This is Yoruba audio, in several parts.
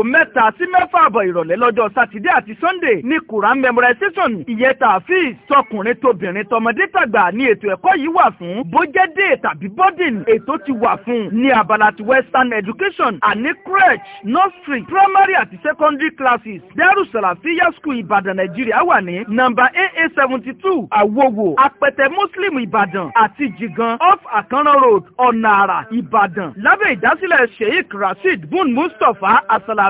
aago mẹ́ta sí mẹ́fà àbọ̀ ìrọ̀lẹ́ lọ́jọ́ sátidé àti sunday ní quran memorization ìyẹn tààfíìs tọkùnrin tóbìnrin tọmọdé tàgbà ní ètò ẹ̀kọ́ yìí wà fún bójẹ́dé tàbí boarding ètò ti wà fún ní abala ti western education àní crèche nursery primary àti secondary classes dẹ́rù sàlàfíà school ìbàdàn nàìjíríà wà ní nọ́mbà aa seventy two àwòwò apẹtẹ muslim ìbàdàn àti jigan off akanran road ọ̀nà àrà ìbàdàn lábẹ́ ìdásílẹ̀ sheikh rasheed bun mustapha asalaam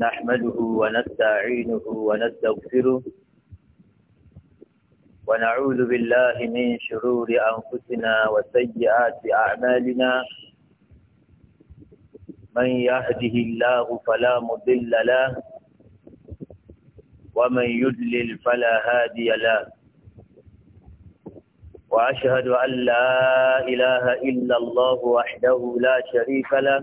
نحمده ونستعينه ونستغفره ونعوذ بالله من شرور أنفسنا وسيئات أعمالنا من يهده الله فلا مضل له ومن يدلل فلا هادي له وأشهد أن لا إله إلا الله وحده لا شريك له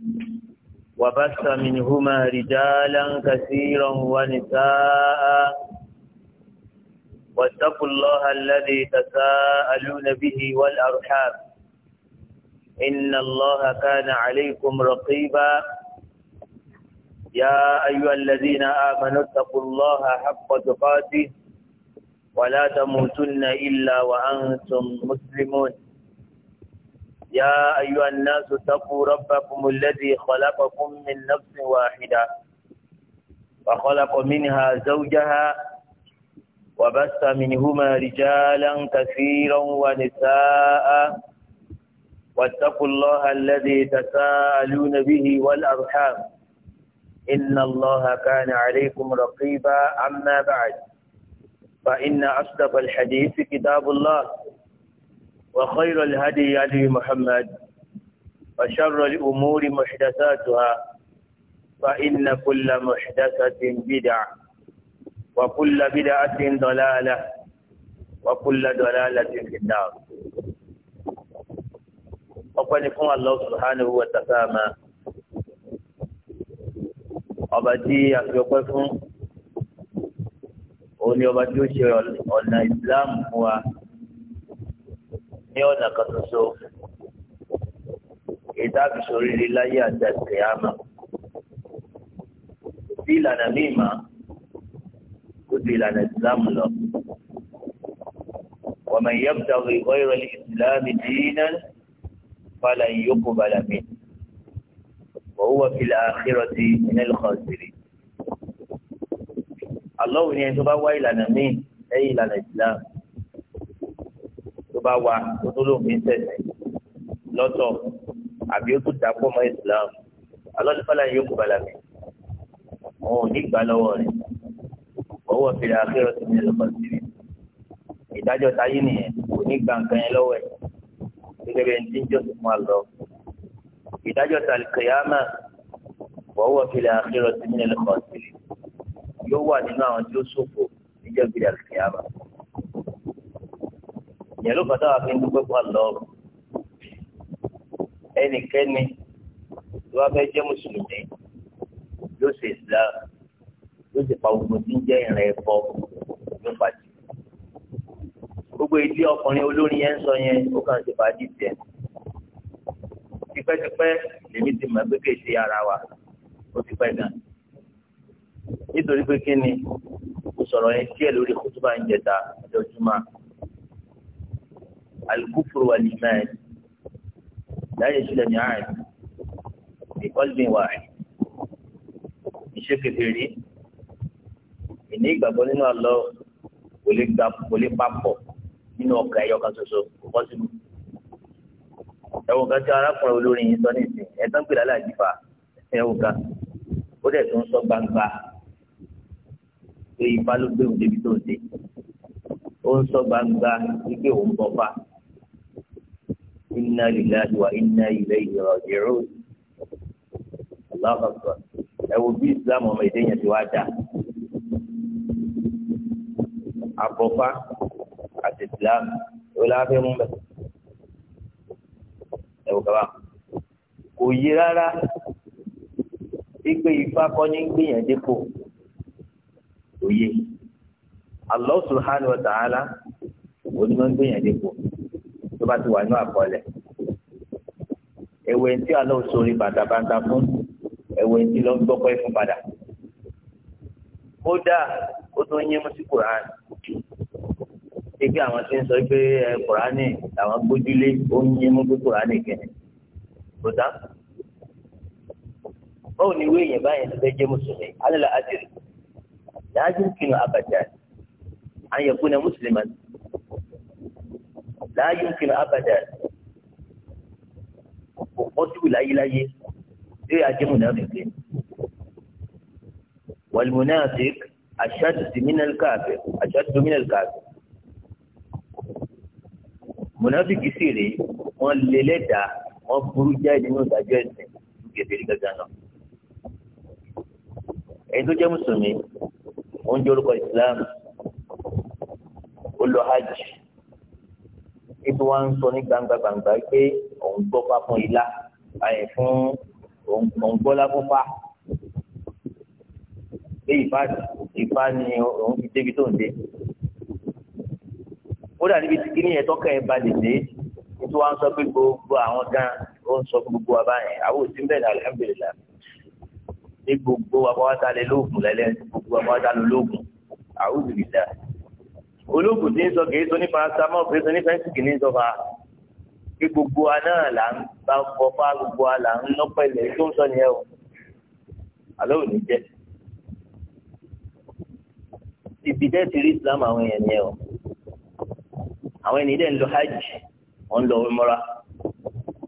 وبث منهما رجالا كثيرا ونساء واتقوا الله الذي تساءلون به والأرحام إن الله كان عليكم رقيبا يا أيها الذين آمنوا اتقوا الله حق تقاته ولا تموتن إلا وأنتم مسلمون يا أيها الناس اتقوا ربكم الذي خلقكم من نفس واحدة وخلق منها زوجها وبث منهما رجالا كثيرا ونساء واتقوا الله الذي تساءلون به والأرحام إن الله كان عليكم رقيبا أما بعد فإن أصدق الحديث كتاب الله وخير الهدي هدي محمد وشر الأمور محدثاتها فإن كل محدثة بدعة وكل بدعة ضلالة وكل ضلالة في النار ọpẹ́ ni fún Allah subhanahu wa ta'ala ọba tí fún òun ni ó ṣe ọ̀nà ìsìláàmù fún wa ní ọ̀nà kan ṣoṣo ìdábìṣọ rere láyé àti àtẹ̀yàmà bí ìlànà mímà tó di ìlànà ìsìlámù lọ. ومن يبتغي غير الإسلام دينا فلن يقبل منه وهو في الآخرة من الخاسرين الله ni ẹni tó bá wá ìlànà míì lẹ́yìn ìlànà ìsìlámù bá wa tó tó lóun fi ń tẹ̀sẹ̀ àbí ó tún dàpọ̀ mọ́ Islam alọ́dúnfàlà yóò kú balà mi òun ò ní gbà lọ́wọ́ rẹ̀ owó fìlà àkérò ti ní lọ́kọ̀ sí mi ìdájọ́ táyé nìyẹn kò ní gbà nǹkan yẹn lọ́wọ́ ẹ̀ gẹ́gẹ́ bí ẹni tí ń jọ́sìn fún àlọ́ ìdájọ́ tàlùkìyàmà wọ́wọ́ fìlà àkérò ti ní lọ́kọ̀ sí mi yóò wà nínú àwọn tí ó ṣòfò níjọ́ gbìyànjú kìyàmà ìyẹn ló fàtà wà fi ń dúpẹ́ fún àlọ́ ẹnikẹ́ni tó bá fẹ́ jẹ́ mùsùlùmí yóò ṣe islam yóò ṣe pa gbogbo tí ń jẹ́ ìrìn ẹ̀fọ́ yóò fàjì gbogbo ìdí ọkùnrin olórin yẹn ń sọ yẹn ó kàn ṣe fàájì tiẹ̀ tipẹ́tipẹ́ lèmi ti mọ̀ pé ṣe ara wa ó ti pẹ́ gan nítorí pé kí ni mo sọ̀rọ̀ yẹn díẹ̀ lórí kótó bá ń jẹta lójúmọ́. الكفر والإيمان لا يجتمعان في قلب واحد iṣẹ́ kékeré ìní ìgbàgbọ́ nínú àlọ́ kò lè gba kò lè papọ̀ nínú ọkà ẹ̀yọ kan ṣoṣo kò bọ́ sínú. ẹ̀wọ̀n kan tí arákùnrin olórin yìí sọ ní ìsìn ẹ̀tàn pè lálẹ́ àjífà ẹ̀wọ̀n kan ó dẹ̀ tún sọ gbangba pé ifá ló gbé òun débi tó ń dé ó ń sọ gbangba wípé òun bọ́ fà inna lillahi wa inna ilayhi raji'un Allahu akbar ẹ wo bí islam ọmọ èdè yẹn ti wá dà àbọ̀fá àti islam ó láfẹ́ mú bẹ́ẹ̀ ẹ wò kaba kò yí rárá gbígbé ifá kọ́ ní gbìyànjú kò kò yé Allah subhanahu wa ta'ala onímọ̀ gbìyànjú kò tó bá ti wà ní àkọọ́lẹ̀ èwe tí alẹ́ òṣòrí bàtàbàtà fún èwe tí lọ gbọ́pẹ́ fún padà kódà ó tó yín mú sí Kùránì ibi àwọn tí ń sọ pé ẹ Kùránì làwọn gbójúlé ó ń yín mú pé Kùránì kẹ́ni kódà báwo ni wéyìn báyìí ti fẹ́ jẹ́ mùsùlùmí alẹ́ la àdìrí làájú kinu abàjá àyẹ̀kú ni mùsùlùmí láàyè ń kiri abàdà kò pọ́sibú láyéláyé ṣé ajé munafiki wàlmùnáfik aṣáàtú tìmínàlì káàfẹ aṣáàtú tìmínàlì káàfẹ munafiki sì rèé wọn lé lẹ́dàá wọn burú jáde nínú ìdájọ́ ẹ̀sìn kékeré gángan náà èyí tó jẹ́ mùsùlùmí ó ń jẹ́ islam ó ètò wa ń sọ ní gbangba gbangba pé òun gbọ́ pa fún ilá àyè fún òun gbọ́ lápúpá pé ìfá ìfá ni òun fi débi tó ń dé ó dà níbi tí kíní yẹn tọ́kẹ́ ẹ̀ balẹ̀ dé ètò wa ń sọ pé gbogbo àwọn gan ó ń sọ gbogbo wa báyẹn àwọn òsín bẹ́ẹ̀ ní alhamdulilayi ní gbogbo wa pátá lé lóògùn lẹ́lẹ́ gbogbo wa pátá lé lóògùn àwọn òbí bìí dáa olóògùn tí ń sọ kìí sọ ní paracetamol kìí sọ ní fẹsíkì ní sọfà kí gbogbo wa náà là ń bá fọfá gbogbo wa là ń lọpẹlẹ tó ń sọ nìyẹn o àlọ ò ní jẹ ibi dẹ́ ti rí islam àwọn èèyàn nìyẹn o àwọn ènìyàn dẹ̀ ń lọ hajj wọ́n ń lọ umra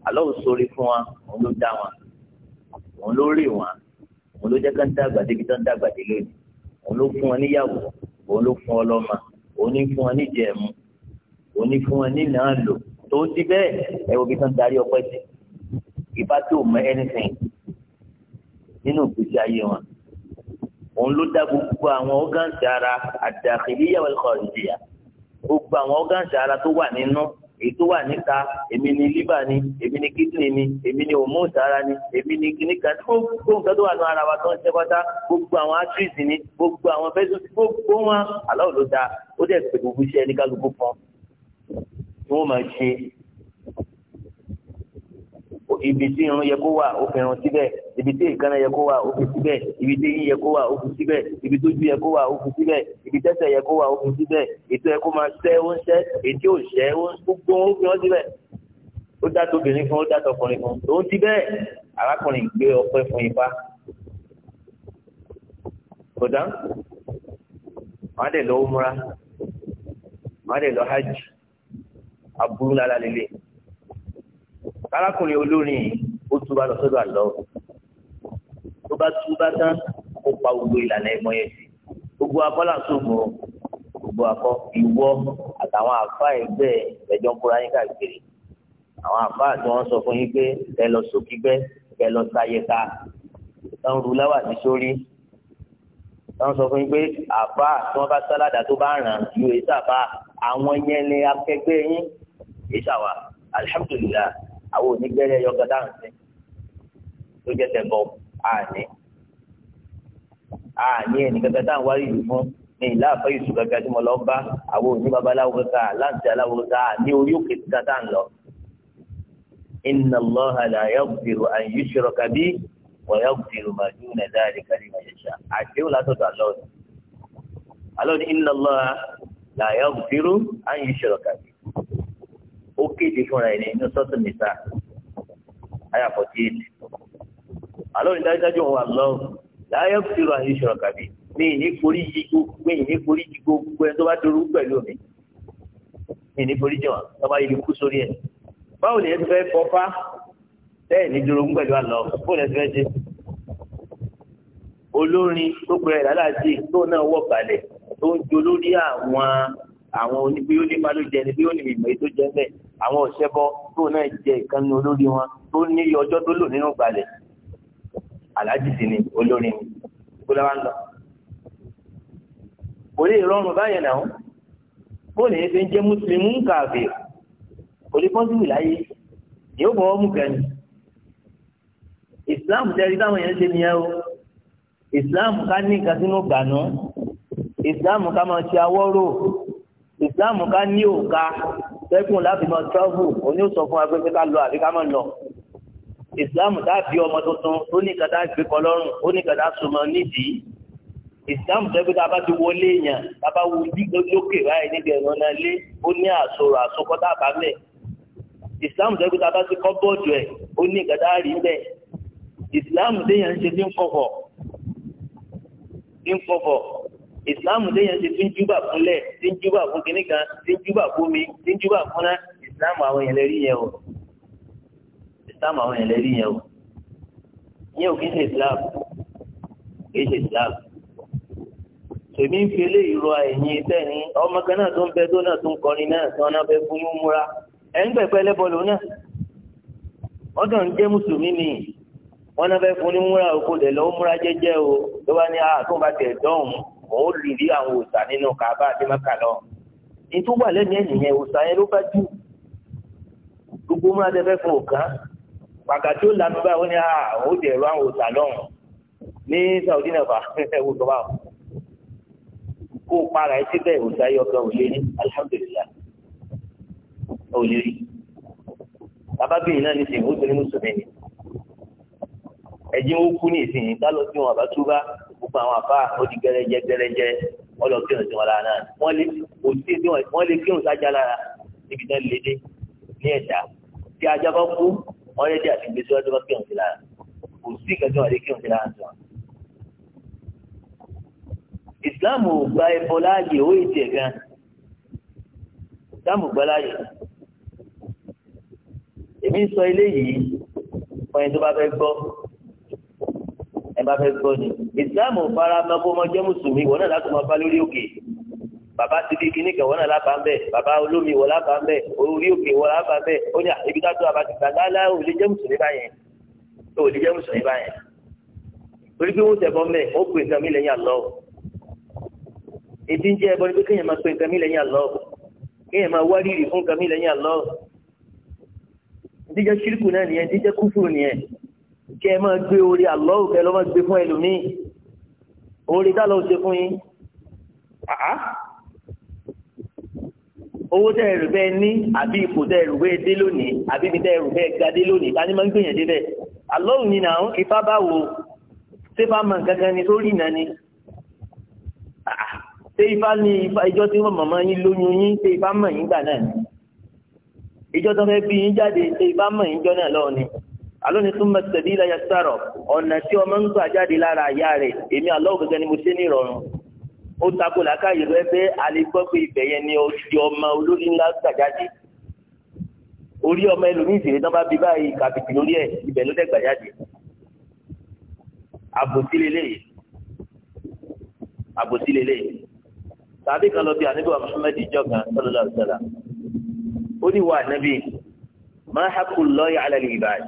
àlọ ò sórí fún wa òun ló dá wọn òun ló rí wọn òun ló jẹ́ ká ń tó ń dàgbà lónìí òun ló fún wọn níyàwó òun ló fún ọ lọ́mọ òní fún wọn ní jẹ̀mú òní fún wọn ní náà lò tó ti bẹ́ẹ̀ ẹ wo bí tán darí ọpẹ́ sí ìbá tí ò mọ anything nínú ìgbésí ayé wọn òun ló dá gbogbo àwọn ọ́gáǹsì ara àdàkìlíyà wal kharijiyya gbogbo àwọn ọ́gáǹsì ara tó wà nínú èyí tó wà níta èmi ni liver ni èmi ni kidney ni èmi ni hormones ara ni èmi ni kìnnì kan tí gbogbo nǹkan tó wà ní ara wa tó ń ṣe pátá gbogbo àwọn arteries ni gbogbo àwọn vessels gbogbo wọn aláwọ̀ ó dẹ̀ pé iṣẹ́ ní kálukú kan tí wọ́n máa ṣe ibi tí irun yẹ kó wà ó fi irun síbẹ̀ ibi tí ìkànnà yẹ kó wà ó fi síbẹ̀ ibi tí eyín yẹ kó wà ó fi síbẹ̀ ibi tó ju yẹ kó wà ó fi síbẹ̀ ibi tẹ́sẹ̀ yẹ kó wà ó fi síbẹ̀ ètò yẹ kó máa ṣẹ́ ó ń ṣẹ́ ètò ò ṣẹ́ ó gbó ó fi hàn síbẹ̀ ó dàtọ̀ obìnrin fún ó dàtọ̀ ọkùnrin fún tó ti bẹ́ẹ̀ arákùnrin gbé ọpẹ́ fún ifá kódà wọn á lọ ó múra wọn á lọ hajj aburú lálá lélẹ̀ arákùnrin olórin yìí ó túbà lọ sọ́dọ̀ àlọ́ tó bá túbà tán kó pa gbogbo ìlànà ẹ̀gbọ́n yẹn sí gbogbo akọ́là sóògùn gbogbo akọ ìwọ àtàwọn àfa ẹgbẹ́ ẹjọ́ ń kóra yín káàkiri àwọn àfa àti wọn sọ fún yín pé ẹ lọ sókí bẹ ẹ lọ sáyẹka tán ru láwà ní sórí tán sọ fún yín pé àfa tí wọn bá sálàdà tó bá ràn yóò èyí sàfà àwọn yẹn ní akẹgbẹ́ yín èyí sàwà alihamudulilayi àwọn onígbẹ́rẹ́ yọgàn dáhùn sí tó jẹ́ tẹ̀bọ̀ àní àní ẹnìkankan táwọn wáyé yìí fún ní ìlà àfẹ́yì sùgbàgbà tí mo lọ bá àwọn òní babaláwo kankan láǹtí aláwo kankan ní orí òkè kankan tá à ń lọ. inna allah la yaghfiru an yushraka bi wa yaghfiru ma duna dhalika àdéhùn látọ̀dọ̀ àlọ́ ni. àlọ́ ni inna allah la yaghfiru an kéde fúnra ẹ̀ nínú sọ́tún nìta àyà fọ́tí èdè. àlọ́ ìdájọ́ òun àlọ́ láyé fìrọ àyè ìṣòro kàbí mi ní forí yí gbogbo mi ní forí yí gbogbo ẹni tó bá dorú pẹ̀lú mi mi ní forí jẹ tó bá yẹ kú sórí ẹ̀. báwo ni ẹ ti fẹ́ fọ́fá bẹ́ẹ̀ ní dorú pẹ̀lú àlọ́ bóun ẹ ti fẹ́ ṣe. olórin tó pẹ̀lú ẹ̀ lálàájì tó náà wọ̀ balẹ̀ tó ń jolórí àwọn àwọn oníbíyónípa ló jẹ ẹni bíyónímọ̀ èyí tó jẹ mẹ́ẹ̀ àwọn òṣèbọ tó náà jẹ ìkànnì olórí wọn tó ní ọjọ́ tó lò nínú gbalẹ̀ aláàjì sí ni olórí ni kó lọ́wọ́ ń lọ. kò lè rọrùn báyẹn náà bó lè ṣe ń jẹ́ mùsùlùmí ń kààbè kò lè pọ́ńsìlì láyé yóò bọ̀ ọ́ mú kẹ́ni. ìsìláàmù tẹ́rí táwọn èèyàn ṣe nìyẹn o ìsìláàmù ká ní nǹkan sínú gbànú ìsìláàmù ká máa ṣe awọ́rò ìsìláàmù ká ní òka atẹ́gùn láti máa travel òní ò sọ fún wa pé pé ká lọ àbí ká máa lọ ìsìláàmù tá a bí ọmọ tuntun ó ní kàtà gbé kọ lọ́rùn ó ní kàtà sọmọ nídìí ìsìláàmù tó gbé tá a bá ti wọlé èèyàn tá a bá wo lókè báyìí níbi ẹ̀rọ náà lé ó ní àsọ̀rọ̀ àsọkọ́ tá a bá mẹ́ ìsìláàmù tó gbé tá a bá ti kọ́ bọ́ọ̀dù ẹ̀ ó ní kàtà rí bẹ́ẹ̀ ìsìláàmù ìsìláàmù léyìn ṣe tí ń júbà fúnlẹ̀ tí ń júbà fún kinní kan tí ń júbà mi, tí ń júbà fúnná ìsìláàmù àwọn èèyàn lẹ́rí yẹn o ìsìláàmù àwọn èèyàn lẹ́rí yẹn o yẹn ò kí ń ṣe ìsìláàmù kì í ṣe ìsìláàmù tèmi ń fi eléyìí rọ ẹ̀yìn sẹ́ni ọmọ kan náà tó ń bẹ tó náà tó ń kọrin náà tí wọn náà fẹ́ fún yín múra ẹ̀ ń gbẹ̀gbẹ́ lẹ́bọ̀lù náà ọ̀dọ̀ náà fẹ́ fún òun rí rí àwọn òòṣà nínú kaaba àdìmọ́kà lọ nítorí wà lẹ́nu ẹ̀nìyẹn òòṣà yẹn ló bá jù gbogbo máa dẹ́fẹ́ fún òkan pàkàtí ó lanu báyìí ó ní àwọn òde ẹ̀rọ àwọn òòṣà lọ́hùn ní Saudi nàfà ẹ̀wù tó bá wọn kó o para ẹ síbẹ̀ òòṣà yọ kan ò lè rí alihamudulilayi ò lè rí bababìnrin náà ní sèwọ́n ní mùsùlùmí ẹ̀jẹ̀ ó kú ní ìsìn gbogbo àwọn àbá odi gẹrẹjẹ gẹrẹjẹ wọn lọ kírun sí wọn lára náà wọn lè kò sí bí wọn lè kírun sájà lára níbi náà lè dé ní ẹ̀dá tí ajá bá kú wọn lè dé àti gbèsè wọn tó bá kírun sí lára kò sí ìkàtí wọn lè kírun sí lára tó. ìsìláàmù gba ẹbọ láàyè owó ètò ẹ̀ gan ìsìláàmù gba láàyè èmi sọ eléyìí fún ẹni tó bá fẹ́ gbọ́ bá fẹ́ gbọ́ ni ìsìlámù fara mọ́ kó mọ́ jẹ́ mùsùlùmí wọ́n náà láti máa bá lórí òkè bàbá ti di kíní kẹwọ́n náà lábàá bẹ́ẹ̀ bàbá olómi wọ́n lábàá bẹ́ẹ̀ orí òkè wọ́n lábàá bẹ́ẹ̀ ó ní ibi ká tó àbájú gbàgbá láà ò lè jẹ́ mùsùlùmí báyẹn ò lè jẹ́ mùsùlùmí báyẹn torí pé wọ́n tẹ̀bọ́ mẹ́ ó pè nǹkan mi lẹ́yìn àlọ́ ìdí ń jẹ́ ẹbọ ni pé kéèyàn máa pè nǹkan mi lẹ́yìn àlọ́ kéèyàn máa wárìrì fún nǹkan mi lẹ́yìn àlọ́ ìdíjẹ́ ṣírkù náà nìyẹn ìdíjẹ́ kúfùrù nìyẹn kẹ ẹ máa gbé orí àlọ́wù kẹ ẹ lọ́ máa gbé fún ẹlòmíì orí dálọ́ ṣe fún yín àá owó tẹ ẹrù bẹ́ẹ̀ ní àbí ipò tẹ ẹrù bẹ́ẹ̀ dé lónìí àbí ibi tẹ ẹrù bẹ́ẹ̀ ga dé lónìí tani máa ń gbìyànjú débẹ̀ àlọ́wù ni nà ń ifá bá wo sífà mọ̀ gangan ni sórí ìnà ni ṣé ifá ní ifá ìjọ tí wọ́n mọ̀mọ́ yín lóyún yín ṣé ifá mọ̀ yín gbà náà ni ìjọ tó fẹ́ bí yín jáde ṣé ifá mọ̀ yín jọ náà lọ́ọ̀ ni alóni súnmọ́ sẹ̀bílẹ̀ yẹ sọ̀rọ̀ ọ̀nà tí ọmọ ń gbà jáde lára àyà rẹ̀ èmi aláwọ̀ gẹ́gẹ́ ni mo ṣe ní ìrọ̀rùn ó takò làákàyè rẹ pé alẹ́gbọ́ pé ibẹ̀ yẹn ni ojú ọmọ olórí ńlá gbà jáde orí ọmọ ẹlòmíì sì rẹ̀ tán bá bí báyìí kàbìkì lórí ẹ̀ ibẹ̀ ló dẹ̀ gbà jáde àbòsí lélẹ́yìí tàbí kan lọ bí anabi wa muhammed ìjọba sallallahu alaihi wasallam ó ní wa anabi máa hakùn lọ́ọ̀yà alẹ́ ìbáyìí.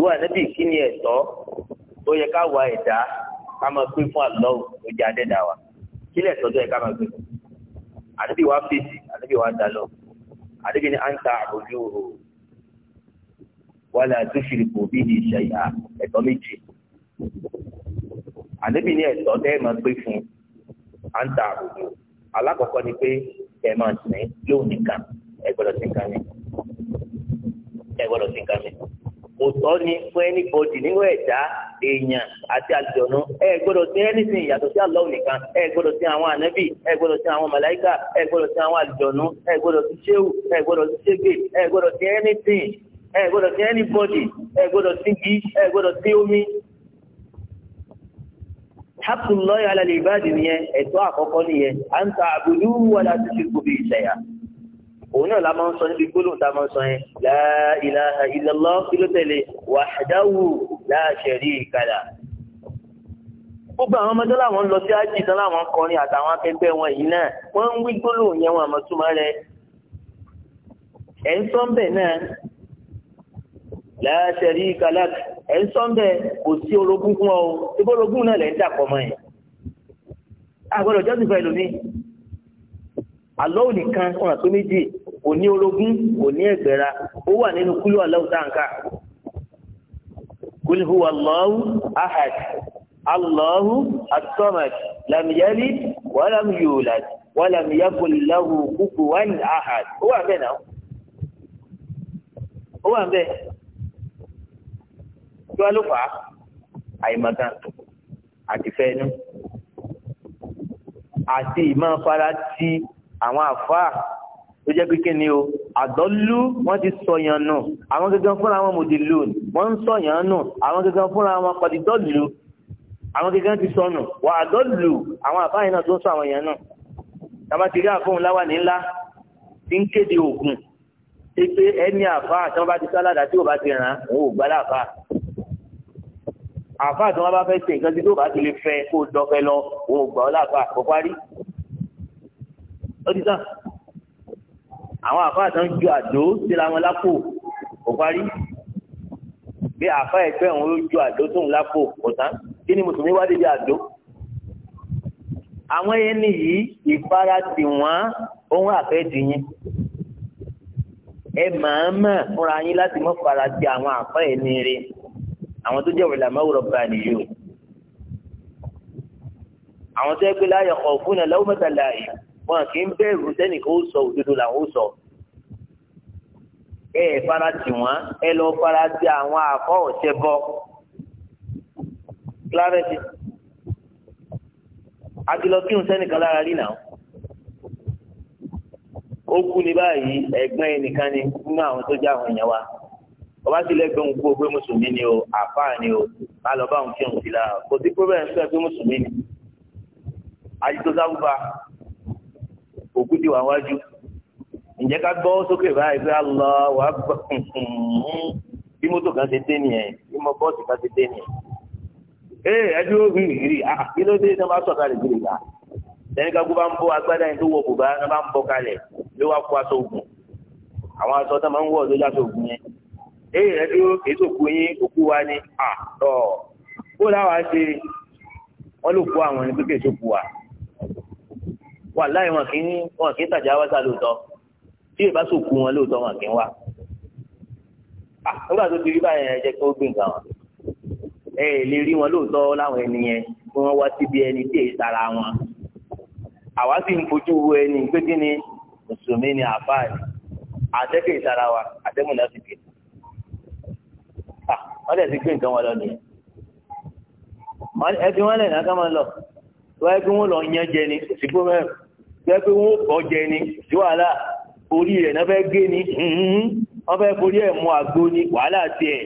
ìwọ ànábì kí ni ẹ̀tọ́ tó yẹ ká ẹ̀dá ká máa pín fún àdẹ́dà wa kí lẹ̀tọ́ tó yẹ ká máa pín fún wa fèsì ànábì wa dá lọ ni à ń ta àbójú o wàlẹ̀ bí ní ìṣẹ̀yà ẹ̀tọ́ méjì ni ẹ̀tọ́ tẹ́ máa pín fún à ń ta àbójú alákọ̀ọ́kọ́ ni pé ẹ̀ máa sìn lóun nìkan ẹ̀ gbọ́dọ̀ sí nǹkan mi ẹ̀ gbọ́dọ̀ sí nǹkan mi. òtọ́ ni fún anybody nínú ẹ̀dá èèyàn àti àlùjọ̀nù ẹ gbọ́dọ̀ sí anything yàtọ̀ sí Allah nìkan ẹ gbọ́dọ̀ sí àwọn ànábì ẹ gbọ́dọ̀ sí àwọn màláìkà ẹ gbọ́dọ̀ sí àwọn àlùjọ̀nù ẹ gbọ́dọ̀ sí ṣéwù ẹ gbọ́dọ̀ sí ṣégè ẹ gbọ́dọ̀ sí anything ẹ gbọ́dọ̀ sí anybody ẹ gbọ́dọ̀ sí igi ẹ gbọ́dọ̀ sí omi. hapun alẹ́ nìyẹn ẹ̀tọ́ àkọ́kọ́ òun náà la máa ń sọ níbi gbólóhùn tá a máa ń sọ yẹn la ilaha illallah kí ló tẹ̀lé wahdahu la sharika lah. gbogbo àwọn ọmọdé làwọn lọ sí ájì tán láwọn kọrin àtàwọn akẹgbẹ́ wọn yìí náà wọ́n ń wí gbólóhùn yẹn wọn àmọ́ túmọ̀ rẹ̀ ẹ̀ ń sọ bẹ́ẹ̀ náà la sharika lak ẹ̀ ń sọ bẹ́ẹ̀ kò sí orogún fún ọ ibo orogún náà lẹ́ ń dàpọ̀ mọ́ yẹn àgbọ̀dọ̀ jọ́sìn àlọ́ òní kan ọ̀nà tó méjì kò ní orogún kò ní ẹgbẹ̀ra ó wà nínú kúlù Allahu táǹkà kul huwa Allahu ahad Allahu as-samad lam yalid wa lam yulad wa lam yakul lahu kufuwan ahad ó wà bẹ́ẹ̀ náà ó wà bẹ́ẹ̀ tí wàá ló fà á àyèmọ̀tà àtìfẹ́nu àti ìmọ̀ fara ti àwọn àfáà tó jẹ́ pínkín ni o àdọ́lú wọ́n ti sọ̀yàn nù àwọn gẹ́gẹ́ fúnra wọn mòdì lónìí wọ́n ń sọ̀yàn nù àwọn gẹ́gẹ́ fúnra wọn pàdé dọ́lù àwọn gẹ́gẹ́ ti sọnù wà àdọ́lù àwọn àbáyìn náà tó ń sọ àwọn èèyàn náà tàbá ti rí àfóhùn láwà nílá tí ń kéde ògùn pé ẹni àfa tí wọ́n bá ti sálàdà tí ò bá ti ràn òun ò gbádà àfa àfa tí wọ́n bá fẹ́ ṣe nǹkan tí tó bá ti lè fẹ́ kó dọ́fẹ́ lọ òun ò gbà ọ́ láfa kò parí ó ti tán àwọn àfa àtàn ju àdó síra wọn lápò kò parí bí àfa ẹgbẹ́ òun ló ju àdó tóun lápò kò tán kí ni mùsùlùmí wá débi àdó àwọn ẹni yìí ìfaradì wọn òun àfẹ́dì yín ẹ màá mọ̀ fúnra yín láti mọ́ faradì àwọn àfa ẹni rẹ àwọn tó jẹ́ wẹ̀lẹ̀ àmọ́wòrán bá nìyí o àwọn tó yẹ pé láyọ̀ kọ̀ fún ẹ lọ́wọ́ láàyè wọn kì í bẹ̀rù sẹ́nìkan ó sọ òdodo làwọn ó sọ ẹ ẹ fara tì wọn ẹ lọ fara tì àwọn àfọ ọ̀sẹ̀ bọ clarence akilọkíhun sẹ́nìkan lára rí náà ó kú ní báyìí ẹ̀gbọ́n ẹnìkan ni nínú àwọn tó jẹ́ àwọn èèyàn wa ọba sì lẹ́gbẹ̀ẹ́ òun gbogbo mùsùlùmí ni o àfáà ni o má lọ bá òun kírun sí la kò sí pé bẹ́ẹ̀ ń sọ pé mùsùlùmí ni àdìtò sábúbà sì wà wájú ǹjẹ́ ká gbọ́ sókè báyìí pé alọ́ wà gbọ́ bí mọ́tò kan ṣe dé nìyẹn bí mo bọ́ọ̀sì kan ṣe dé nìyẹn. ee ẹbí ó rí ìrírí ah, kí ló dé tí wọ́n bá sọ̀ kalẹ̀ gbèrè gbà lẹ́yìn ká gbọ́ bá ń bọ́ agbádá yẹn tó wọ bùbá náà bá ń bọ́ kalẹ̀ ló wá kó aṣọ ògùn àwọn aṣọ tó máa ń wọ̀ lójú aṣọ ògùn yẹn. ee ẹbí ó èso òkú yín òkú wa ni àtọ̀ ah, kó láwa ṣe wọ́n ló kó àwọn ẹni tó kè wà láì wọn kì í wọn kì í tàjà wá sá lóòótọ́ tí yóò bá sòkú wọn lóòótọ́ wọn kì í wá. nígbà tó ti rí báyẹn ẹ jẹ́ kí ó gbìn kan wọn ẹ lè rí wọn lóòótọ́ láwọn ẹni yẹn kí wọ́n wá síbi ẹni tí èyí sara wọn. àwa sì ń fojú wo ẹni pé kí ni mùsùlùmí ni àfáà ni àtẹ́kẹ̀ ìsara wa àtẹ́mùnà sì kè. wọ́n dẹ̀ ti gbé nǹkan wọn lọ nìyẹn ẹbí wọn lẹ náà ká máa lọ wáyé kí wọn lọ yan jẹ ni òsìgbó pẹ́pẹ́ wọn ọjẹ́ ni tí orí rẹ̀ náà fẹ́ gé ni wọ́n fẹ́ forí ẹ̀ mú àgbo ni wàhálà tiẹ̀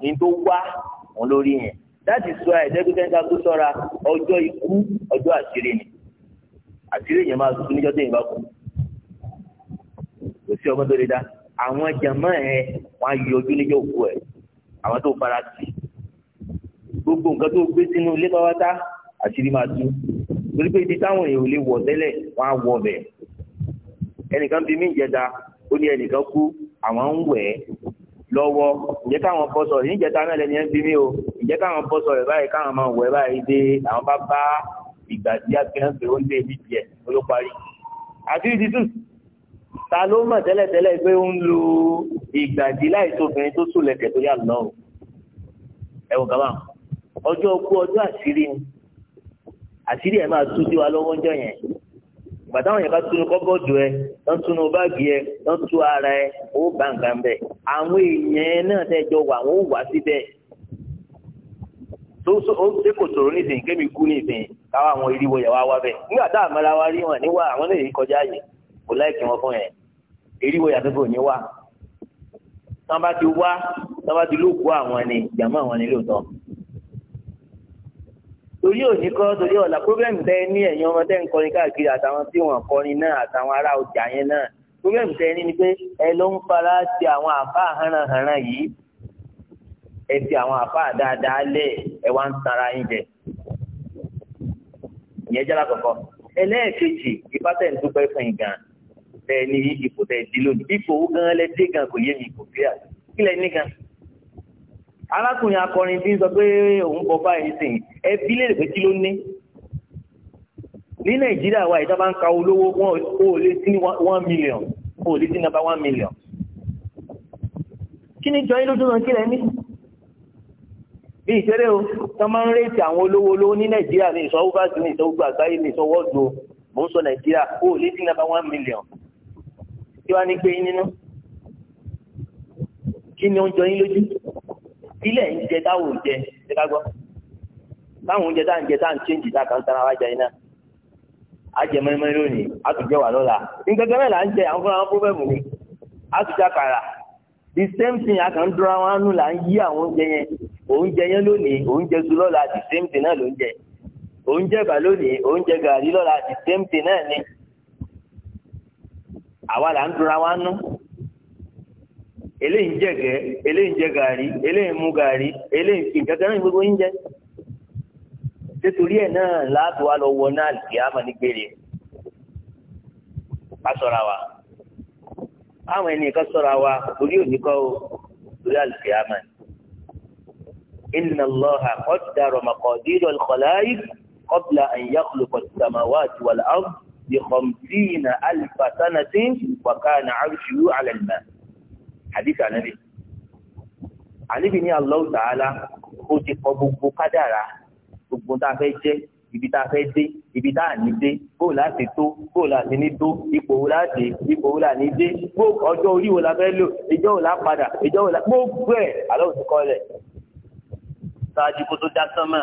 ní tó wá yẹn láti sọ àìdẹ́gbẹ́sẹ̀ ká kó sọ́ra ọjọ́ ikú ọjọ́ àṣírí ni àṣírí yẹn máa tuntun níjọ́ bá kú kò sí ọmọ àwọn ẹ̀ wọ́n á níjọ́ ẹ̀ àwọn tó fara torí pé ibi táwọn èèyàn ò lè wọ̀ tẹ́lẹ̀ wọ́n á wọ bẹ̀ ẹnìkan bí mí ìjẹta ó ní ẹnìkan kú àwọn ń wẹ̀ ẹ́ lọ́wọ́ ǹjẹ́ káwọn bọ́ sọ̀rọ̀ yìí ìjẹta náà lẹ́ni ẹ̀ ń bí mí o ǹjẹ́ káwọn bọ́ sọ̀rọ̀ báyìí káwọn máa wẹ̀ báyìí dé àwọn bá bá ìgbà tí agbẹ́hànfẹ́ ó ń lé ní tiẹ̀ ló parí. àti ìdítù ta ló mọ̀ tẹ́lẹ̀tẹ́lẹ̀ pé ó ń lo ìgbà tí láìsí tó sùn lẹ́kẹ̀ẹ́ tó yà lọ́rùn ẹ̀wọ̀n kàmá ọjọ́ ọkú ọjọ́ àṣírí ni àṣírí ẹ̀ máa tú sí wa lọ́wọ́ ńjọ́ yẹn ìgbà táwọn yẹn bá túnú kọ́bọ̀dù ẹ lọ́n túnú báàgì ẹ lọ́n tú ara ẹ ó bá nǹkan bẹ̀ àwọn èèyàn náà tẹ́ jọ wà wọ́n ó wà síbẹ̀ tó ó ṣe kò sòrò nísìnyí kémi kú nísìnyí káwọn àwọn ìrìwò yẹn wá wá bẹ̀ nígbà tá àmọ́ra wa rí wọn níwá àwọn náà yìí kọjá yìí kò láìkí wọn fún yẹn ìrìwò yàtọ̀ fún òní wá tán bá ti wá tán bá ti lóògùn àwọn ni ìjàmọ́ àwọn ni lóòótọ́ torí òní kọ́ torí ọ̀la pírọ́blẹ́mù tẹ́ ní ẹ̀yin ọmọ tẹ́ ń kọrin káàkiri àtàwọn tí wọ́n kọrin náà àtàwọn ará ọjà yẹn náà pírọ́blẹ́mù tẹ́ ní ni pé ẹ ló ń fara ti àwọn àfa hànàhànà yìí ẹ fi àwọn àfa dáadáa lẹ̀ ẹ wá ń tara yín jẹ ìyẹn jẹ́ lákọ̀ọ́kọ́ ẹlẹ́ẹ̀kejì ìfásẹ̀ ń dúpẹ́ fún yín gan tẹ́ ní ipò tẹ́ di lónìí ipò gan lẹ́ dé gan kò yé mi kò clear arákùnrin akọrin tí ń sọ pé òun bọ báyìí sìn ẹ lè pé kí ló ní ní nàìjíríà wa ìjọba ń ka olówó wọn ò lè sí one million ò lè sí number one million kí ni jọyín lójú náà kí lẹ ní bí ìṣeré o tó máa ń réètì àwọn olówó olówó ní nàìjíríà ní ìṣọwọ́ bá ní ìṣọwọ́ gbà àgbáyé ní ìṣọwọ́ ọ̀dọ́ mò ń sọ nàìjíríà ò lè sí number one million kí wàá ní gbé yín nínú kí ni ó ń jọyín lójú. ilé ń jẹ táwọn ò ẹ ká gbọ́ táwọn oúnjẹ táwọn jẹ táwọn ṣe ń kan sára wájà iná lónìí wà lọ́la nǹkan la ń jẹ àwọn fúnra fúnfẹ́mù ni àtúnjẹ́ àkàrà the same thing akàn dúra wọn nù là ń yí àwọn oúnjẹ yẹn oúnjẹ yẹn lónìí oúnjẹ zu lọla the same thing náà ló ń eléyìí ń jẹ gẹ eléyìí ń jẹ gàrí eléyìí ń mu gàrí eléyìí ń fi nǹkan kan gbogbo yín jẹ nítorí ẹ náà láti wá lọ wọ náà kí á máa ní gbére ká ṣọ́ra wa àwọn ẹnìkan ṣọ́ra wa orí òní kọ o lórí àlùkìyàmà inna allaha qaddara maqadir al-khalaiq qabla an yakhluqa as-samawati wal-ard bi khamsina alfa sanatin wa kana 'arshuhu 'ala al-ma' àdìsá nàbì àníbi ní Allah Ta'ala ó ti kọ gbogbo kádàrá gbogbo tá a fẹ́ jẹ́ ibi tá a fẹ́ dé ibi tá a ní dé bóò láti tó bóò láti ní tó ipò wo láti ipò wo láti dé bóò ọjọ́ orí wo la fẹ́ lò ìjọ wo la padà ìjọ wo la gbogbo ẹ̀ Allah ti kọ́ lẹ̀ ṣáájú kó tó dá sánmà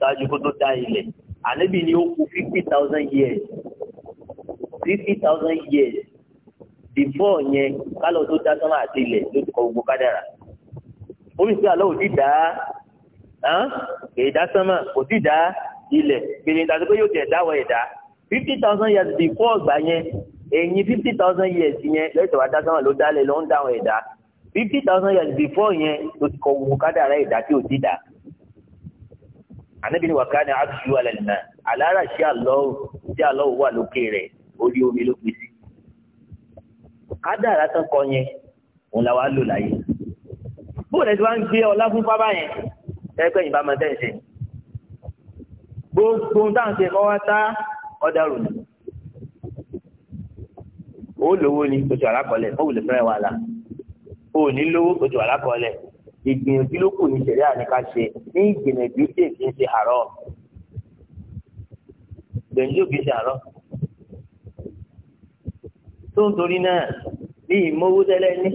ṣáájú kó tó dá ilẹ̀ àníbi ni ó kù fifty thousand years fifty thousand years bìfọ́ yẹn kálọ̀ tó dá sánmà àti ilẹ̀ ló ti kọ gbogbo kádàrà omi sí àlọ́ òdì dá èdá sánmà òdì dá ilẹ̀ gbèrè ìdásí pé yóò tẹ̀ dáwọ̀ ẹ̀dá fifty thousand years before ọgbà yẹn ẹ̀yìn fifty thousand years yẹn lẹ́tọ̀ wá dá sánmà ló dálẹ̀ ló ń dáwọ̀ ẹ̀dá fifty thousand years before yẹn ló ti kọ gbogbo kádàrà ẹ̀dá tí òdì dá anabi ni wakana abdu alalina alara si alọ si alọ wà lókè omi ló kádàrá tán kọ yẹn òun làwa lò láyé bóòlù ẹ̀sìn wa ń gbé ọlá fún fábà yẹn ẹgbẹ́ yìí bá máa tẹ̀ ṣe gbogbo ohun táwọn ṣe fọwọ́ tá ọ̀dà rò ní. ó lówó ni oṣù àlákọọ́lẹ̀ ó wùlé fẹ́rẹ̀ wàhálà ó ní lówó oṣù àlákọọ́lẹ̀ ìgbìyànjú ló kù ní ìṣẹ̀lẹ̀ àníká ṣe ní ìgbìyànjú tí èsì ń ṣe àárọ̀ gbẹ̀ǹdí òbí ṣe àárọ̀ tó ń torí náà bí ìmọ̀wó tẹ́lẹ̀ ní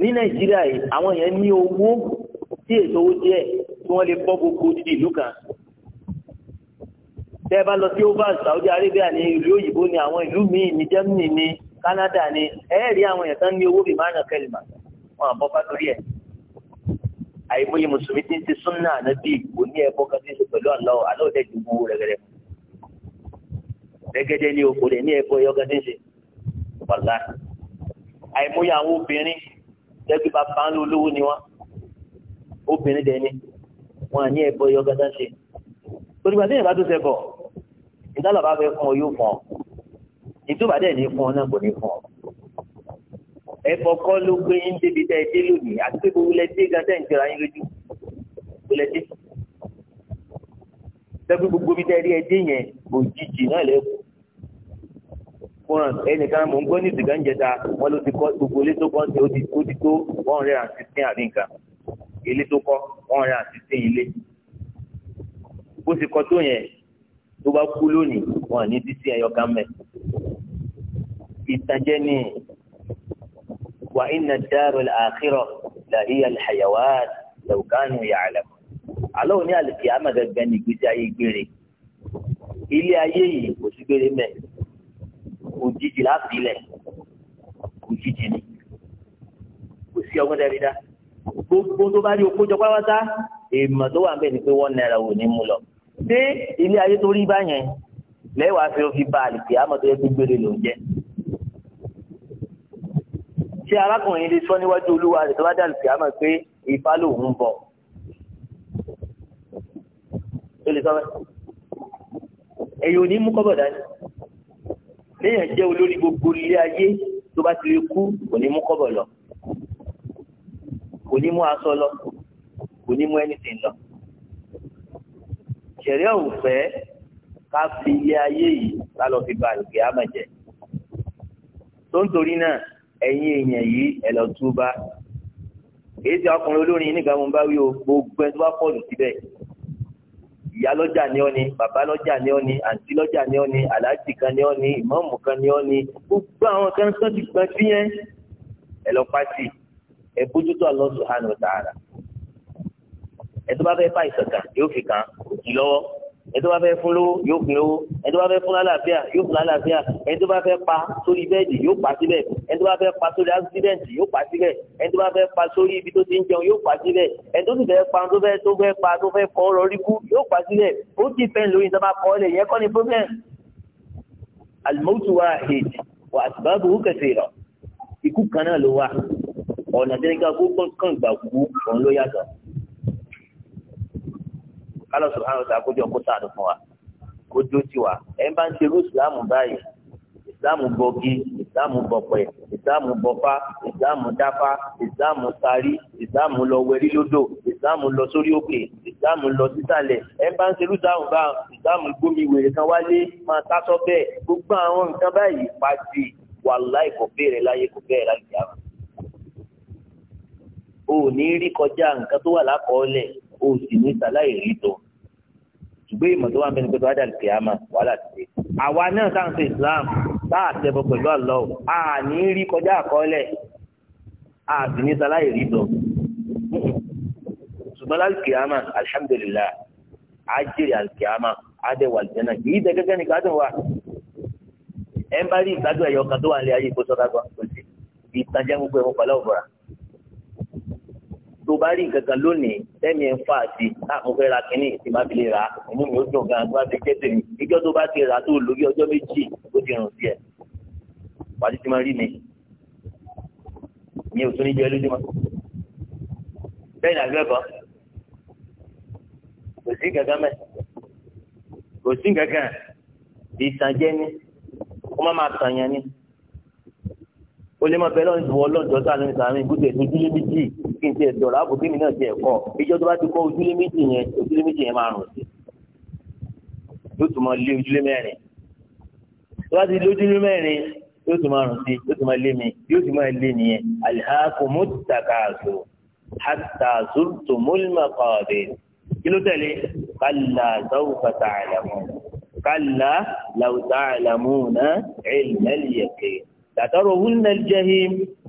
ní nàìjíríà yìí àwọn èèyàn ní owó tí èso owó díẹ̀ tí wọ́n lè bọ́ gbogbo ti ìlú kan tẹ́ ẹ bá lọ sí over Saudi Arabia ní ìlú òyìnbó ní àwọn ìlú míì ní Germany ní Canada ní ẹ̀ẹ́rì àwọn èèyàn tán ní owó bíi márùn kẹlìmà wọn àbọ̀ bá lórí ẹ̀ àìmọye mùsùlùmí tí ń ti súnà ànábì kò ní ẹ̀bọ kan tí ń ṣe pẹ̀lú àlọ́ àlọ́ òde wàlá àìmọye àwọn obìnrin jẹ́gbẹ́ bàbá ń lo olówó ni wọ́n obìnrin dẹ̀ ni wọ́n à ní ẹ̀bọ yọ gàdá ṣe torí wàá sẹ́yìn bá tó ṣe bọ̀ ìdálọ̀ bá fẹ́ fún ọ yóò fún ọ ìtúbà dẹ̀ ní fún ọ náà kò ní fún ọ ẹ̀fọ́ kọ́ ló gbé yín débi tẹ́ ẹ dé lónìí àti pé gbogbo lẹ́tí gan ń jọra yín lójú gbogbo lẹ́tí tẹ́ gbogbo bí tẹ́ ẹ dé yẹn òjijì náà lẹ́kọ̀ọ́ fúnra ẹnìkan mò ń gbọ́ ní ìsìnká ń jẹta wọn ló ti kọ́ gbogbo ilé tó kọ́ ṣe ó ti tó one hundred and sixteen àbí nǹkan ilé tó kọ́ one hundred and sixteen ilé bó ti kọ́ tó yẹn tó bá kú lónìí wọn ní títí ẹyọ mẹ ìtànjẹ ni wà inna ad-dāra al-ākhirah la hiya al-ḥayawān law kānū ya'lamūn àlọ́ ayé gbére ilé ayé yìí kò sí gbére mẹ́ẹ̀ òjijì láti ilẹ̀ òjijì ni kò sí ọgbọ́n dẹ́bi dá gbogbo tó bá rí okó jọ pápátá èèmọ̀ tó wà ń bẹ̀ ni pé wọ́n náírà wò ní mú lọ ṣé ilé ayé tó rí báyẹn lẹ́wàá fi fi ba àlìkè àmọ́ tó yẹ kó gbére ló ń jẹ́ ṣé arákùnrin lè sọ níwájú olúwa rẹ̀ tó bá dé àlìkè àmọ́ pé ìfá lòun bọ̀ ó lè sọ bẹ́ẹ̀ èyí ò ní mú kọ́bọ̀ dání téèyàn jẹ́ olórí gbogbo ilé ayé tó bá ti lè kú kò ní mú kọ́bọ̀ lọ kò ní mú aṣọ lọ kò ní mú anything lọ. ṣẹ̀ríà ò fẹ́ ká fi ilé ayé yìí ká lọ fi ba àlùkè àmọ̀jẹ́. tó ń torí náà ẹ̀yin èèyàn yìí ẹ̀ lọ túbá. èyí tí ọkùnrin olórin nígbà mo bá wí o gbogbo ẹ tó bá kọlù síbẹ̀ ìyá lọ́jà ni ó ní bàbá lọ́jà ni ó ní àǹtí lọ́jà ni ó ní aláàjì kan ni ó ní ìmọ̀ọ́mù kan ni ó ní gbogbo àwọn kan tó ti gbọ́n sí yẹn ẹ lọ pàtì ẹ bójútó Allah subhanahu wa ta'ala ẹ tó bá fẹ́ fà ìsọ̀kan yóò fi kàn òjì lọ́wọ́ ẹni tó bá fẹ́ fún lówó yóò fún lówó ẹni tó bá fẹ́ fún lálàáfíà yóò fún lálàáfíà ẹni tó bá fẹ́ pa sórí bẹ́ẹ̀dì yóò pa síbẹ̀ ẹni tó bá fẹ́ pa sórí ásídẹ̀ǹtì yóò pa síbẹ̀ ẹni tó bá fẹ́ pa sórí ibi tó ti ń jẹun yóò pa síbẹ̀ ẹni tó sì fẹ́ pa tó fẹ́ tó fẹ́ pa tó fẹ́ kọ́ ọ̀rọ̀ rí kú yóò pa síbẹ̀ ó ti fẹ́ lórí ìjọba kọ́ ilẹ̀ yẹn kọ́ ni problem. alimọ́tò wa hejì wà àtìbábò ó kẹsì rọ ikú kan náà ló wà ọ̀nà tẹ́lẹ̀ kálọ̀ subhanahu wa ta'ala kójú ọkọ̀ sáàdù fún wa kójú tiwa ẹ̀ ń bá ń ṣerú ìsìlámù báyìí ìsìlámù bọ̀gì ìsìlámù bọ̀pẹ̀ ìsìlámù bọ̀fá ìsìlámù dáfá ìsìlámù sáré ìsìlámù lọ wẹrí lódò ìsìlámù lọ sórí òkè ìsìlámù lọ sísàlẹ̀ ẹ̀ ń bá ń ṣerú ìsìlámù bá ìsìlámù gbómi wèrè kan wálé máa sásọ́ bẹ́ẹ̀ gbogbo àwọn nǹkan báyìí pàṣẹ wàláì kò béèrè láyé kò béèrè láyé àná o ní rí kọjá nǹkan tó wà lákọọ́lẹ̀ o sì ní sàlàyé rí ṣùgbọ́n ìmọ̀ tó wà mí ni pé tó wájà lùkì àmà wàhálà ti dé. àwa náà tá à ń ṣe Islam tá a tẹ́bọ̀ pẹ̀lú àlọ́ à ní rí kọjá àkọọ́lẹ̀ à sì ní sáláì rí lọ. ṣùgbọ́n lálùkì àmà alhamdulillah á jèrè àlùkì àmà á dẹ̀ wà lùjẹ́ náà kì í dẹ́gẹ́gẹ́ ní kádùn wa. ẹ ń bá rí ìgbádùn ẹ̀yọ kan tó wà ní ayé ìkóṣọ́ tó bá rí nǹkan kan lónìí tẹ́mi ń fà sí ah, mo fẹ́ ra kínní tí bá fi lè rà inú mi ó dùn gan tó bá fi jẹ́ tèmi ìjọ tó bá ti rà tó lórí ọjọ́ méjì ó ti rùn sí ẹ̀ wàá ti máa rí mi mi ò tún ní jẹ́ lójúmọ́ bẹ́ẹ̀ ni àgbẹ̀ bọ́ kò sí kankan mẹ́ kò sí kankan ìsànjẹ́ ni kó má máa tàn yẹn ni o lè má bẹ́ẹ̀ lọ́nà ìwọ ọlọ́dọ̀ tó àlọ́ ìsàmì ètò ìdílé méjì kí n tiẹ̀ dọ̀rọ̀ àbò kí mi náà tiẹ̀ kọ́ ìjọ tó bá ti kọ́ ojúlé méjì yẹn ojúlé méjì yẹn máa rùn sí yóò tún máa lé ojúlé mẹ́rin tó bá ti lé ojúlé mẹ́rin yóò tún máa rùn sí yóò tún máa lé mi yóò tún máa lé nìyẹn alhakumut takasur hatta zurtumul maqabir kí ló tẹ̀lé kalla sawfa ta'lamun kalla law ta'lamuna ilmal yaqin tàtàrọ̀ wúlnà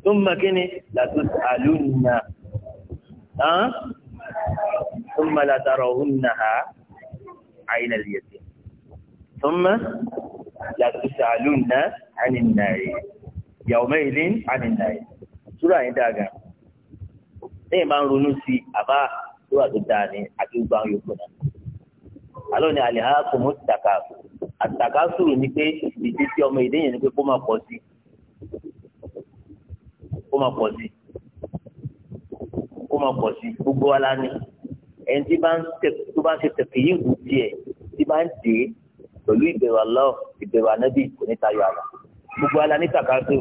tó ń mọ kíni làtò àlùnà tó ń mọ látara òun nà á àyìnà lìyẹsẹ tó ń mọ làtò àlùnà ànínà yìí yàwó mẹ́yìlì ànínà yìí túrọ̀ àyín dàgà lẹ́yìn máa ń ronú sí àbá tó wà tó dáa ní àti gbogbo àwọn yòókù náà ni àlè ha kò mú tàkà ni pé ìdí tí ọmọ ìdí yẹn ni pé kó máa pọ̀ sí máa pọ̀ sí kó máa pọ̀ sí gbogbo wa la ní ẹni tí bá ń tẹ tó bá ń ṣe tẹ̀kì yìí wù tiẹ̀ tí bá ń dé pẹ̀lú ìbẹ̀rù Allah ìbẹ̀rù anábì kò ní tayọ àlà gbogbo ala ní tàkàtò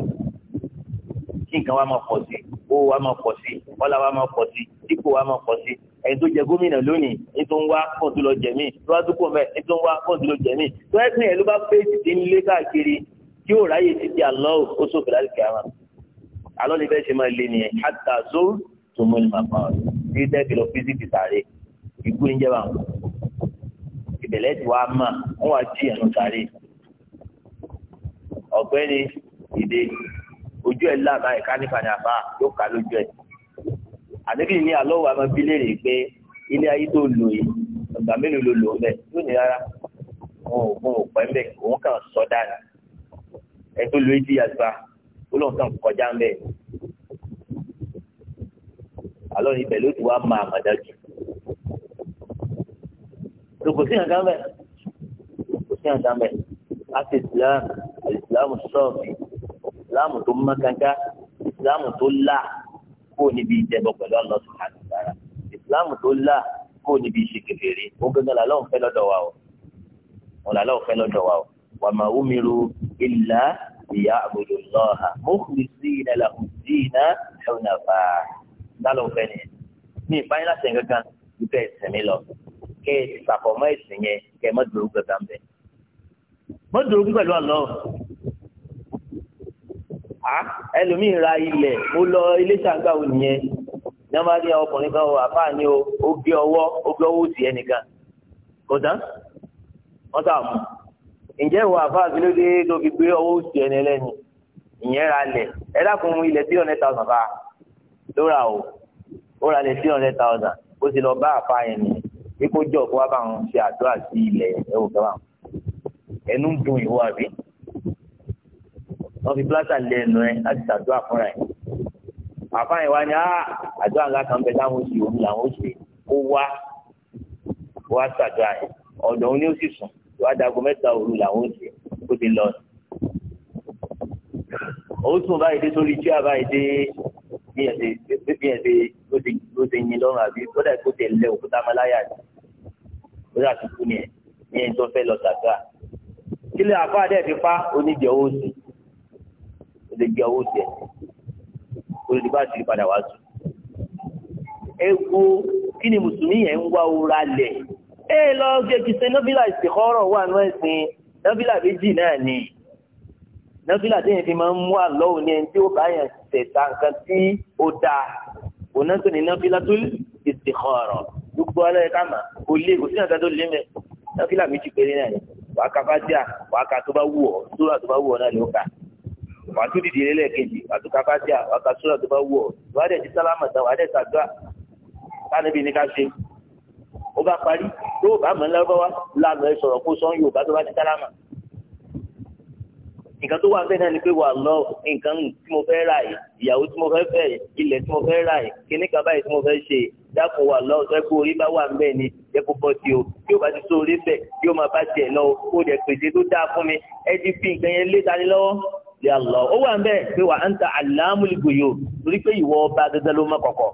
kí nǹkan wa máa pọ̀ sí owó wa máa pọ̀ sí ọlá wa máa pọ̀ sí dípò wa máa pọ̀ sí ẹni tó jẹ gómìnà lónìí ní tó ń wá kó tó lọ jẹ̀mí lọ́wọ́dún kò mẹ́ ní tó ń wá kó tó lọ jẹ̀mí tó ẹ́ ẹ̀ ló bá fèsì tí ń lé káàkiri tí yóò ráyè títí Allah ó sófin láti kẹ́ àwọn alọ́ ni bẹ́ẹ̀ ṣe máa lé nìyẹn hàtà zó tó mọ́ ní màpá ọ̀rọ̀ tí tẹ́ kìlọ̀ físíkì sáré ikú ń jẹ́ báwọn ìbẹ̀lẹ̀ ti wá mà wọ́n wá jí ẹ̀nu sáré ọ̀gbẹ́ni ìdè ojú ẹ̀ láàbá ẹ̀ká nípa ní àbá yóò ká lójú ẹ̀ àdébìyí ní alọ́ wa máa bí léèrè pé ilé ayé tó lò yìí ọgbà mélòó ló lò ó bẹ́ẹ̀ yóò ní rárá wọn ò gun òpẹ́ mbẹ́ òun kàn sọ dára ẹ̀ tó lo eighty years back olóòótọ́ kọjá ń bẹ̀. àlọ́ ibẹ̀ ló ti wá máa màdájú. kò sí nǹkan bẹ́ẹ̀ kò sí nǹkan bẹ́ẹ̀ láti islam islam sọ́ọ̀fì islam tó mọ́kànká islam tó là kó níbi ìjẹ́bọ̀ pẹ̀lú Allah subhanahu wa ta'ala islam tó là kó níbi ìṣe kékeré ó gángan làlọ́ òun fẹ́ lọ́dọ̀ wa o òun làlọ́ òun wa o wa ma umiru illa liya'budu Allaha mukhlisina lahu ad-dina hunafa dáló fẹ́ ni ní ìbáyé láti ẹ̀ka kan dúpẹ́ ẹ̀sìn mi lọ kẹ́ ẹ̀ sàfọ̀mọ́ ẹ̀sìn yẹn kẹ́ ẹ̀ mọ́ dòrò gbẹ̀gbẹ̀ bẹ̀ mọ́ dòrò pẹ̀lú àlọ́ a ẹlòmíì ra ilẹ̀ mo lọ ilé sàǹgà ò nìyẹn ní wọ́n bá ní ọkùnrin kan àbá ni o ó gbé ọwọ́ ó ǹjẹ́ ìwọ àfáà kí ló dé tó fi gbé ọwọ́ òsì ẹni ẹlẹ́ni ìyẹn ra lẹ̀ ẹ dákun mu ilẹ̀ three hundred thousand bá ló ra o ó ra lẹ̀ three hundred thousand ó sì lọ bá àfáà yẹn nìyẹn pípọ́ jọ kó wá bá wọn ṣe àdúrà sí ilẹ̀ ẹ wò kẹ́wàá ẹnu ń dun ìwọ àbí wọ́n fi plásà lé ẹnu ẹ láti ṣàdúrà fúnra ẹ̀ àfáà yẹn wá ní àdúrà ńlá kan bẹ táwọn oṣù òun làwọn oṣù kó wá wá ṣàdúrà ẹ̀ ọ̀dọ̀ òun ni ó sì sùn tó adago mẹ́ta òru làwọn ò tiẹ̀ kó ti lọ. òun tún báyìí dé sórí tí a báyìí dé bí ẹ̀ ṣe bí ẹ̀ ló ti yin lọ́rùn àbí kódà kó tẹ̀ lẹ òkúta amáláyà ni kódà tó kú ni ẹ̀ ní ẹni tó fẹ́ lọ sàgbà. kílẹ̀ àfa dẹ̀ fi pa oníjẹ owó sí oníjẹ owó sí ẹ̀ olùdíbà sì padà wá sùn. ẹ wo kí ni mùsùlùmí yẹn ń wá ora lẹ̀ ẹ lọ gé kìsẹ́ nọ́bílà ìsìnkọ́rọ̀ wà ní ẹ̀sìn nọ́bílà méjì náà ni nọ́bílà tí yẹn fi máa ń mú àlọ́ òní ẹni tí ó bá yẹn tẹ̀ta nǹkan tí ó dáa òun náà tó ní nọ́bílà tó ìsìnkọ́rọ̀ gbogbo ọlọ́ ẹ̀ kàmà kò lé kò sí àtàtò lé mẹ́ nọ́bílà méjì péré náà ni wàá ka fájà wàá ka tó bá wù ọ́ sóra tó bá wù ọ́ náà ni ó kà wàá tún dìde lẹ́ẹ̀kejì wàá tún ka fájà wàá ka sóra tó bá wù ọ́ wàá dẹ̀ ti sálámà tán wàá dẹ̀ sàdúrà ó bá parí tó o bá mọ̀ lọ́wọ́ lànà ẹ sọ̀rọ̀ kó sọ Yorùbá tó bá ti sálámà nǹkan tó wà bẹ́ẹ̀ náà ni pé wà lọ nǹkan tí mo fẹ́ rà yìí ìyàwó tí mo fẹ́ fẹ́ yìí ilẹ̀ tí mo fẹ́ rà yìí kíní kan báyìí tí mo fẹ́ ṣe dákun wà lọ sọ pé orí bá wà ń bẹ́ẹ̀ ni ẹ kò bọ́ sí o tí o bá ti sọ orí bẹ̀ yóò máa bá tiẹ̀ lọ o dẹ̀ pèsè tó dáa fún mi ẹ ti fi nǹkan yẹn lé tani lọ́wọ́ lè àlọ́ ó wà ń bẹ́ẹ̀ pé wà á ń ta àlámúlùgbòyò torí pé ìwọ ọba dandan ló mọ kọ̀kọ̀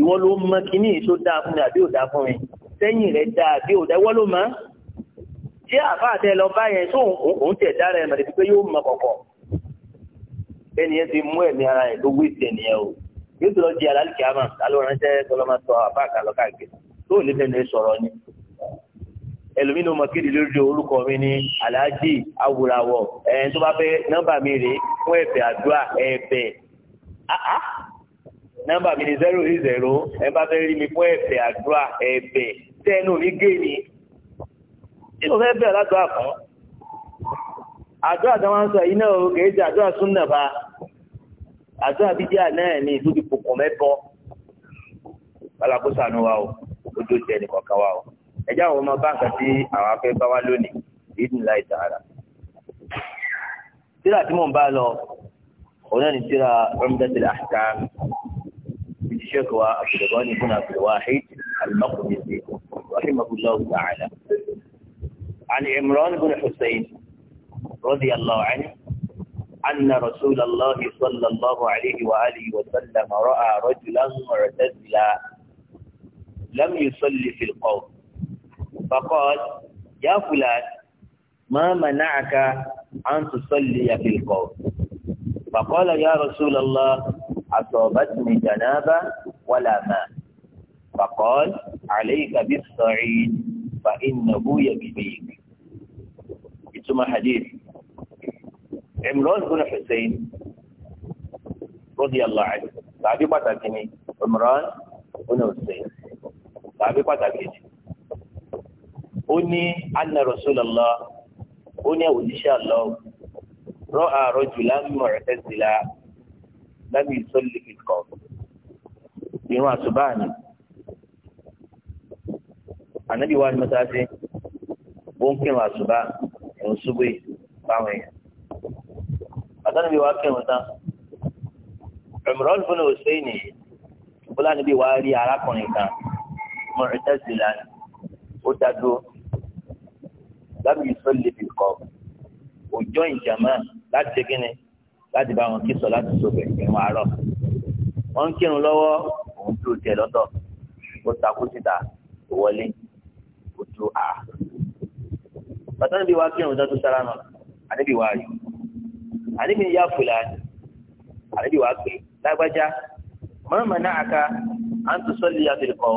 ìwọ ló mọ kíní tó dáa fún mi àbí ò dáa fún mi sẹ́yìn rẹ̀ dáa àbí ò dáa ìwọ ló mọ tí àbá àtẹ lọ bá yẹn tó òun tẹ̀ dára ẹ̀ mọ̀lẹ́bí pé yóò mọ kọ̀kọ̀ ẹni yẹn ti mú ẹ̀mí ara ẹ̀ tó wí ẹni yẹn o yóò tó lọ di alálìkí àmà alóránṣẹ́ tọ́lọ́mà sọ àbá àkàlọ́ káàkiri tó ò lè fẹ́ lè ni ẹlòmíì ló mọ kéde lórí orúkọ mi ní aláàjì awùràwọ̀ ẹ̀ tó bá fẹ́ nọ́mbà mi rèé fún ẹ̀bẹ̀ àdúrà ẹ̀bẹ̀ nọ́mbà mi ni zero eight zero ẹ bá fẹ́ rí mi fún ẹ̀bẹ̀ àdúrà ẹ̀bẹ̀ tẹ́nu mi gé ni tí mo fẹ́ bẹ̀rẹ̀ ládùúrà fún àdúrà tí wọ́n sọ yìí náà o kì í ṣe àdúrà súnà bá àdúrà bíjà náà ni ìlú ti kòkò mẹ́bọ alákóso àánú wa o ojú ti ẹnì kọ̀ọ̀kan wa o ẹ̀já àwọn ọmọ báǹkà tí àwọn afẹ́ bá wá lónìí ìdùn láì tààrà tíra tí mò ń bá lọ òun náà ni tíra Umdatul Ahkam الشكوى الشيطاني هنا في الواحد المقدسي رحمه الله تعالى عن عمران بن حسين رضي الله عنه أن رسول الله صلى الله عليه وآله وسلم رأى رجلا معتزلا لم يصلي في القوم فقال يا فلان ما منعك أن تصلي في القوم فقال يا رسول الله أصابتني جنابة ولا ماء فقال عليك بالصعيد فإنه يكفيك ثم حديث عمران بن حسين رضي الله عنه tàbí pàtàkì ni Imran ibn Husayn tàbí pàtàkì ni. ó ní anna Rasulullah ó ní òjíṣẹ́ àlọ́ rọ́ àrọ́jù lámọ̀ lẹ́nu ìsọ́lì kíkọ́ irun àṣùbà ni ànábì wa ni mo ta sí ó ń kírun àṣùbà irun ṣubú yìí báwọn èèyàn àtànàbí wa kírun tán Imran ibn Husayn bọ́lá níbi wa rí arákùnrin kan Mu'tazila ó dá dúró lábì ìsọ́lì kíkọ́ òjò ìjàmá láti ṣe kí ni láti bá wọn kí sọ láti sọbẹ ìrìn àárọ̀ wọn ń kírun lọ́wọ́ òun tó tiẹ̀ lọ́tọ̀ ó takú síta ó wọlé ó tó a bàtà níbi wàá kírun tó tó sára náà àníbi wàá rí àníbi yá fúlàní àníbi wàá pè lágbájá mọ̀nàmọ̀ náà àká à ń tó sọ́ọ́lì àbẹ̀rẹ̀ kọ́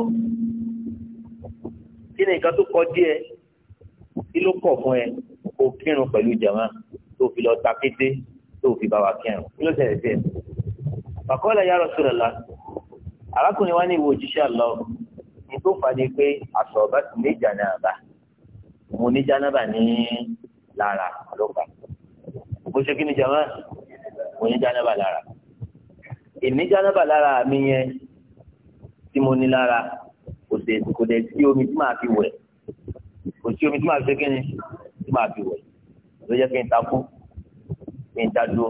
kí ni nǹkan tó kọ díẹ̀ kí ló kọ̀ fún ẹ kó kírun pẹ̀lú jàmá tó fi lọ ta kété tó fi bá wa kẹrùn kí ló ṣẹlẹ̀ sí ẹ̀. fàkọ́lá ya Rasulullah arákùnrin wa ní ìwé òjíṣẹ́ àlọ́ ní tó fà ní pé aṣọ ọba ti ní jànáàbà mo ní jànáàbà ní lára ọlọ́pàá bó ṣe kí ni jàmá mo ní jànáàbà lára ìní jànáàbà lára mi yẹn tí mo ní lára kò dé kò dé sí omi tí màá fi wẹ̀ kò sí omi tí màá fi ṣe kí ni tí màá fi wẹ̀ ló jẹ́ kí n takú ní dádúró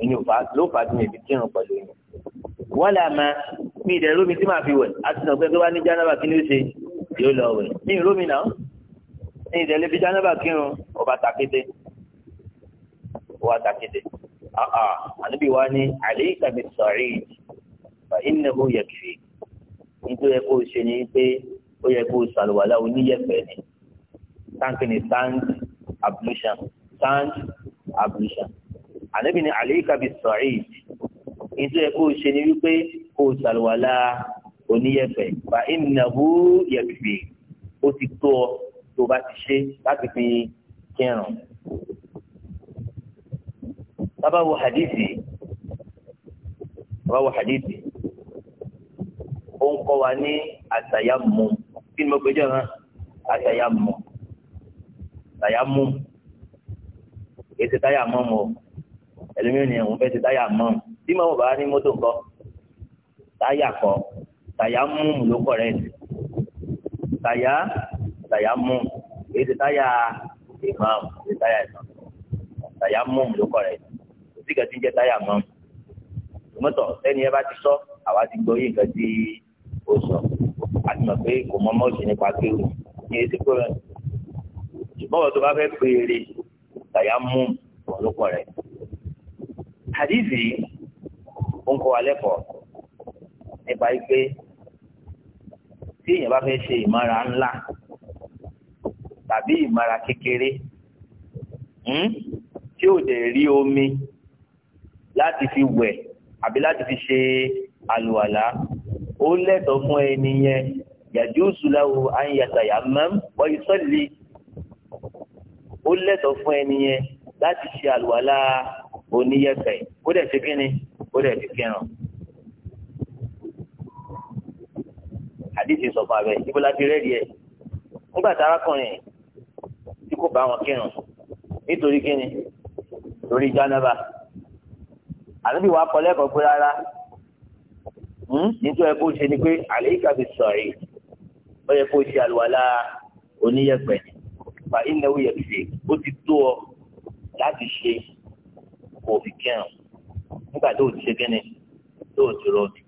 èyí ò fà ló fà tí mi fi kírun pẹ̀lú yín wọ́n là máa mi ìdẹ̀ lómi tí màá fi wẹ̀ àti sàn pé tó bá ní jánábà kí ni ó ṣe yóò lọ wẹ̀ mi ì lómi náà ní ìdẹ̀ lè fi jánábà kírun ọba takété ọba takété àníbi wa ni àlẹ́ ìtàgé sọ̀rí fa innahu yakfi nítorí ẹ kó o ṣe ni pé ó yẹ kó o ṣàlùwàlá oníyẹ̀fẹ́ ni táǹkì ni sand ablution sand ablution ànábì ní àlèkà bíi sọ̀rìd nítorí ẹ kó o ṣe ni wípé kó o ṣàlùwàlá oníyẹ̀fẹ̀ fa ìnáwó yẹ̀fẹ̀ ó ti tó ọ tó bá ti ṣe láti fi kírun. bàbá hadithi bàbá hadithi ó ń kọ́ wa ní àtàyàmù kí ni mo pè jẹ́ hàn àtàyàmù àtàyàmù èsì táyà mọ́mù o ẹlòmíràn ni òun fẹ́ ti táyà mọ́mù tí mọ́mù bá ní mọ́tò kọ́ táyà kọ́ tàyà mọ́mù ló kọ̀ rẹ̀ tàyà tàyà mọ́mù èsì táyà ìmọ̀mù èsì táyà ìmọ̀mù tàyà mọ́mù ló kọ̀ rẹ̀ òsì kẹ́tí ń jẹ́ táyà mọ́mù tòmọ́tò sẹ́ni ẹ bá ti sọ àwa ti gbọ́ yìí nǹkan tí ó sọ a mọ̀ pé kò mọ́ mọ́ọ̀sì nípa kéwù ní èsì kúrẹ́ ṣùgbọ́n wọ́n tó bá fẹ́ péré tàyámù òun ló pọ̀ rẹ̀. hadithi ó ń kọ́ wa lẹ́kọ̀ọ́ nípa pé tí èèyàn bá fẹ́ ṣe ìmára ńlá tàbí ìmára kékeré hmm, tí ò dẹ̀ rí omi láti fi wẹ̀ àbí láti fi ṣe àlùwàlá ó lẹ́tọ̀ọ́ fún ẹni yẹn yàjú sùláwù àyàtàyà mẹ́m wọ́n yìí sọ́ọ̀lì ó lẹ́tọ̀ọ́ fún ẹni yẹn láti ṣe àlùwàlá oníyẹ̀pẹ̀ ó dẹ̀ ṣe kínni ó dẹ̀ ṣe kírun. àdìsí sọ fún abẹ ibo la ti rẹ́ẹ̀dì ẹ̀ nígbà tí arákùnrin tí kò bá wọn kírun nítorí kínni torí jánaba ànábì wa kọ lẹ́kọ̀ọ́ pé rárá hmm, nítorí ẹ̀kọ́ ṣe ni pé àlẹ́ yìí kàfi sọ̀rí ó yẹ kó ṣe àlùwàlá oníyẹ̀pẹ̀ ni fa ináwó yẹn ṣe ó ti tó ọ láti ṣe kò fi kẹrùn nígbà tó o ti ṣe kẹ́ni tó o dúró ni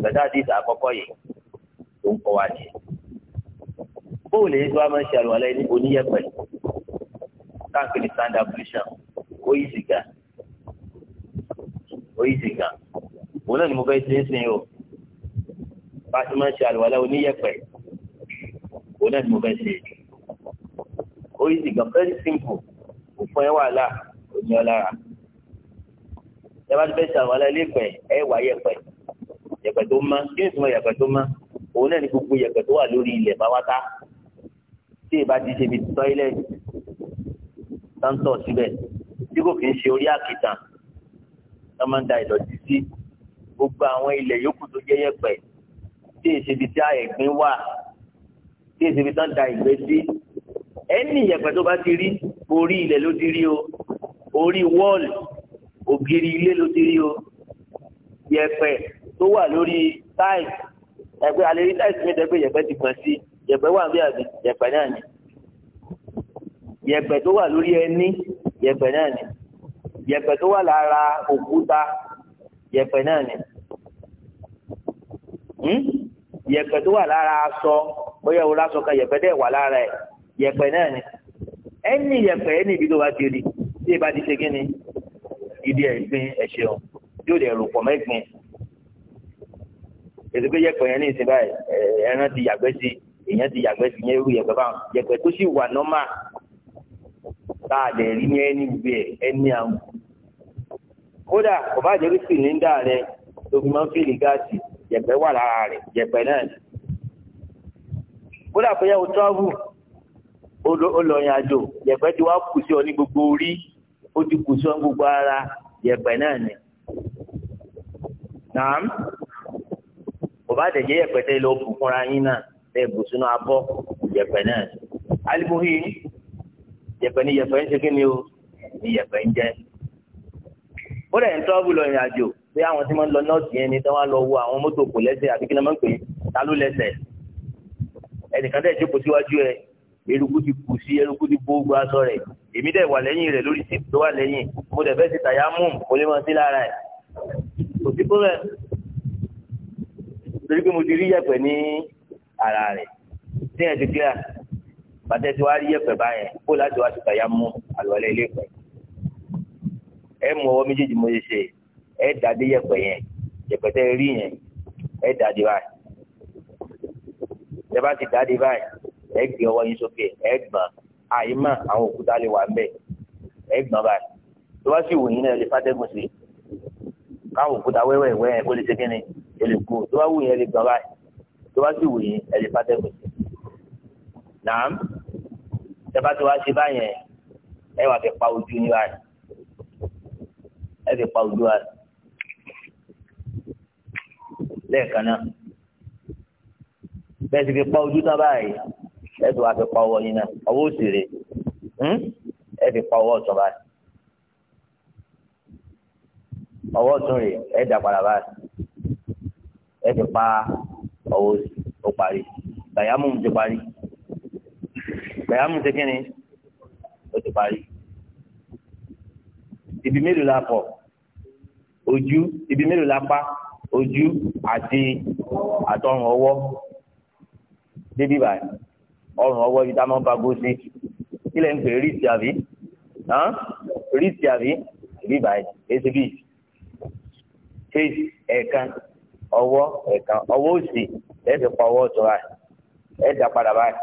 gbẹdá àdìsí àkọ́kọ́ yìí tó ń kọ́ wa ni. bóòlù yìí tó a máa ń ṣe àlùwalẹ̀ ní oníyẹ̀pẹ̀ táǹkì ní stand up vision ó yí sìgá ó yí sìgá òun náà ni mo fẹ́ ṣe é sìn o bá a ti máa ń ṣe àlùwalẹ̀ oníyẹ̀pẹ̀ òun náà ni mo fẹ́ ṣe é sìn easy gan very simple kò fún ẹ wàhálà kò ní ọ lára ẹ bá ti fẹ́ ṣàwọn alẹ́ pẹ̀ ẹ wà yẹpẹ̀ yẹpẹ̀ tó mọ́ kí ni ìtumọ̀ yẹpẹ̀ tó mọ́ òun náà ni gbogbo yẹpẹ̀ tó wà lórí ilẹ̀ báwátá tí ìbá ti ṣe bí tọ́ílẹ̀tì sáńtọ̀ síbẹ̀ tí kò kì í ṣe orí àkìtàn wọ́n máa ń da ìdọ̀tí sí gbogbo àwọn ilẹ̀ yòókù tó jẹ́ yẹpẹ̀ tí èsì ibi tí àìgbín wà tí èsì ibi tán da ìgbẹ́ sí ẹni ìyẹ̀pẹ̀ tó bá ti rí orí ilẹ̀ ló ti rí o orí wọ́ọ̀lù ògiri ilé ló ti rí o yẹ̀pẹ̀ tó wà lórí táìsì ẹ̀pẹ́ àlèrí táìsì mi dẹ́gbẹ́ yẹ̀pẹ̀ ti kàn sí yẹ̀pẹ̀ wà bí àbí yẹ̀pẹ̀ náà ni yẹ̀pẹ̀ tó wà lórí ẹní yẹ̀pẹ̀ náà ni yẹ̀pẹ̀ tó wà lára òkúta yẹ̀pẹ̀ náà ni hmm? yẹ̀pẹ̀ tó wà lára aṣọ bóyá o lásọ kan yẹ̀pẹ̀ dẹ̀ wà lára ẹ̀ yẹ̀pẹ̀ náà ni ẹni yẹ̀pẹ̀ ẹni ibi tó bá ti rí tí ẹ bá ti ṣe kí ni ibi ẹ̀gbin ẹ̀ṣẹ̀ ọ̀ yóò dẹ̀ rò pọ̀ mẹ́gbin ètò pé yẹ̀pẹ̀ yẹn ní ìsìn báyìí ẹran ti yàgbẹ́ sí èèyàn ti yàgbẹ́ sí yẹn irú yẹ̀pẹ̀ báwọn yẹ̀pẹ̀ tó sì wà nọ́mà tá a dẹ̀ rí ní ẹni gbé ẹni àwọn kódà ọba àjẹrí sìlíńdà rẹ lóbi máa ń fìlì gáàsì yẹ̀pẹ̀ wà lára rẹ̀ yẹ̀pẹ̀ náà kódà pé yẹ o tọ́wù ó lọ yìn àjò yẹ̀pẹ̀ ti wá kù sí ọ ní gbogbo orí ó ti kù sí ọ ní gbogbo ara yẹ̀pẹ̀ náà ni. nàám bàbá àtẹ̀jẹ́ tẹ́ lọ bù fúnra yín náà tẹ́ bù sínú abọ́ yẹ̀pẹ̀ náà ni. alimuhi yẹ̀pẹ̀ ni yẹ̀pẹ̀ ń ṣe kí ni o ni yẹ̀pẹ̀ ń jẹ́. ó dẹ̀ ń tọ́bù lọ yìn àjò pé àwọn tí wọ́n lọ nọ́ọ̀sì yẹn ni tí wọ́n lọ wo àwọn mọ́tò kò lẹ́sẹ̀ àbí kí ni wọ́n pè é ta ló lẹ́sẹ̀ ẹnìkan tẹ̀ eruku ti kù sí eruku ti gbogbo aṣọ rẹ̀ èmi dẹ̀ wà lẹ́yìn rẹ̀ lórí sípò tó wà lẹ́yìn mo dẹ̀ fẹ́ ti tàyà mú mo lè mọ sí lára ẹ̀ kò sí kó rẹ̀ torí pé mo ti rí yẹ̀pẹ̀ ní ara rẹ̀ tí yẹn ti clear bàtẹ́ tí wàá rí yẹ̀pẹ̀ báyẹn kó láti wá ti tàyà mú àlùwalẹ̀ ilé pẹ̀ ẹ mú ọwọ́ méjèèjì mo ṣe ṣe ẹ dàdé yẹ̀pẹ̀ yẹn yẹ̀pẹ̀ tẹ́ rí yẹn ẹ dàdé báyìí ẹ bá ti dàdé báyìí ẹ gbé ọwọ́ yín sókè ẹ gbọ̀n àyímọ̀ àwọn òkúta lè wà ńbẹ̀ ẹ gbọ̀n báyìí tó bá sì wù yín náà lè fàtẹ́gùn sí káwọn òkúta wẹ́wẹ́wẹ́ ẹ kó lè ṣe kíni ẹ lè kú tó bá wù yín ẹ lè gbọ̀n báyìí tó bá sì wù yín ẹ lè fàtẹ́gùn sí. nàám tẹ bá ti ṣe báyẹn ẹ wà fẹ́ pa ojú ní báyìí ẹ fẹ́ pa ojú wa lẹ́ẹ̀kan náà bẹ́ẹ̀ sì fi pa ojú tán báyìí ẹ ti wá fi pa ọwọ́ yín náà ọwọ́ òsì rè hmm? ẹ fi pa ọwọ́ ọ̀tún báyìí ọwọ́ ọ̀tún rè ẹ dà padà báyìí ẹ fi pa ọwọ́ òsì ó parí bàyámù ti parí bàyámù ti kíni ó ti parí ibi mélòó la pọ̀ ojú ibi mélòó la pa ojú àti àtọrùn ọwọ́ débí báyìí ọrùn ọwọ́ ibi tá a máa ń bagó sí kí lẹ́yìn pé ríìsì àbí ríìsì àbí rí báyìí èsì bíi fèsì ẹ̀ẹ̀kan ọwọ́ ẹ̀ẹ̀kan ọwọ́ òsì ẹ̀ẹ́dẹ̀ pa ọwọ́ ọ̀tọ̀ báyìí ẹ̀ẹ́dẹ̀ padà báyìí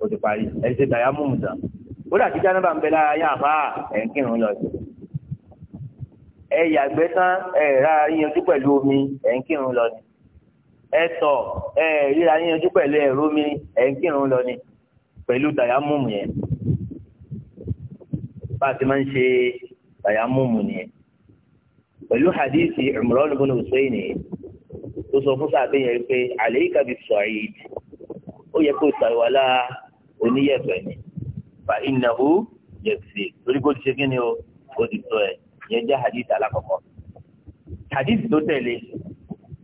o ti parí ẹ̀ẹ́dẹ̀ tàyà mú mùtà ó dà kí jáde bá ń bẹ lára yá àbá ẹ̀ ń kírun lọ sí ẹ yàgbẹ́ tán ẹ̀ rà yíyanjú pẹ̀lú omi ẹ̀ ń kírun lọ sí ẹ̀tọ́ ẹ̀ ríra yíyanjú pẹ̀lú ẹ̀rọ mi ẹ̀ ń kírun lọ ni pẹ̀lú tàyámùmù yẹn bá a ti máa ń ṣe tàyámùmù nìyẹn pẹ̀lú hadithi Imran ibn Husayn tó sọ fún sàbẹ̀ yẹn pé alayka bis-sa'id ó yẹ kó ṣàlùwàlá oníyẹ̀fẹ̀ ni fa innahu yẹ̀fẹ̀ torí kó ti ṣe kí ni o kó ti tọ́ ẹ̀ yẹn jẹ́ hadith alákọ̀ọ́kọ́ hadith tó tẹ̀lé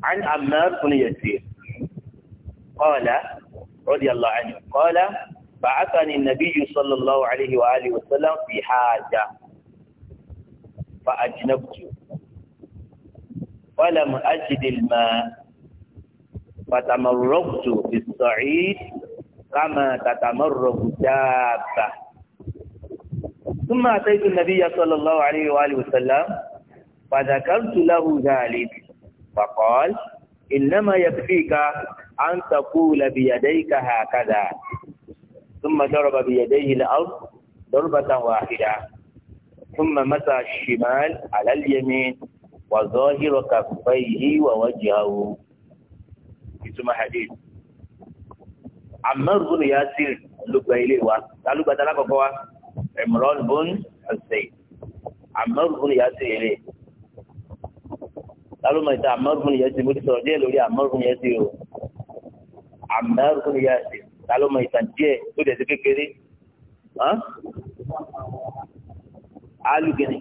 عن عمار بن يسير قال رضي الله عنه قال بعثني النبي صلى الله عليه وآله وسلم في حاجة فأجنبت فلم أجد الماء فتمرغت الصعيد كما تتمرغ دابة ثم أتيت النبي صلى الله عليه وآله وسلم فذكرت له ذلك فقال إنما يكفيك أن تقول بيديك هكذا ثم ضرب بيديه الأرض ضربة واحدة ثم مسى الشمال على اليمين وظاهر كفيه ووجهه ثم حديث عمار بن ياسر لقى إليه قالوا بدل عمران بن حسين عمار بن ياسر إليه lálùmọ̀ ìta àmọ́rùn yẹn ti mo ti sọ̀rọ̀ díẹ̀ lórí àmọ́rùn yẹn ti o àmọ́rùn yẹn ti lálùmọ̀ ìta díẹ̀ tó dẹ̀ ti kékeré alùgẹ̀nì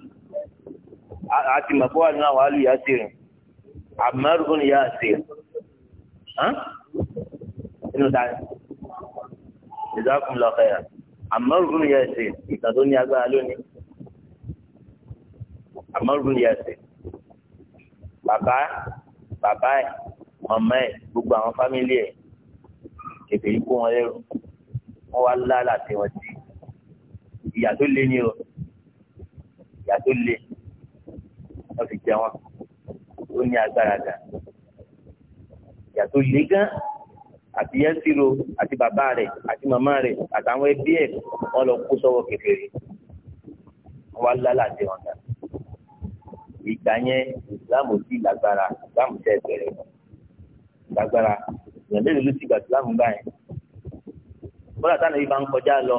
àti mọ̀kọ́ wà nínú àwọn alùyà sí rìn àmọ́rùn yẹn ti inú ta ìzákùn lọ́kẹ́ yà àmọ́rùn yẹn ti ìtàn tó ní agbára lónìí àmọ́rùn yẹn ti bàbá bàbá ẹ̀ màmá ẹ̀ gbogbo àwọn fámìlì ẹ̀ kẹfẹ́ yìí kó wọn lẹ́rù wọ́n wá lálà tí wọ́n ti ìyà tó lé ní o ìyà tó lé wọ́n fi jẹ wọn ó ní agbára gan ìyà tó lé gan àti yẹnsiro àti bàbá rẹ̀ àti màmá rẹ̀ àtàwọn ẹbí ẹ̀ wọ́n lọ kó sọ́wọ́ kẹfẹ́ rẹ̀ wọ́n wá lálà tí wọ́n dà ìgbà yẹn islam ò sí lágbára islam tẹ bẹ̀rẹ̀ lágbára ìyàn lẹ́nu ló ti gbà islam gbà yẹn bọ́lá táwọn ibi bá ń kọjá lọ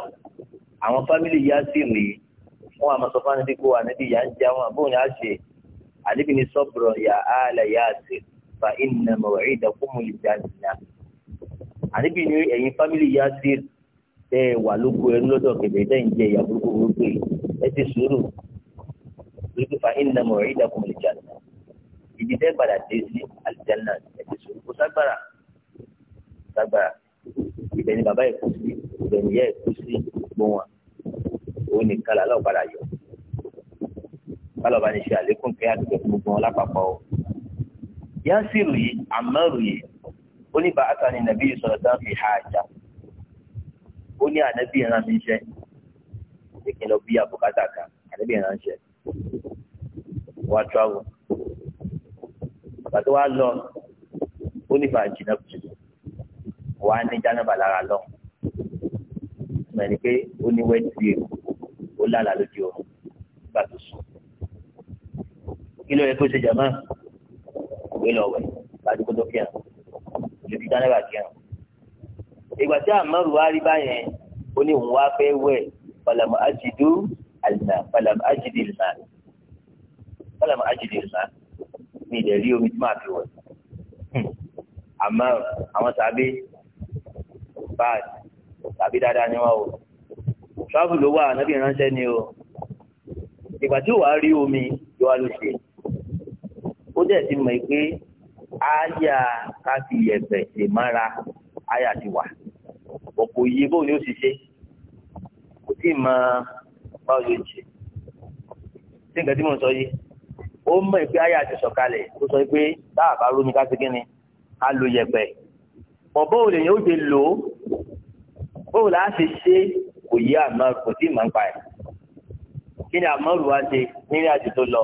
àwọn fámìlì yá sí rèé wọn àmọ́ sọ fún anabi kó anabi yá ń jẹ àwọn àbóhùn yá ṣe anabi ni sọ́bùrọ̀ yà á lẹ̀ yá ṣe fa iná mọ̀wé ìdàkùnmù ìjà nìyà anabi ni ẹ̀yin fámìlì yá sí rèé wà lóko ẹrú lọ́dọ̀ kẹ̀kẹ́ tẹ́ ń jẹ ìyàwó wípé fa iná mọ̀ rí dàkún lè jà náà ibi tẹ́ padà dé sí àlìjáná ẹ̀sìn sùn kó ságbára ságbára ibẹ̀ ni bàbá yìí kú sí ibẹ̀ ni yẹ́ kú sí gbọ́n wa òun nìkan làlọ́ padà yọ kálọ̀bá ni ṣe àlékún kẹ́ àtúntò fún gbọ́n lápapọ̀ o yásìrù yìí àmọ́rù yìí ó ní bàtà ni nàbí sọ̀rọ̀ tán fi ha àjà ó ní ànábì ìran mi ṣe ìpínlẹ̀ bí àbùkátà kan ànábì ìran ṣe wá travel bàtà wá lọ ó ní fàájì náà kù wá ní jánàbà lára lọ mẹ́rin pé ó ní wẹ́ẹ̀dì bíi ó lálà lójú oorun nígbà tó sùn kí ló yẹ kó ṣe jàmá ìwé lọ wẹ̀ ládùúgbò tó kí hàn lójú jánàbà kí hàn ìgbà tí àmọ́rù wá rí báyẹn ó ní òun wá fẹ́ wẹ̀ ọ̀làmọ́ àjìdú الماء فلم أجد الماء فلم أجد الماء mi lè rí omi tí màá fi wẹ̀ hmm. àmọ́ àwọn tàbí báàdì tàbí dáadáa ni wọ́n o tíráàbù ló wà ànábì ránṣẹ́ ni o ìgbà tí wàá rí omi yóò wá ló ṣe ó dẹ̀ ti mọ̀ pé áyà ká fi yẹ̀bẹ̀ lè mára áyà ti wà ọ̀pọ̀ iye bóun ni ó ti ṣe kò tí ì mọ báwo ló ń ṣe tí nǹkan tí mò ń sọ yìí ó mọ̀ pé ayé àti sọ̀kalẹ̀ ó sọ pé tá a bá rómi ká sí kínni ká lo yẹ̀pẹ̀ bọ̀bọ́ òde yẹn ó ti lò ó bóò láà ṣe ṣe kò yí àmọ́ kò sí ìmọ̀ nípa ẹ̀ kí ni àmọ́ rù wá ṣe nílé àti tó lọ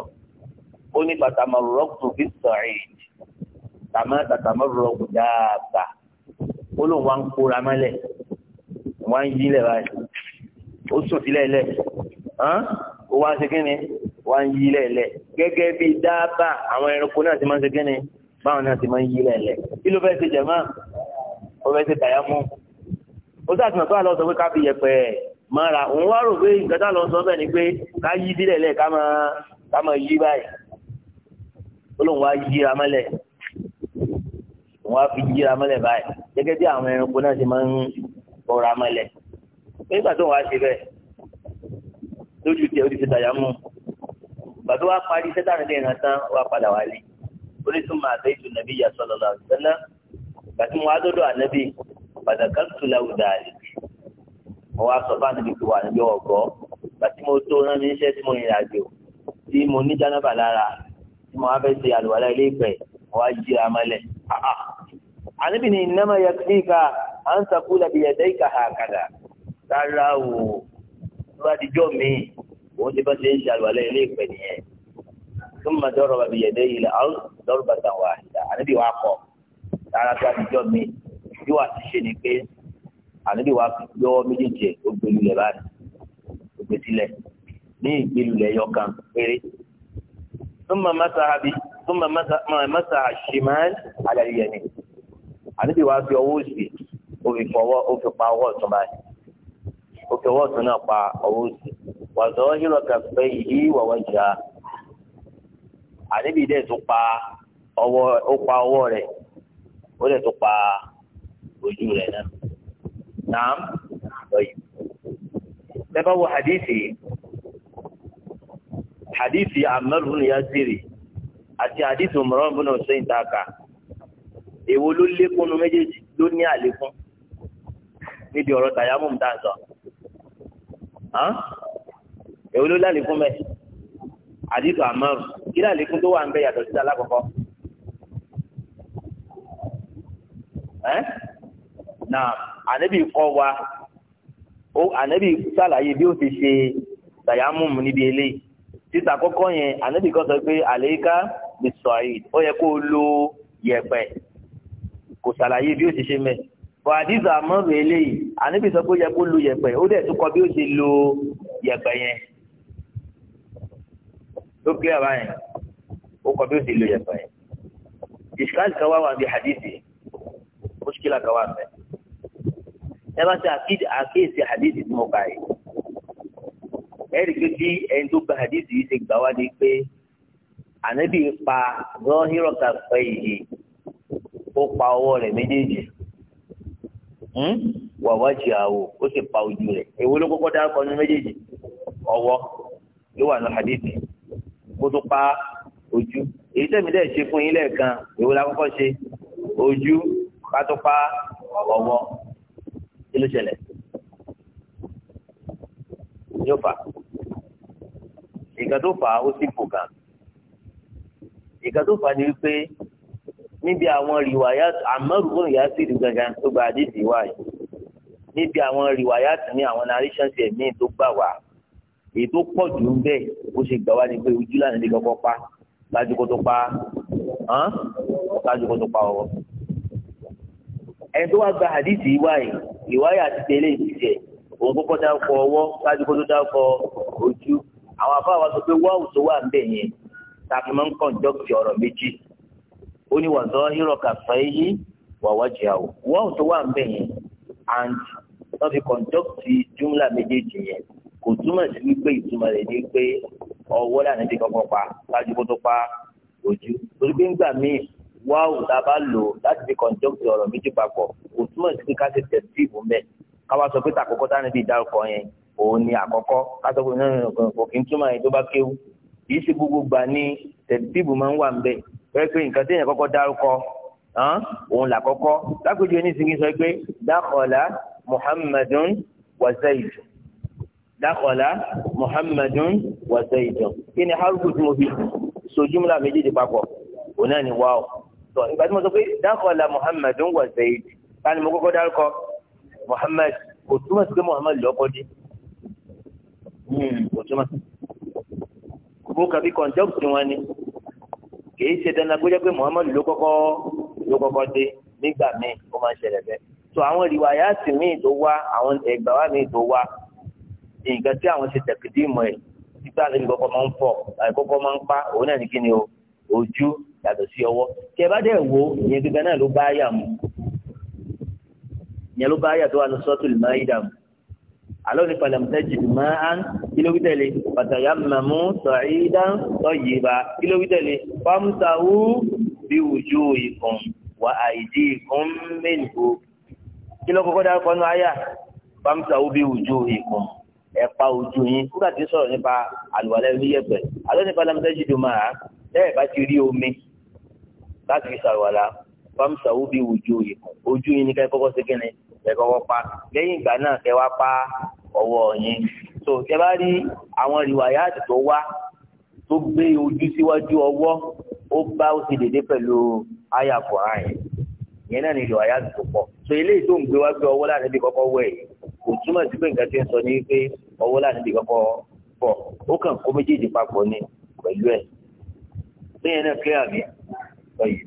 ó ní pàtàmọ́ rọ́ọ̀kù fi sọ̀rìn tàmọ́ tàtàmọ́ rọ́ọ̀kù dáàbà ó lóun wá ń kóra mọ́lẹ̀ wá ń yí lẹ̀ báyìí ó sùn sílẹ̀ lẹ̀ ó wá ń ṣe kíni wá ń yí lẹ̀lẹ̀ gẹ́gẹ́ bí dáàbà àwọn ẹranko náà ti máa ń ṣe kíni báwọn náà ti máa ń yí lẹ̀lẹ̀ kí ló fẹ́ ṣe jẹ̀mọ́ ó fẹ́ ṣe tàyámú ó sì àtúntò àlọ́ sọ pé ká fi yẹpẹ̀ mọ́ra òun wá rò pé ìgbẹ́ta lọ sọ bẹ́ẹ̀ ni pé ká yí sílẹ̀ lẹ̀ ká máa ká máa yí báyìí ó lóun wá yíra mọ́lẹ̀ òun wá fi yíra mọ́lẹ̀ báyìí gẹ́gẹ́ bí àwọn ẹranko náà ti máa ń bọ̀ra mọ́lẹ̀ nígbà tó wàá ṣe bẹ́ẹ̀ lójú tiẹ̀ ó ti ṣe tàyámù bàtú wa parí sẹ́tà nílé ìran tán wa padà wálé oríṣiríṣi máa bẹ́ẹ̀ tu nàbí yà sọ̀rọ̀ náà sẹ́nà bàtí mo wá dọ́dọ̀ ànábì pàtàkì tó láwù dàlẹ́ mo wá sọ fáwọn ibi tó wà níbi ọ̀gọ́ bàtí mo tó rán mi iṣẹ́ tí mo rìnrìn àjò tí mo ní jánábà lára tí mo wá fẹ́ ṣe àlùwalá ilé ìpẹ́ mo wá jí amálẹ̀ ànábì ni ìnáma yẹ kíkà à ń sàkúlẹ̀ bìyẹ̀dẹ́ ìkà àkàdà rárá o tó bá dijọ́ mi òun ti bá ti ń ṣàlùwalẹ̀ ilé ìpè nìyẹn tó máa dọ́rọ̀ bàbí yẹ̀dẹ́ yìí la àwọn dọ́rọ̀ bàtà wà ìdá àníbi wà kọ́ rárá tó bá dijọ́ mi bí wà ti ṣe ni pé àníbi wà lọ́wọ́ méjèèjì ó gbèlú lẹ̀ báyìí ó gbé sílẹ̀ ní ìgbèlú lẹ̀ yọkan péré tó máa má sáhábì tó máa má sáhà ṣìmáàlì àlàyé yẹn ni àníbi wà fi ọwọ́ òsì ó fi fọwọ́ báyìí. oke fi náà pa ọwọ́ òsì wàzọ́ hírọ̀kà pé ìdí wọ̀wọ́ ìjà àníbi dẹ̀ tún pa ọwọ́ ó pa ọwọ́ rẹ̀ ó dẹ̀ tún pa ojú rẹ̀ náà naam lọ́yìn. bẹ́ẹ̀ hadithi hadithi hadithi èwo ló lékún nu méjèèjì ló ní àlékún hàn èwo ló lálẹ́kùn mẹ́ àdìtò àmọ́ kí lálẹ́kùn tó wà ń bẹ yàtọ̀ sí alákọ̀ọ́kọ́ ẹ́ na ànábì kọ́ wa ó ànábì sàlàyé bí ó ti ṣe tàyámùmù níbi eléyìí títa kọ́kọ́ yẹn ànábì kọ́ sọ pé àlẹ́ká bisọ̀yìn ó yẹ kó lo yẹ̀pẹ̀ kò sàlàyé bí ó ti ṣe mẹ́ẹ̀ bọ̀ àdìsọ àmọ́rò eléyìí àníbi sọ pé ó yẹ kó lu yẹ̀pẹ̀ ó dẹ̀ tún kọ bí ó ṣe lo yẹ̀pẹ̀ yẹn ló kí àbá yẹn ó kọ bí ó ṣe lo yẹ̀pẹ̀ yẹn ìṣkáàlì kan wá wà bí àdìsí mùṣkílà kan wà bẹ́ẹ̀ ẹ bá ṣe àkíyèsí àdìsí tí mo kà yìí ẹ̀rí pé bí ẹni tó gba àdìsí yìí ṣe gbà wá ni pé àníbi pa rọ́hírọ̀kà pẹ́ yìí ó pa ọwọ́ rẹ̀ méjèèjì. Hmm? wàwájì àwò ó sì pa ojú rẹ̀ èwo ló kọ́kọ́ dárúkọ ní méjèèjì ọwọ́ ló wà ní hadithi kó tó pa ojú èyí tẹ̀mí dẹ̀ ṣe fún yín lẹ́ẹ̀kan èwo la kọ́kọ́ ṣe ojú ká tó pa ọwọ́ kí ló ṣẹlẹ̀ yóò fà ìgbà fà ó sì kò kàn ìgbà fà ni wípé níbi àwọn rìwáyà Ammaru ibn Yasir gangan tó gba àdìsí wá yìí níbi àwọn rìwáyà tì ní àwọn narrations ẹ̀ míì tó gbà wá èyí tó pọ̀ jù ń bẹ̀ ó ṣe gbà wá ní pé ojú lànà ní kọ́kọ́ pa ṣáájú kó tó pa ṣáájú kó tó pa ọwọ́ ẹni tó wá gba àdìsí wá yìí ìwáyà ti tẹ̀lé ìṣẹ̀ òun kọ́kọ́ dákọ̀ ọwọ́ ṣáájú kó tó dákọ̀ ojú àwọn àfáà wa sọ pé wáwù ó ní wà zọ hírọ kàfẹ́ yìí wà wájú àwò wọ́n tó wà ń bẹ̀ yẹn and wọ́n fi kọ̀ǹdọ́kìtì júmùlà méjèèjì yẹn kò túmọ̀ sí wípé ìtumọ̀ rẹ̀ ní pé ọwọ́ lànà ti kọ́kọ́ pa ṣáájú kó tó pa ojú torí pé ńgbà míì wáwù tá a bá lò láti fi kọ̀ǹdọ́kìtì ọ̀rọ̀ méjì papọ̀ kò túmọ̀ sí pé ká ṣe tẹ̀sí ìbò mẹ́ káwá sọ pé tàkọ́kọ́ táwọn ibi ìdárúkọ yẹn òun ni àkọ́kọ́ kátó hmm, kò kí ń túmọ̀ yẹn tó bá kéwù kì í ṣe gbogbo gbà ní tẹ̀sí ìbò máa ń wà ń bẹ́ẹ̀ fẹ́ pé nǹkan téèyàn kọ́kọ́ dárúkọ òun là kọ́kọ́ lápèjì oníṣègùn sọ pé dákọ̀lá muhammadun wa zaid dákọ̀lá muhammadun wa zaid kí ni harufu tí mo fi so jumla méjèèjì papọ̀ òun náà ni wáò tọ́ ìgbà tí mo sọ pé dákọ̀lá muhammadun wa zaid ká ni mo kọ́kọ́ dárúkọ muhammad kò túmọ̀ sí pé muhammad lọ́kọ́ dé hmm, kò túmọ̀ sí. bó kabi kọ̀ǹtẹ́kù tí wọ́n kìí ṣe dandan kó jẹ́ pé muhammad ló kọ́kọ́ ló kọ́kọ́ dé nígbà míì ó máa ń ṣẹlẹ̀ bẹ́ẹ̀ tó àwọn rìwáyàtì míì tó wá àwọn ẹgbà wá míì tó wá nǹkan tí àwọn ṣe tẹ̀kídì mọ̀ ẹ̀ títà lórí kọ́kọ́ máa ń fọ̀ àìkọ́kọ́ máa ń pa òun náà ní kí ni o ojú yàtọ̀ sí ọwọ́ tí ẹ bá dẹ̀ wo ìyẹn gbígbẹ́ náà ló bá yà mú ìyẹn ló bá yà tó wà ní sọ́tùlì máa yí dà mú àlọ́ ní pàlẹ́mùtẹ́jì máa ń kílówítẹ̀lé pàtàyà mọ̀mú sọ̀rídà sọ̀yìnbá kílówítẹ̀lé fámúsáwú bí wùjú ìkùn wà àìdí ìkùn mẹ́nìkó kílókòkò dá kọ́nú àyà fámúsáwú bí wùjú ìkùn ẹ pa ojú yín nígbà tí sọ̀rọ̀ nípa àlùwalẹ̀ oníyẹ̀pẹ̀ àlọ́ ní pàlẹ́mùtẹ́jì máa bẹ́ẹ̀ bá ti rí omi láti fi ṣàlùwàlà fámúsáwú bí wùjú ìkùn ojú yín ní kẹ́ kọ́kọ́ sí lẹ́kọ̀ọ́ pa lẹ́yìn ìgbà náà kẹ́ wá pa ọwọ́ yín tó kẹ́ bá rí àwọn rìwáyàtì tó wá tó gbé ojú síwájú ọwọ́ ó bá ó ti dédé pẹ̀lú àyà kọ̀ọ̀rán yẹn yẹn náà ni rìwáyàtì tó pọ̀ tó eléyìí tó ń gbé wá gbé ọwọ́ láti ibi kọ́kọ́ wẹ̀ kò túmọ̀ sí pé nǹkan ti ń sọ ní pé ọwọ́ láti ibi kọ́kọ́ pọ̀ ó kàn kó méjèèjì papọ̀ ni pẹ̀lú ẹ̀ bẹ́ẹ̀ náà kílẹ̀ àmì ọ̀yẹ̀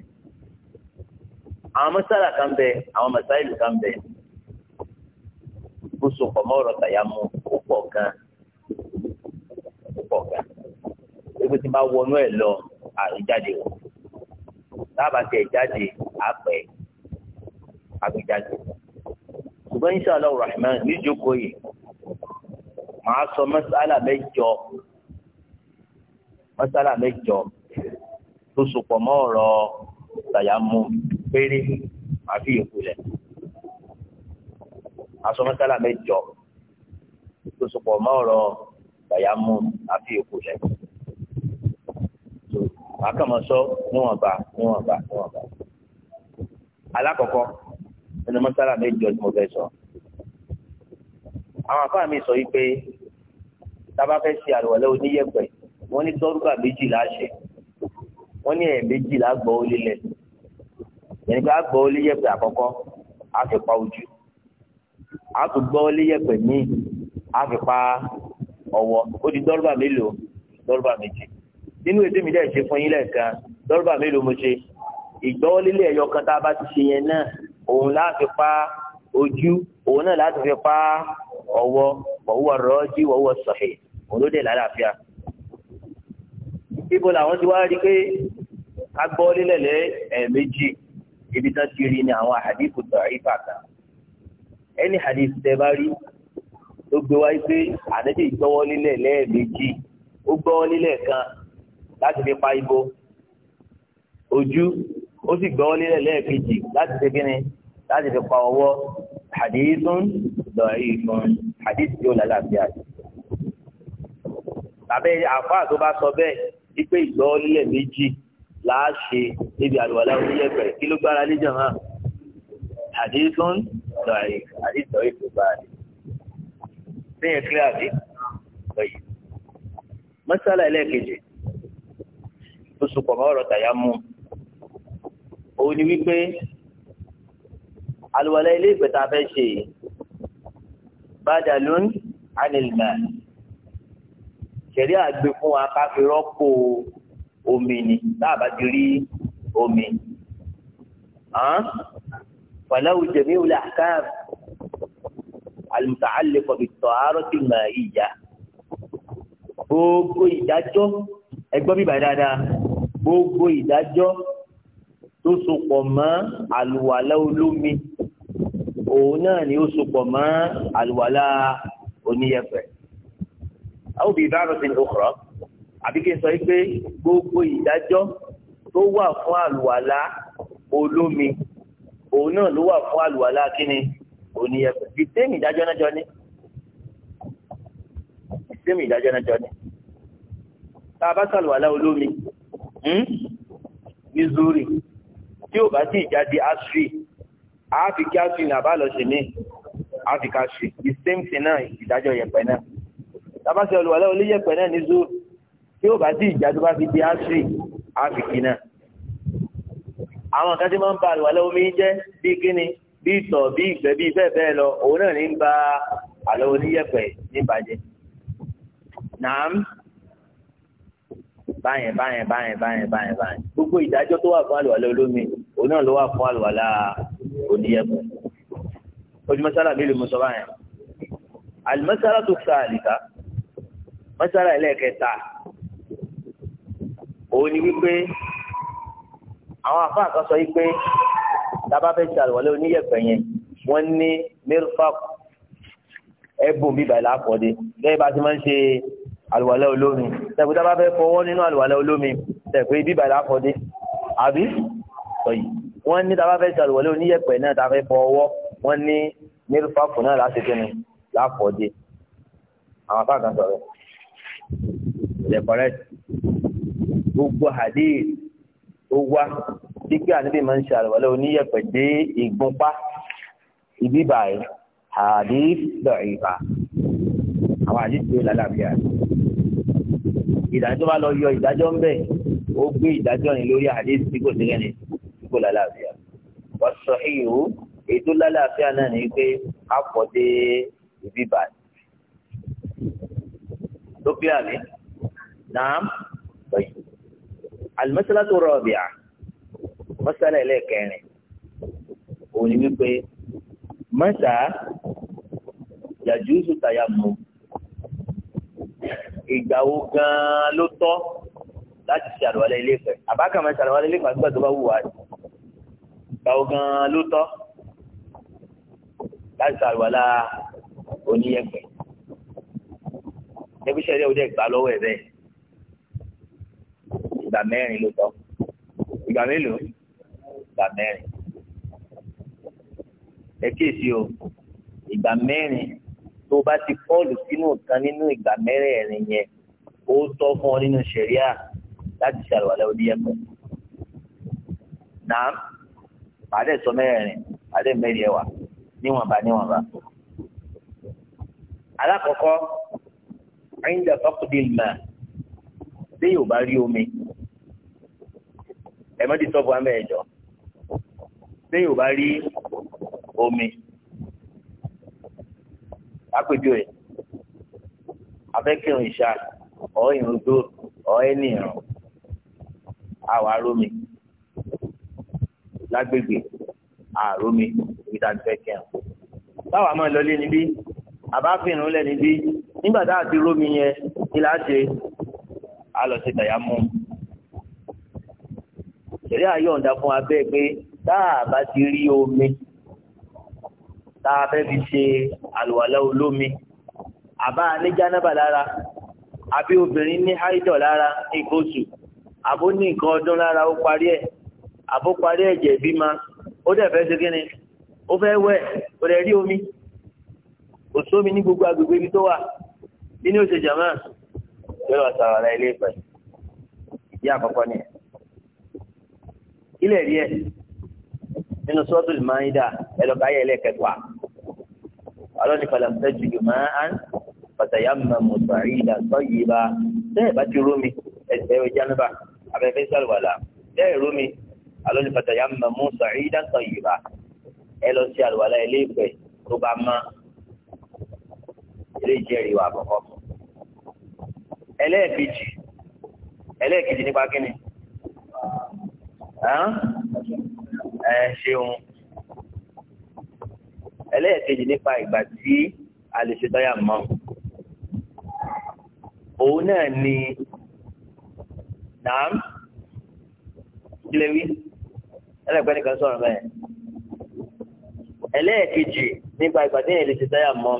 àwọn mọ́sálà kan bẹ àwọn mọ́sálà kan bẹ so mọ́ ọ̀rọ̀ tàyàmú ó pọ̀ gan ó pọ̀ gan ebi tí n bá wọnú ẹ̀ lọ àríjáde wọ̀ tábà tẹ̀ jáde àpẹ̀ ṣùgbọ́n insha rahman níjókòó yìí màá sọ mọ́sálà mẹ́jọ mọ́sálà mẹ́jọ tó so pọ̀ mọ́ ọ̀rọ̀ tàyàmú péré màá ìkulẹ̀ aṣọ mọ́sálà mẹ́jọ tó sopọ̀ mọ́ ọ̀rọ̀ bàyámú àfi èkó lẹ̀ àkàmọ́sọ níwọ̀nba níwọ̀nba níwọ̀nba alákọ̀ọ́kọ́ nínú mọ́sálà mẹ́jọ ni mo fẹ́ sọ àwọn afáà mi sọ yìí pé tábà fẹ́ ṣe àlùwàlá oníyẹ̀pẹ̀ wọ́n ní dọ́rùkà méjì láṣẹ wọ́n ní ẹ̀ẹ̀méjì lágbọ́ ó lélẹ̀ yẹn nígbà gbọ́ ó àkọ́kọ́ á fi pa ojú a tún gbọ́ léyẹ̀pẹ̀ ní a fi pa ọwọ́ ó di dọ́rọ́bà mélòó dọ́rọ́bà méjì nínú ètò mi dẹ̀ ṣe fún yín lẹ́ẹ̀kan dọ́rọ́bà mélòó mo ṣe ìgbọ́wọ́lélẹ̀ ẹ̀yọ kan tá a bá ti ṣe yẹn náà òun láti pa ojú òun náà láti fi pa ọwọ́ wọ̀wọ́ rọ́ọ̀jì wọ̀wọ́ sọ̀hìn òun ló dẹ̀ lálàáfíà. ibo làwọn ti wá rí pé ká gbọ́wọ́lélẹ̀ lẹ́ ẹ̀ẹ̀mejì ibi tán ti rí ni àwọn àdínkù tọ̀ ẹni hadith tẹ bá rí tó gbé wáyé pé ànábì gbọ́wọ́ lílẹ̀ lẹ́ẹ̀mejì ó gbọ́wọ́ lílẹ̀ kan láti fi pa ibo ojú ó sì gbọ́wọ́ lílẹ̀ lẹ́ẹ̀kejì láti fi kíni láti fi pa ọwọ́ hadithun da'ifun hadith tí ó lálàáfíà tàbí àfáà tó bá sọ bẹ́ẹ̀ wípé ìgbọ́wọ́ lílẹ̀ méjì làá ṣe níbi àlùwàlá oníyẹ̀pẹ̀ kí ló gbára lé jàmá hadithun. ضعيف حديث ضعيف وبارد سنة كلابي طيب مسألة إليك جي تسوكو مورو تيامو òní wípé àlùwalẹ̀ ilé ìgbẹ́ tá a fẹ́ ṣe badalun anilma ṣẹ̀rí àgbè fún wa ká fi rọ́pò omi ni tá a bá ti rí omi ولو جميع الأحكام المتعلقة بالطهارة المائية gbogbo ìdájọ́ ẹgbọ́n bíbá dáadáa gbogbo ìdájọ́ tó sopọ̀ mọ́ àlùwàlá olómi òun náà ni ó sopọ̀ mọ́ àlùwàlá oníyẹ̀fẹ̀. àwọn òbí ìbára ti ní òkúrọ̀ àbí kí n sọ pé gbogbo ìdájọ́ tó wà fún àlùwàlá olómi òun náà ló wà fún àlùwàlá kíni òní ẹ̀fẹ̀ fi sẹ́mi ìdájọ́ náà jọ ní sẹ́mi ìdájọ́ náà jọ ní tá a bá sàlùwàlá olómi hmm, ní zuri tí ò bá sì jáde asri àáfi kí asri ní àbálọ̀ṣe ní àáfi ká ṣe the same thing náà ìdájọ́ yẹ̀pẹ̀ náà tá a bá sàlùwàlá olóyẹ̀pẹ̀ náà ní zuri tí ò bá sì jáde bá fi di asri àáfi kí náà àwọn kan tí máa ń ba àlùwàlẹ̀ omi jẹ́ bí kíni bí ìtọ̀ bí ìgbẹ́ bí bẹ́ẹ̀ bẹ́ẹ̀ lọ òun náà ní ń ba àlọ́ oníyẹ̀pẹ̀ ní bàjẹ́ nàám báyẹn báyẹn báyẹn báyẹn báyẹn báyẹn gbogbo ìdájọ́ tó wà fún àlùwàlẹ̀ olómi òun náà ló wà fún àlùwàlẹ̀ oníyẹ̀pẹ̀ ojúmọ́sálà mélòó mo sọ báyẹn àlùmọ́sálà tó sa àlìká mọ́sálà ẹlẹ́ẹ̀kẹta òun ni wípé àwọn àfáà kan sọ yìí pé tábà fẹ́ ṣe àlùwalé oníyẹ̀pẹ̀ yẹn wọ́n ní mirfaq ẹ̀bùn bíbá ìlà àkọ́dé bẹ́ẹ̀ bá ti máa ń ṣe àlùwalé olómi tẹ̀kú tábà fẹ́ fọwọ́ nínú àlùwalé olómi tẹ̀kú bíbá ìlà àkọ́dé àbí sọ̀yì wọ́n ní tábà fẹ́ ṣe àlùwalé oníyẹ̀pẹ̀ náà tábà fẹ́ fọwọ́ wọ́n ní mirfaq náà láti tẹnu lákọ́dé àwọn àfáà kan sọ̀rọ̀ ìdẹ̀kọ̀rẹ́ gbogbo hadith ó wá wípé ànábì máa ń ṣe àlùwàlá oníyẹ̀pẹ̀ dé ìgbúnpá ibi báyìí àdé dọ̀ìbà àwọn àdìsí lálàáfíà ìdájọ́ bá lọ yọ ìdájọ́ ń bẹ̀ ó gbé ìdájọ́ yìí lórí àdìsí tí kò sí kẹ́ni tí kò lálàáfíà wọ́n sọ èyí ètò lálàáfíà náà ni pé a pọ̀ dé ibi báyìí tó bí àlè náà lọ́yìn al-mas'alatu ar-rabi'a mas'ala ẹlẹ́kẹrin òun ni wípé masa yajuzu tayammum ìgbà wo gan-an ló tọ́ láti ṣe àlùwalẹ̀ ilé Ifẹ̀ àbákàmọ́ ṣe àlùwalẹ̀ ilé Ifẹ̀ àti gbàdúrà wù wá ìgbà wo gan-an ló tọ́ láti ṣe àlùwalẹ̀ oníyẹ̀pẹ̀ ẹbí ṣẹlẹ̀ ó dẹ̀ gbà lọ́wọ́ ẹ̀ bẹ́ẹ̀ ìgbà mẹ́rin ló tọ́ ìgbà mélòó ìgbà mẹ́rin ẹ kíyèsí o ìgbà mẹ́rin tó bá ti kọ́ọ̀lù sínú kan nínú ìgbà mẹ́rẹ̀ẹ̀rin yẹn ó tọ́ fún ọ nínú ṣẹ̀ríà láti ṣàlùwàlẹ̀ oníyẹ̀pẹ̀ náà pàdé sọ mẹ́rẹ̀ẹ̀rin pàdé mẹ́rin ẹ̀wà níwọ̀nba níwọ̀nba. alákọ̀ọ́kọ́ ẹ̀yìn dàfọ́kùdìmọ̀ bí yóò bá rí omi ẹ má di tọ́pù àmì ẹ̀jọ́ sẹ́yìn ò bá rí omi àpèjúwe afẹ́kẹ̀rùn ìṣá ọ̀ ìrùn tó ọ̀ ẹni ìrùn àwọ̀ arómi lágbègbè àrómi ìta afẹ́kẹ̀rùn báwa máa lọlé níbí àbáfìrún lẹ̀ níbí nígbà tá a ti rómi yẹn kí láti a lọ sí tàyámù ṣẹ̀rí àyọ̀ǹda fún abẹ́ pé táà bá ti rí omi táà fẹ́ fi ṣe àlùwàlá olómi àbá ní jánábà lára àbí obìnrin ní háìdọ̀ lára nǹkan oṣù àbó ní nǹkan ọdún lára ó parí ẹ̀ àbó parí ẹ̀jẹ̀ bímọ ó dẹ̀ fẹ́ ṣe kíni ó fẹ́ wẹ̀ ó dẹ̀ rí omi kò sómi ní gbogbo agbègbè ibi tó wà nínú òṣèjàmá yọ̀rọ̀ sàrọ̀ ilé ìfẹ́ ìyá àkọ́kọ́ nìyẹn ilẹ̀ rí ẹ̀ nínú suratul Maida ẹlọ́kàáyà ẹlẹ́kẹ̀kọ́ alọ́ni falamtẹ́ jùlọ máa ń pàtàyà mọ̀ mọ̀tàrí ìdá sọ́yìí bá bẹ́ẹ̀ bá ti rómi ẹ̀sẹ̀ ẹ̀rọ jánúbà abẹ́fẹ́ sàlùwàlà bẹ́ẹ̀ rómi alọ́ni pàtàyà mọ̀ mọ̀tàrí ìdá sọ́yìí bá ẹ lọ sí àlùwàlà ilé ìpẹ́ tó bá má ilé ìjẹ́rìí wà àbọ̀kọ́ ẹlẹ́ẹ̀kejì ẹlẹ́ẹ̀kejì nípa kíni ẹ ṣeun ẹlẹ́ẹ̀kejì nípa ìgbà tí a lè ṣe táyà mọ́ òun náà ni nàám kílẹ̀ wí ẹlẹ́gbẹ́ nìkan sọ̀rọ̀ bẹ́ẹ̀ ẹlẹ́ẹ̀kejì nípa ìgbà tí èèyàn lè ṣe táyà mọ́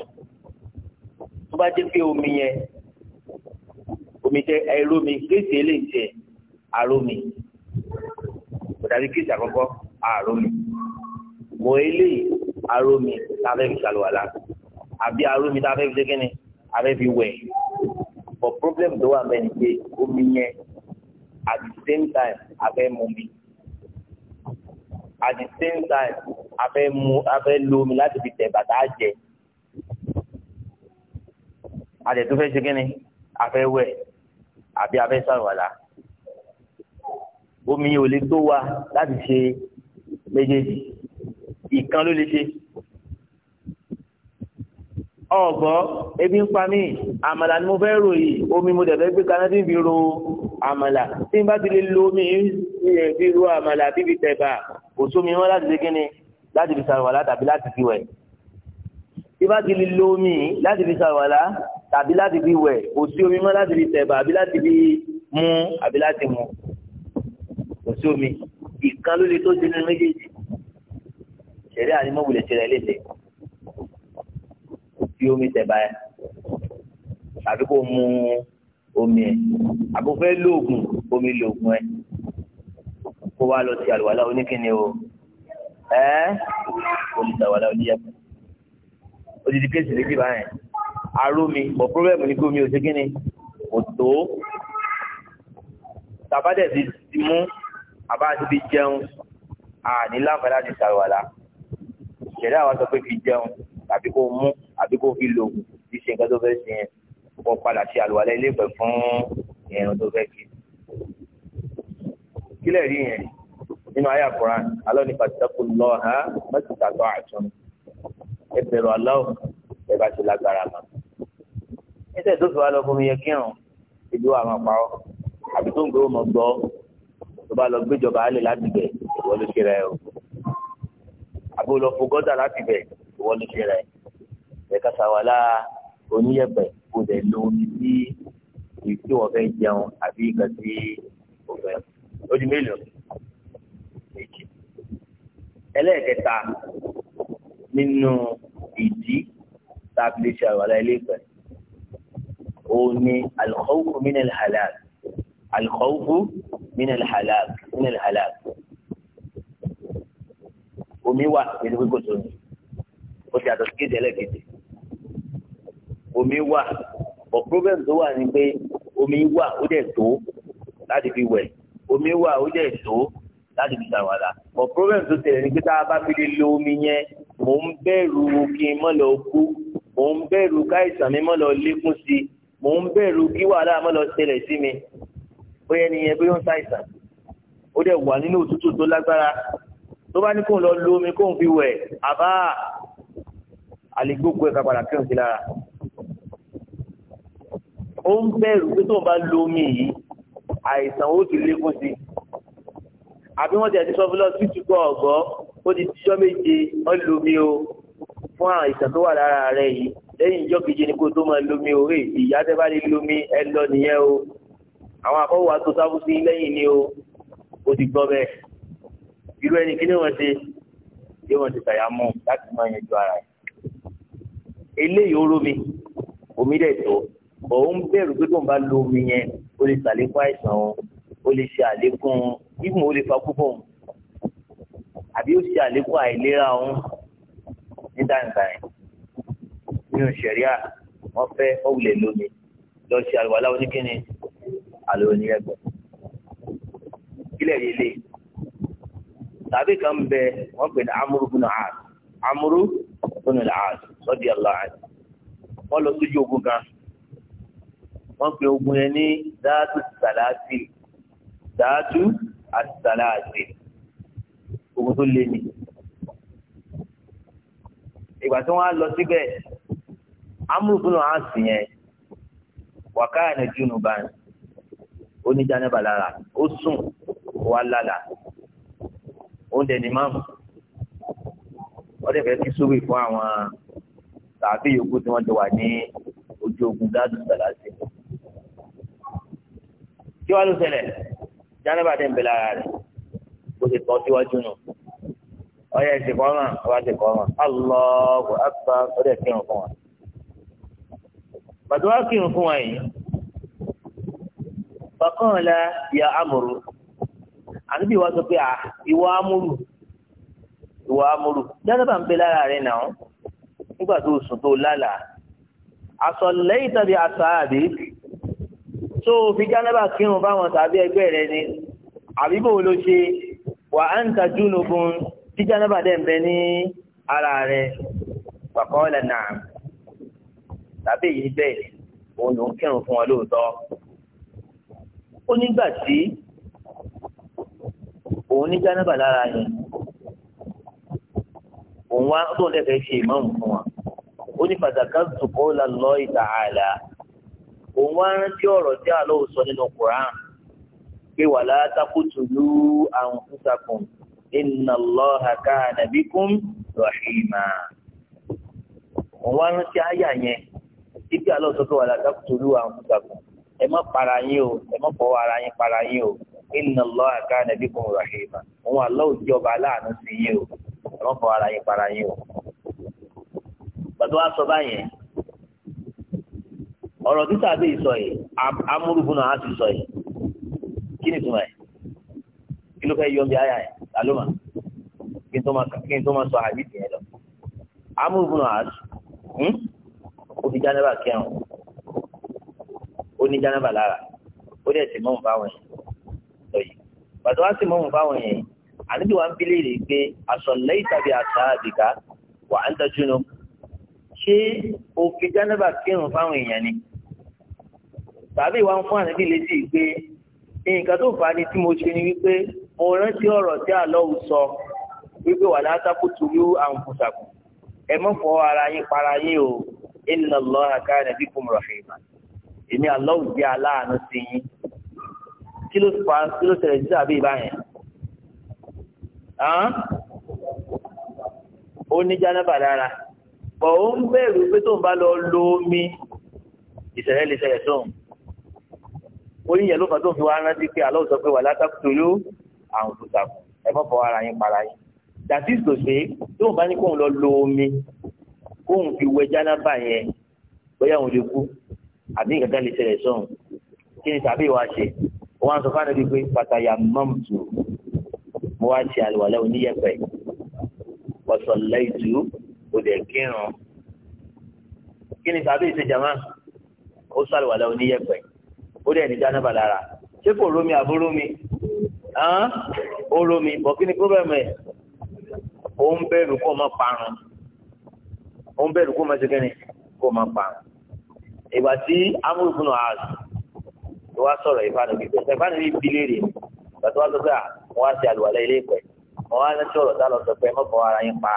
tó bá jẹ́ pé omi yẹn omi tẹ ẹ̀rọ mi kéèsì eléyìí tẹ àrò mi tàbí kéjì àkọ́kọ́ àrómi mọ eléyìí arómi tá a fẹ́ fi àbí arómi tá fi ṣe kíni fi wẹ̀ but problem tó wà bẹ́ẹ̀ ni pé omi yẹn at the same time a mu mi at the same time a mu a lo omi láti fi tẹ̀ bàtà jẹ a dẹ̀ tó wẹ̀ àbí a fẹ́ ṣàlùwàlá omi ò lè tó wa láti ṣe méjèèjì ìkan ló lè ṣe ọgbọ ebi ń pa mí àmàlà ni mo fẹ́ rò yìí omi mo dẹ̀ fẹ́ gbé kaná tí n fi ro àmàlà tí n bá ti lè lo omi fi ro àmàlà tí fi tẹ̀bà kò sómi mọ́ láti ṣe kíni láti fi ṣàlùwàlá tàbí láti fi wẹ̀ tí bá ti lè lo omi láti fi ṣàlùwàlá tàbí láti fi wẹ̀ kò sí omi mọ́ láti fi tẹ̀bà àbí láti fi mu àbí láti mu sómi ìkan ló lè tó ṣe nínú méjèèjì ṣẹ̀rí ànímọ́wulẹ̀ ṣẹlẹ̀ léṣe fi omi tẹ̀ba ẹ̀ àbí kò mu omi ẹ̀ àbò fẹ́ lóògùn omi lóògùn ẹ̀ kó wá lọ sí àlùwàlá oníkíni o ẹ́ olùsàwàlá oníyẹ̀kùn odidi kéèsì lébi báyẹn arómi bọ̀ pírọ́bẹ̀mù ni kí omi ò ṣe kíni kò tó tàbádẹ̀ ti mú àbájú bí jẹun àní láǹfààní àti sàrọ̀wàlà ìṣẹ̀lẹ̀ àwọn sọ pé fi jẹun tàbí kó mú àbí kó fi lò fi ṣe nǹkan tó fẹ́ ṣe yẹn kó padà ṣe àlùwàlá ilé pẹ̀ fún ìrìn tó fẹ́ kí. kílẹ̀ rí yẹn nínú àyà Qur'an alọ́ ní pàtàkì lọ ha mẹ́tìta tó àtún ẹ bẹ̀rù Allah ẹ bá ti lágbára mọ́. ẹsẹ̀ tó fi wá lọ fún mi yẹ kírun ìlú àwọn àpárọ̀ àbí tó ń gbé wọn gbọ́ bá lọ gbéjọba alẹ láti bẹ ìwọ ló ṣe rẹ o àbí o lọ fo gọdà láti bẹ ìwọ ló ṣe rẹ ẹka sàwálà oníyẹ̀pẹ̀ kò dẹ lo omi sí ìtí wọn fẹ́ jẹun àbí ìkan sí òfẹ ó mélòó méjì ẹlẹ́ẹ̀kẹta nínú ìdí tábìlì sàwálà ilé ìpẹ òun ni al-khawfu min al-halal. الخوف من halak من halak omi wà nínú gbígbó tó ní o ti àtọ̀ sí kéde ẹlẹ́gẹ̀dẹ̀ omi wà ọ̀ problem tó wà ní pé omi wà ó dẹ̀ tó láti fi wẹ̀ omi wà ó dẹ̀ tó láti fi ṣàwàdà ọ̀ problem tó tẹ̀lé ní pé tá a bá fi lè lo omi yẹn mò ń bẹ̀rù kí n mọ́ lọ kú mò ń bẹ̀rù káìsàn mi mọ́ lọ lékún sí mò ń bẹ̀rù kí wàhálà mọ́ lọ ṣẹlẹ̀ sí mi bóyá ẹni yẹn bóyá ń ṣàìsàn ó dẹ̀ wà nínú òtútù tó lágbára tó bá ní kóun lọ lu omi kóun fi wẹ̀ àbá àlégbókò ẹ̀ka padà kírun sí lára ó ń bẹ̀rù pé tóun bá lu omi yìí àìsàn ó ti lékún sí àbí wọ́n ti ẹ̀ sọ fún lọ sí ìtúkọ̀ ọ̀gọ́ ó ti tíjọ́ méje wọ́n lu omi o fún àìsàn tó wà lára rẹ̀ yìí lẹ́yìn ìjọ́ keje ni kó tó máa lu omi o rè ìyá tẹ́ bá lè lu omi ẹ lọ nìyẹn o àwọn akọ́wò wa tó sáfù sí lẹ́yìn ni o o ti gbọ́ bẹ́ẹ̀ irú ẹni kí ni wọ́n ṣe bí wọ́n ti tàyà mọ́ láti máa yanjú ara ẹ̀ eléyìí oró mi omi dẹ̀ tó òun bẹ̀rù pé tóun bá lo omi yẹn o lè ṣàlékún àìsàn o o lè ṣe àlékún ìmọ̀ o lè fa púpọ̀ àbí o ṣe àlékún àìlera o ní dáńdáń nínú ṣẹ̀ríà wọ́n fẹ́ ọ̀wùlẹ̀ lómi lọ ṣe àlùwàlá oníkíni àlọ́ onírẹ́gbọ̀n kílẹ̀ lélẹ̀ tàbí kan bẹ wọ́n pè ní amúrú bùnà àt amúrú bùnà àt sọ́dí aláàt wọ́n lọ sójú ogun kan wọ́n pe ogun yẹn ní dáàtú sàláàtì dáàtú àti sàláàtì ogun tó lé ní ìgbà tí wọ́n lọ síbẹ̀ amúrú bùnà àt yẹn wàkáyà ní júnú báyìí ó ní jánábà lára ó sùn wà lálà ó ń dẹni máàmù wọ́n dẹ̀ fẹ́ kí sóbì fún àwọn tàbí yòókù tí wọ́n ti wà ní ojú ogun dáàdù sàlásì kí wàá ló ṣẹlẹ̀ jánábà dẹ̀ ń bẹ lára rẹ̀ kó ti tọ́ síwájú nù ọyẹ ẹsẹ̀ kọ ọba ẹsẹ̀ kọ ọmọ Allahu Akbar ọdẹ kírun fún wa bàtú wa kírun fún wa yìí fàkànlá ya amòrò àníbí wa sọ pé à ah, ìwọ amòrò ìwọ amòrò jẹ́nẹ́bà ń bẹ lára rẹ̀ náà nígbà tó sùn tó lálàá àsọ lẹ́yìn tàbí àsáàbí tó fi jẹ́nẹ́bà kírun báwọn tàbí ẹgbẹ́ rẹ̀ ni àbí bò ló ṣe wà á ń ta júnubun tí jẹ́nẹ́bà dẹ̀ ń bẹ ní ara rẹ̀ fàkànlá náà tàbí èyí bẹ́ẹ̀ òun ló ń kírun fún wọn lóòótọ́. ó nígbà tí òun ní jánábà lára yẹn òun wá tó lè fẹ́ ṣe ìmáàmù fún wa ó ní fàtàkà tukọ́ la lọ ta'ala òun wá rántí ọ̀rọ̀ tí àlọ́ sọ nínú Qur'an pé wala taqtulu anfusakum inna Allaha kana òun wá rántí àyà yẹn àlọ́ sọ ẹ má para yín o ẹ ara yín para yín o inna Allaha kana bikum rahima òun àlọ́ òjọba aláàánú sí yín o ẹ má fọwọ́ ara yín para yín o. Gbadoo sọ báyẹn ọ̀rọ̀ títà bí ìsọ yìí amúrúfúnà á ti sọ yìí kí ni tuma yìí kí ló fẹ́ yọ kí n tó máa sọ àbí ó ní jánábà lára ó dẹ̀ sì mọ́mù fáwọn yẹn lọ́yìn bàtà wá sì mọ́mù fáwọn yẹn àníbi wa ń bilé rè pé àsọ̀lẹ́ ìtàbí àṣà àbìká wà á ń tọ́jú nu ṣé òfin jánábà kírun fáwọn èèyàn ni tàbí ìwà ń fún àníbi létí pé nǹkan tó fà á ni tí mo ṣe ni wípé mo rántí ọ̀rọ̀ tí àlọ́hùn sọ wípé wà látàkùtù yóò àǹfùsàkù ẹ mọ̀ fọ́ ara yín para yín o inna Allaha kana bikum rahima èmi Allah jẹ́ aláàánú sí yín kí ló fa kí ló ṣẹlẹ̀ sísá bíi báyẹn ó ní jánábà lára bọ̀ ó ń bẹ̀rù pé tóun bá lọ lo omi ìṣẹ̀lẹ̀ lè ṣẹlẹ̀ sóun ó ní ìyẹn ló fà tóun fi wá rántí pé Allah sọ pé wà látàkùtò yó àwọn òkúta ẹ má fọ ara yín para yín dàtí sòsè tóun bá ní kóun lọ lo omi kóun fi wẹ jánábà yẹn bóyá òun lè kú àbí kankan lè ṣẹlẹ̀ sọ̀hún kí ni tàbí wa ṣe wọ́n á sọ fáwọn ẹbí pé pàtàyà mọ́mùtù mo wá ṣe àlùwàlẹ́ oníyẹ̀pẹ̀ ọ̀sọ̀ lẹ́yìntù òdẹ̀ kírun kí ni tàbí ṣe jàmá ó sọ àlùwàlẹ́ oníyẹ̀pẹ̀ ó dẹ̀ ní dáná balára ṣé kò rómi àbúrómi ó rómi bọ̀ kí ni pírọ́bẹ̀mù ẹ̀ ó ń bẹ̀rù kó o má parun ó ń bẹ̀rù kó o má ṣe kẹ́ni kó o má parun ìgbà tí amúlùkùnà àz tó wá sọ̀rọ̀ ìfànù bíbẹ̀ ìfànù bíi bíléèrè ìgbà tó wá sọ pé à wọ́n á ṣe àlùwalẹ̀ ilé ìpẹ́ wọ́n á ní sọ̀rọ̀ tá lọ sọ pé mọ́kàn ara yín pa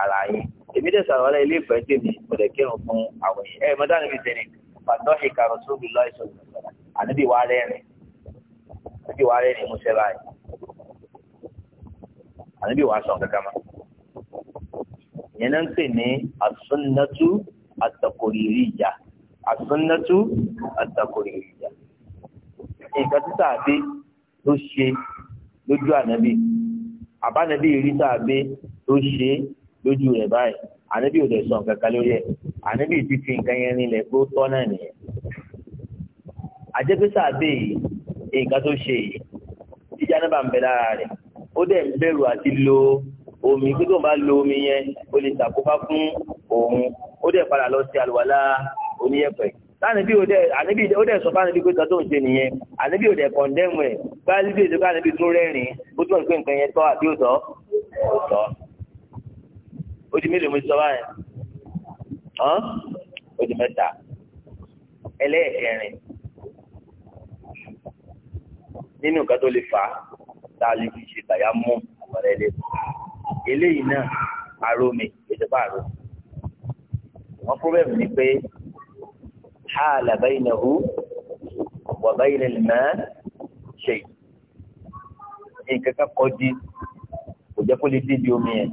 ara yín èmi dẹ̀ sàlùwalẹ̀ ilé ìpẹ́ tèmi mo lè kírun fún àwọn yìí ẹ̀ mọ́tà níbi tẹ̀lé pàtó ìkàrọ̀ tó bí lọ́ ìṣòro àníbi wà rẹ́rìn àníbi wà rẹ́rìn mo ṣe báyìí àníbi wà sàn kankan mọ́ ìyẹn àsúnnátú àtàkùrì ìyá nǹkan tí sàbẹ tó ṣe lójú ànábì àbánábì rí sàbẹ tó ṣe lójú rẹ̀ báyìí ànábì ò lè sọ nǹkan kan lórí ẹ̀ ànábì ti fi nǹkan yẹn rinlẹ̀ pé ó tọ́ náà nìyẹn àjẹpẹ́ sàbẹ yìí nǹkan tó ṣe yìí jíjá náà bá ń bẹ lára rẹ̀ ó dẹ̀ ń bẹ̀rù àti lo omi pé tó bá lo omi yẹn ó lè ṣàkóbá fún òun ó dẹ̀ padà lọ sí àlùwàlá oníyẹ̀pẹ̀ tánibí ò dẹ̀ ànibí ó dẹ̀ sọ fánibí pé tọ́tún ṣe nìyẹn ànibí ò dẹ̀ kọ̀ndẹ́mù ẹ̀ báyìí bí èso kánibí tún rẹ́rìn ó tún pé nǹkan yẹn tọ́ o ò o tọ́ o di mélòó mo ti sọ báyìí hàn ó di mẹ́ta ẹlẹ́ẹ̀kẹrin nínú nǹkan tó lè fà á tá a lè fi ṣe tàyà mọ́ ọ̀rẹ́ lé eléyìí náà aró mi ètò bá aró wọn fún bẹ́ẹ̀ mi pé. حال بينه وبين الماء شيء nǹkan kan kọjí kò jẹ́ kó lè débi omi yẹn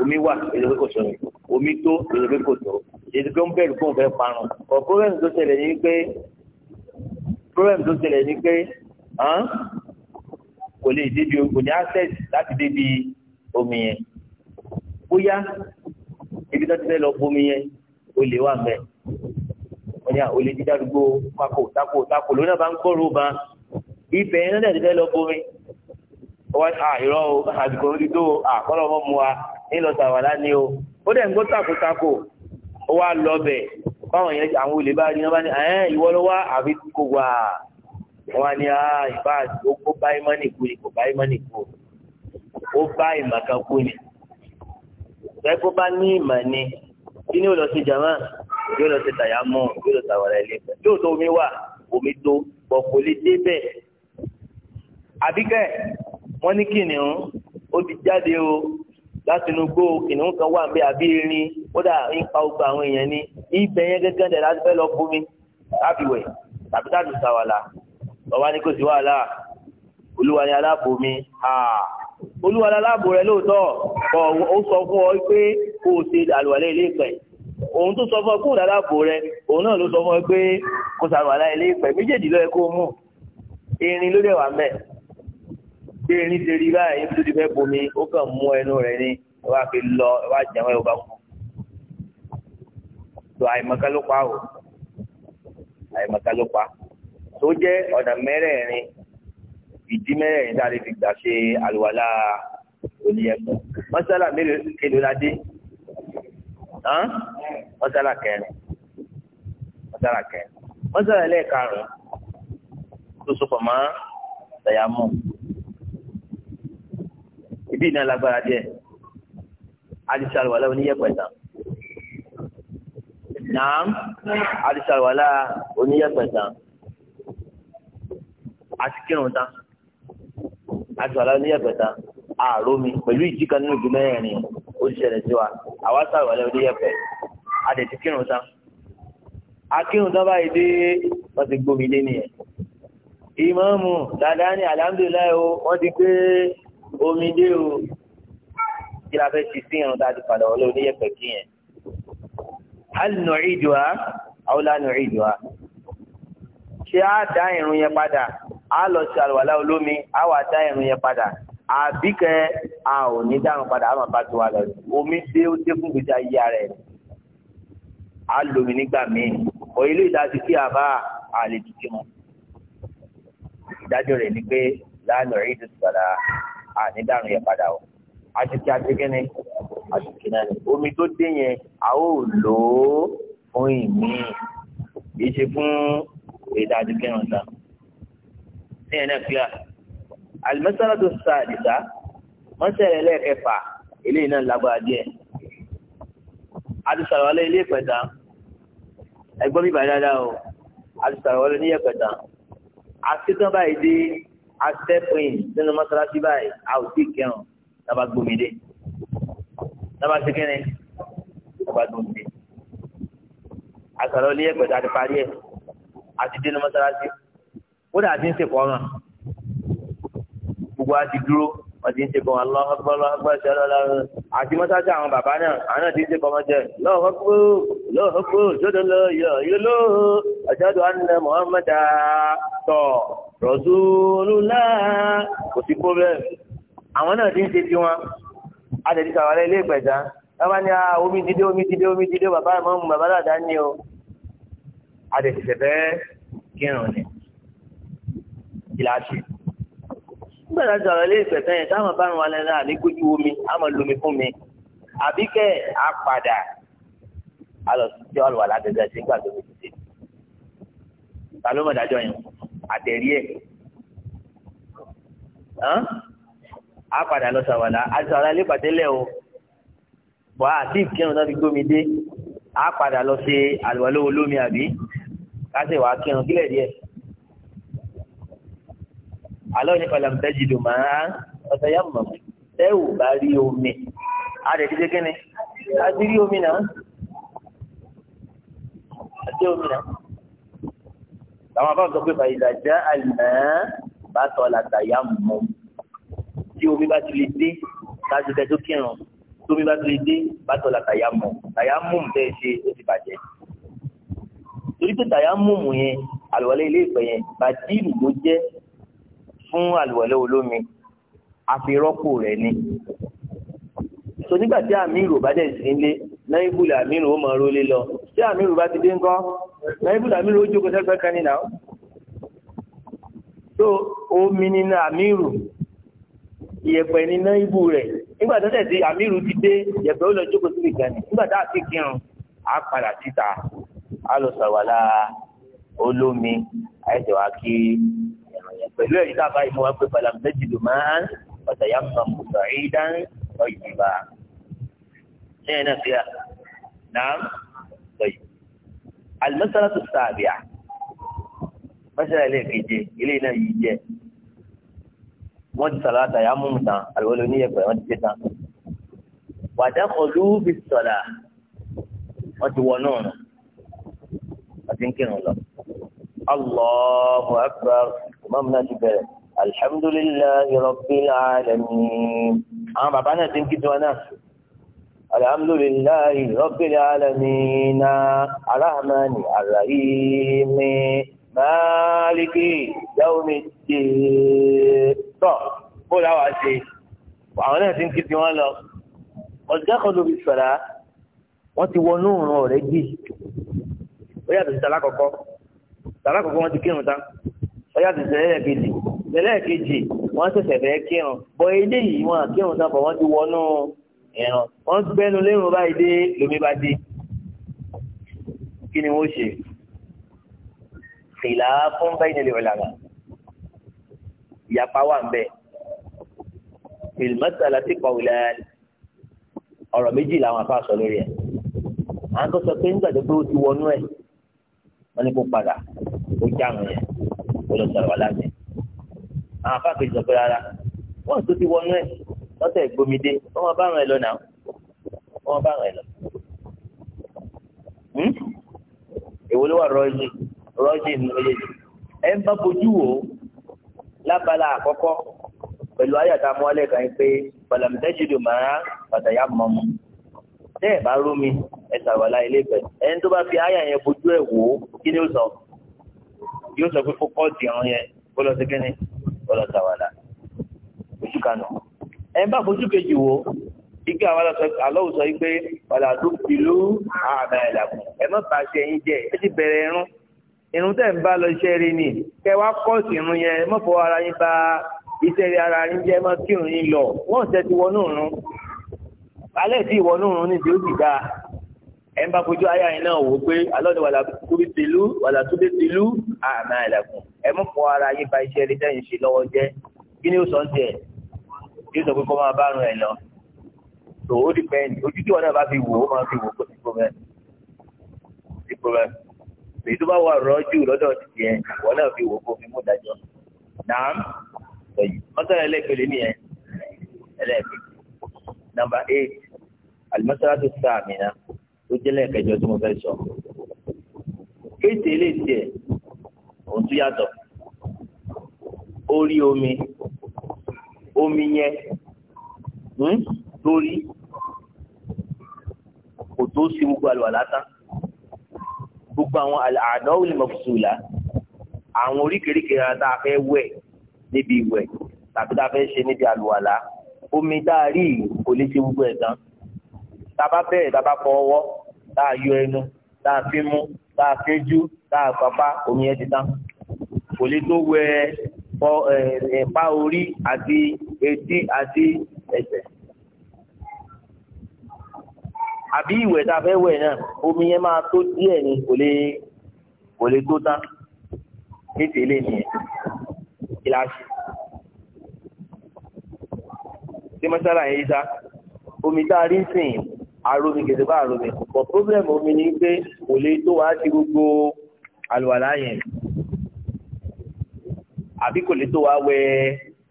omi wà èdèké kò sọ̀rọ̀ omi tó èdèké kò sọ̀rọ̀ èdèké ń bẹ̀rù fún òfẹ́ parun ọ̀ problem tó ṣẹlẹ̀ ni pé problem tó ṣẹlẹ̀ ni pé kò lè débi kò ní access láti débi omi yẹn bóyá ibi tó ti fẹ́ lọ bomi yẹn ó lè wà mẹ́rin ní olè jíjà dùgbò tako tako tako lónà bá ń gbọ́rò ba ibẹ̀ yẹn náà tẹ́lẹ̀ lọ bomi wọ́n à irọ́ o àdìgbò orí tó àkọ́lọ́ ọmọ mu wa nílò sàwàlá ni o ó dẹ̀ ń gbọ́ tako tako ó wá lọ bẹ̀ báwọn yẹn àwọn olè bá rí wọn bá ní ẹ̀ ìwọ ló àbí kò wà wọn ni ìfà ó bá ìmọ̀ nìkú ni kò bá ìmọ̀ nìkú ó bá ìmọ̀ kan kú yóò lọ sí tàyámọ́ yóò lọ sàwárà ilé pẹ̀ yóò tó omi wà omi tó bọ̀ kò lè dé bẹ́ẹ̀. àbíkẹ́ wọ́n ní kìnìún ó ti jáde o láti inú gbó kìnìún kan wà bẹ́ẹ̀ àbí erin kódà ń pa ogbà àwọn èèyàn ní ibẹ̀ yẹn gẹ́gẹ́ dẹ̀ láti fẹ́ lọ bomi láti wẹ̀ tàbí láti sàwàlà bàbá ní kò sí wàhálà olúwa ni aláàbò olúwa ni aláàbò rẹ lóòótọ́ ó sọ fún ọ pé kó o ṣe àlùwalẹ̀ ilé ìpẹ́ òun tó sọ fún ọ kó dára bò rẹ òun náà ló sọ fún ọ pé kò sàrùwàlá ilé ìpẹ́ méjèèjì ló yẹ kó mú erin ló dẹ̀ wà mẹ́ bí erin ti rí báyìí tó ti fẹ́ bomi ó kàn mú ẹnu rẹ̀ ni wàá fi lọ wàá jẹun ẹ̀ ó tó àìmọ̀ká ló pa o àìmọ̀ká ló pa tó jẹ́ ọ̀nà mẹ́rẹ̀ẹ̀rin ìdí mẹ́rẹ̀ẹ̀rin tá fi gbà ṣe àlùwàlá oníyẹ̀kọ́ mọ́sálà mélòó la dé mọ́sálà kẹrin mọ́sálà kẹrin mọ́sálà ẹlẹ́ẹ̀karùn-ún tó sopọ̀ mọ́ ṣàyàmù ibi ìná lágbára díẹ̀ alisalwala oníyẹ̀pẹ̀tà naam alisalwala oníyẹ̀pẹ̀tà àti kírun tán alisalwala oníyẹ̀pẹ̀tà àrómi pẹ̀lú ìjìká nínú ìdúmẹ́rin ń ṣẹlẹ̀ sí wa àwa sàrọ̀lẹ́ oníyẹ̀fẹ̀ a dẹ̀ ti kírun tán a kírun tán báyìí dé wọ́n ti gbomi lé nìyẹn ìmáàmù dáadáa ní alhamdulilayi o wọ́n ti gbé omi dé o kí la fẹ́ ṣe sí irun tá a ti padà wọlé oníyẹ̀fẹ̀ kí yẹn hal nu'iduha aw la nu'iduha ṣé a dá irun yẹn padà a lọ sí àlùwàlá olómi a wà dá irun yẹn padà àbíkẹ́ a ò ní dáhùn padà àmọ́ bá ti wà lọ omi dé ó dé fún gbèsè ayé rẹ̀ á lómi nígbà míì ọ̀ ilé ìdájọ́ kí a bá a lè dùn kí wọn ìdájọ́ rẹ̀ ni pé láàánú rẹ̀ ìdí padà a ní dáhùn yẹn padà o àtìkí àtìkí ni àtìkí náà ni omi tó dé yẹn a ó lò ó fún ìmí kì í ṣe fún ìdájọ́ kí wọn tán ní ẹ̀ náà clear alimẹsàlá tó sa àdìsá mọ́sẹ̀rẹ̀ lẹ́ẹ̀kẹfà eléyìí náà lágbára díẹ̀ adùsàrọ̀wálé ilé ìpẹ̀tà ẹgbọ́n bíbá dáadáa o adùsàrọ̀wálé ní ìpẹ̀tà asítán báyìí dé asẹ́pìn sínú mọ́sálásí báyìí a ò sí kẹrùn nàbà gbòmìdé nàbà sikẹ́ni nàbà gbòmìdé asàrọ̀wálé ilé ìpẹ̀tà ti parí ẹ̀ àti dénú mọ́sálásí kódà àti ń sèkọ́ ọ̀ràn gbogbo á ti dúró wọ́n ti ń ṣe bọ́n Allahu Akbar Allahu Akbar ṣẹlẹ̀ lọ́rùn àti mọ́sáàsì àwọn bàbá náà àwọn náà ti ń ṣe bọ́n ọjọ́ lọ́họ́pọ̀ lọ́họ́pọ̀ ṣọ́dọ̀ lọ yọ yọlọ́ ọ̀ṣọ́dọ̀ àná Muhammad tọ̀ Rasulullah kò sí problem àwọn náà ti ń ṣe tiwọn adẹ̀dí sàwárẹ̀ ilé ìpẹ̀dá wọ́n bá ní ah, omi dídé omi dídé omi dídé bàbá àmọ́ mu bàbá dàda ní o adẹ̀dí sẹ̀fẹ́ kírun ni kí gbàdá sọ̀rọ̀ ilé ìfẹ̀fẹ́ yẹn táwọn bá ń wà lẹ́nu àní kójú omi àmọ́ lomi fún mi àbí kẹ́ àpàdà alọ̀síjọ́ àlùwà lágẹ́gẹ́ sí gbàgbé mi tètè ta ló mọ̀ dájọ́ yẹn àtẹ̀rí ẹ̀ àpàdà lọ sàwàlà àtàwàlà ilé pàtẹ́lẹ̀ o bọ́ àti ìkírun náà fi gbómi dé àpàdà lọ sí àlùwà lówó lómi àbí ká sì wàá kírun kílẹ̀ díẹ̀ alọ́ ní palamtẹ́jì dùn máa ọ̀sẹ̀ yá mọ̀ tẹ́ ò bá rí omi àdẹ̀ ti dé kíni àti rí omi náà àti omi náà làwọn afáwọn sọ pé fàyíṣà jẹ́ àlùmọ́ bá tọ́ làtàyà mọ́ tí omi bá ti lè dé láti tẹ́ tó kírun tómi bá ti lè dé bá tọ́ làtàyà mọ́ tàyà mọ́ mi bẹ́ẹ̀ ṣe ó ti bàjẹ́ torí pé tàyà mọ́ mu yẹn àlùwalẹ̀ ilé ìfẹ́ yẹn bàjẹ́ ìlú ló jẹ́ fún àlùwẹ̀lẹ̀ olómi àfirọ́pò rẹ̀ ni. so nígbà tí àmírù bá dẹ̀ sí ilé náíbùlù ó lọ tí àmírù bá ti dé ńkọ́ ó jókòó sẹ́gbẹ́ kan omi nínú ìyẹ̀pẹ̀ ní náíbù rẹ̀ nígbà tó tẹ̀sí ti dé ìyẹ̀pẹ̀ ó lọ jókòó sí ìgbà ní nígbà tá a ti kírun á padà síta á lọ olómi àìsè wá kí pẹ̀lú ẹ̀rí tábà ìmọ̀ wọn pé pàlà méjì ló máa ń ọ̀sẹ̀ yá mọ̀ mọ̀tò ìdán ọ̀yìnbá. Ṣẹ́yìn náà fi hà náà lọ́yìn. Àlùmọ́sára tó sàbíà. Mọ́sára ilé keje ilé náà yìí jẹ. Wọ́n ti sọ̀rọ̀ àtàyà mú mu tán àlùwọ́lẹ̀ oníyẹ̀pẹ̀ wọ́n ti dé tán. Wàdà kọlu bí sọ̀dà wọ́n ti wọ náà Wọ́n ti ń kírun lọ. Allahu akbar imam náà ti bẹ̀rẹ̀ alhamdulillahi rabbil alamin àwọn bàbá náà ti ń kí tiwọn náà alhamdulillahi rabbil alamin náà arahmani arahimi maliki yawmiddin tọ́ kó láwa ṣe àwọn náà ti ń kí tiwọn lọ ọ̀dùkẹ́kọ̀ọ́ lórí sọ̀rọ̀ wọ́n ti wọnú òun ọ̀rẹ́ gbì ó yàtọ̀ sí tàlákọ̀kọ́ tàlákọ̀kọ́ wọ́n ti kírun tán ọjà ti ṣẹlẹ̀ kejì ṣẹlẹ̀ kejì wọ́n ṣẹ̀ṣẹ̀ fẹ́ kírun bọ eléyìí wọn kírun tán bọ̀ wọ́n ti wọnú ẹ̀ràn wọ́n gbẹ́nu lérun báyìí dé lómi bá dé kí ni wọ́n ṣe fìlà fún báyìí nílé ọ̀làmà ìyapa wà ń bẹ fìlmẹ́tàlá ti pọ̀ wìlẹ̀ ọ̀rọ̀ méjì làwọn afá sọ lórí ẹ̀ à ń tó sọ pé nígbà tó pé ó ti wọnú ẹ̀ wọ́n ní kó padà ó jáàmù gbọ́dọ̀ sọ̀rọ̀ aláàbẹ àwọn afáàkejì sọ pé rárá wọn tó ti wọnú ẹ lọtẹ ìgbomidé wọn máa bá àwọn ẹ lọ náà wọn máa bá àwọn ẹ lọ. Hmm? èwo ló wà rọ́ọ̀jì rọ́ọ̀jì ní méjèèjì ẹ ń bá bojú wò ó lábala àkọ́kọ́ pẹ̀lú ayàtà mọ́lẹ̀ kan pé pàlàmìtẹ́jìdò máa pàtàyà mọ́mọ́ tẹ́ ẹ̀ bá rómi ẹ̀ sàrọ̀lá ilé ìfẹ́ ẹni tó bá fi ayà yẹn bojú ẹ̀ wò ó kí ni ó sọ yóò sọ pé fókọ́ọ̀tì ọ̀hún yẹn kó lọ sí kínní kó lọ sàwádà ojú kanù ẹ̀ ń bá fojú kejì wo ike àwọn alọ́wọ́ sọ pé padà tó pìlú àmà ìlàkùn ẹ má bàa ṣe ẹyin jẹ ẹ ti bẹ̀rẹ̀ irun irun tẹ̀ ń bá lọ iṣẹ́ rí ni kẹ wá kọ́ọ̀sì irun yẹn má fọwọ́ ara yín bá iṣẹ́ rí ara yín jẹ́ má kírun yín lọ wọ́n ṣe ti wọnú irun alẹ́ ti wọnú irun níbi ó sì dáa ẹ ń bá fojú ayé àyìn náà wò ó pé alọ́ni wàlà tóbi tìlú wàlà tóbi tìlú àmà ẹ̀lẹ́kùn ẹ mú fọ ara yín ba iṣẹ́ ẹ̀rẹ́dẹ́ yìí ṣe lọ́wọ́ jẹ́ kí ni ó sọ ń tẹ̀ yóò sọ pé kọ́ máa bá rùn ẹ̀ lọ tó ó di pẹ́ẹ́n ojú tí wọn náà bá fi wò ó máa fi wò ó kó ti gbó bẹ́ẹ̀ ti gbó bẹ́ẹ̀ èyí tó bá wà rọ́jú lọ́dọ̀ tìtì ẹ̀ wọn náà fi wò ó fi mú dájọ́ nàám mọ́tàlá eight alimọ́tàlá tó sáà ó jẹ́lẹ̀ kẹjọ tí mo fẹ́ sọ. kéde lè tiẹ̀ òun tún yàtọ̀ orí omi omi yẹn lórí hmm, kò tó sí gbogbo àlùwàlá tán gbogbo àwọn àdáwò lè mọ̀ fùsùlà àwọn oríkèéríkèé ara tá a fẹ́ wẹ̀ níbi ìwẹ̀ tàbí tá a fẹ́ ṣe níbi àlùwàlá omi tá rí kò lè ṣe gbogbo ẹ̀ tán tàbá bẹ́ẹ̀ tàbá fọ ọwọ́ tá a yọ ẹnu tá a fi mú tá a fi jú tá a papá omi ẹ ti tán kò lè tó wẹ ẹ̀pá orí àti etí àti ẹsẹ̀ àbí ìwẹ̀ tá a fẹ́ wẹ̀ náà omi yẹn máa tó díẹ̀ ni kò lè kò lè tó tán ní tèlé nìyẹn kíláàsì tí mọ́sálà yẹn yí sá omi tá a rí sìn arómi gèdè bá arómi but problem omi ni pé kò lè tó wá sí gbogbo àlùwàlá yẹn àbí kò lè tó wá wẹ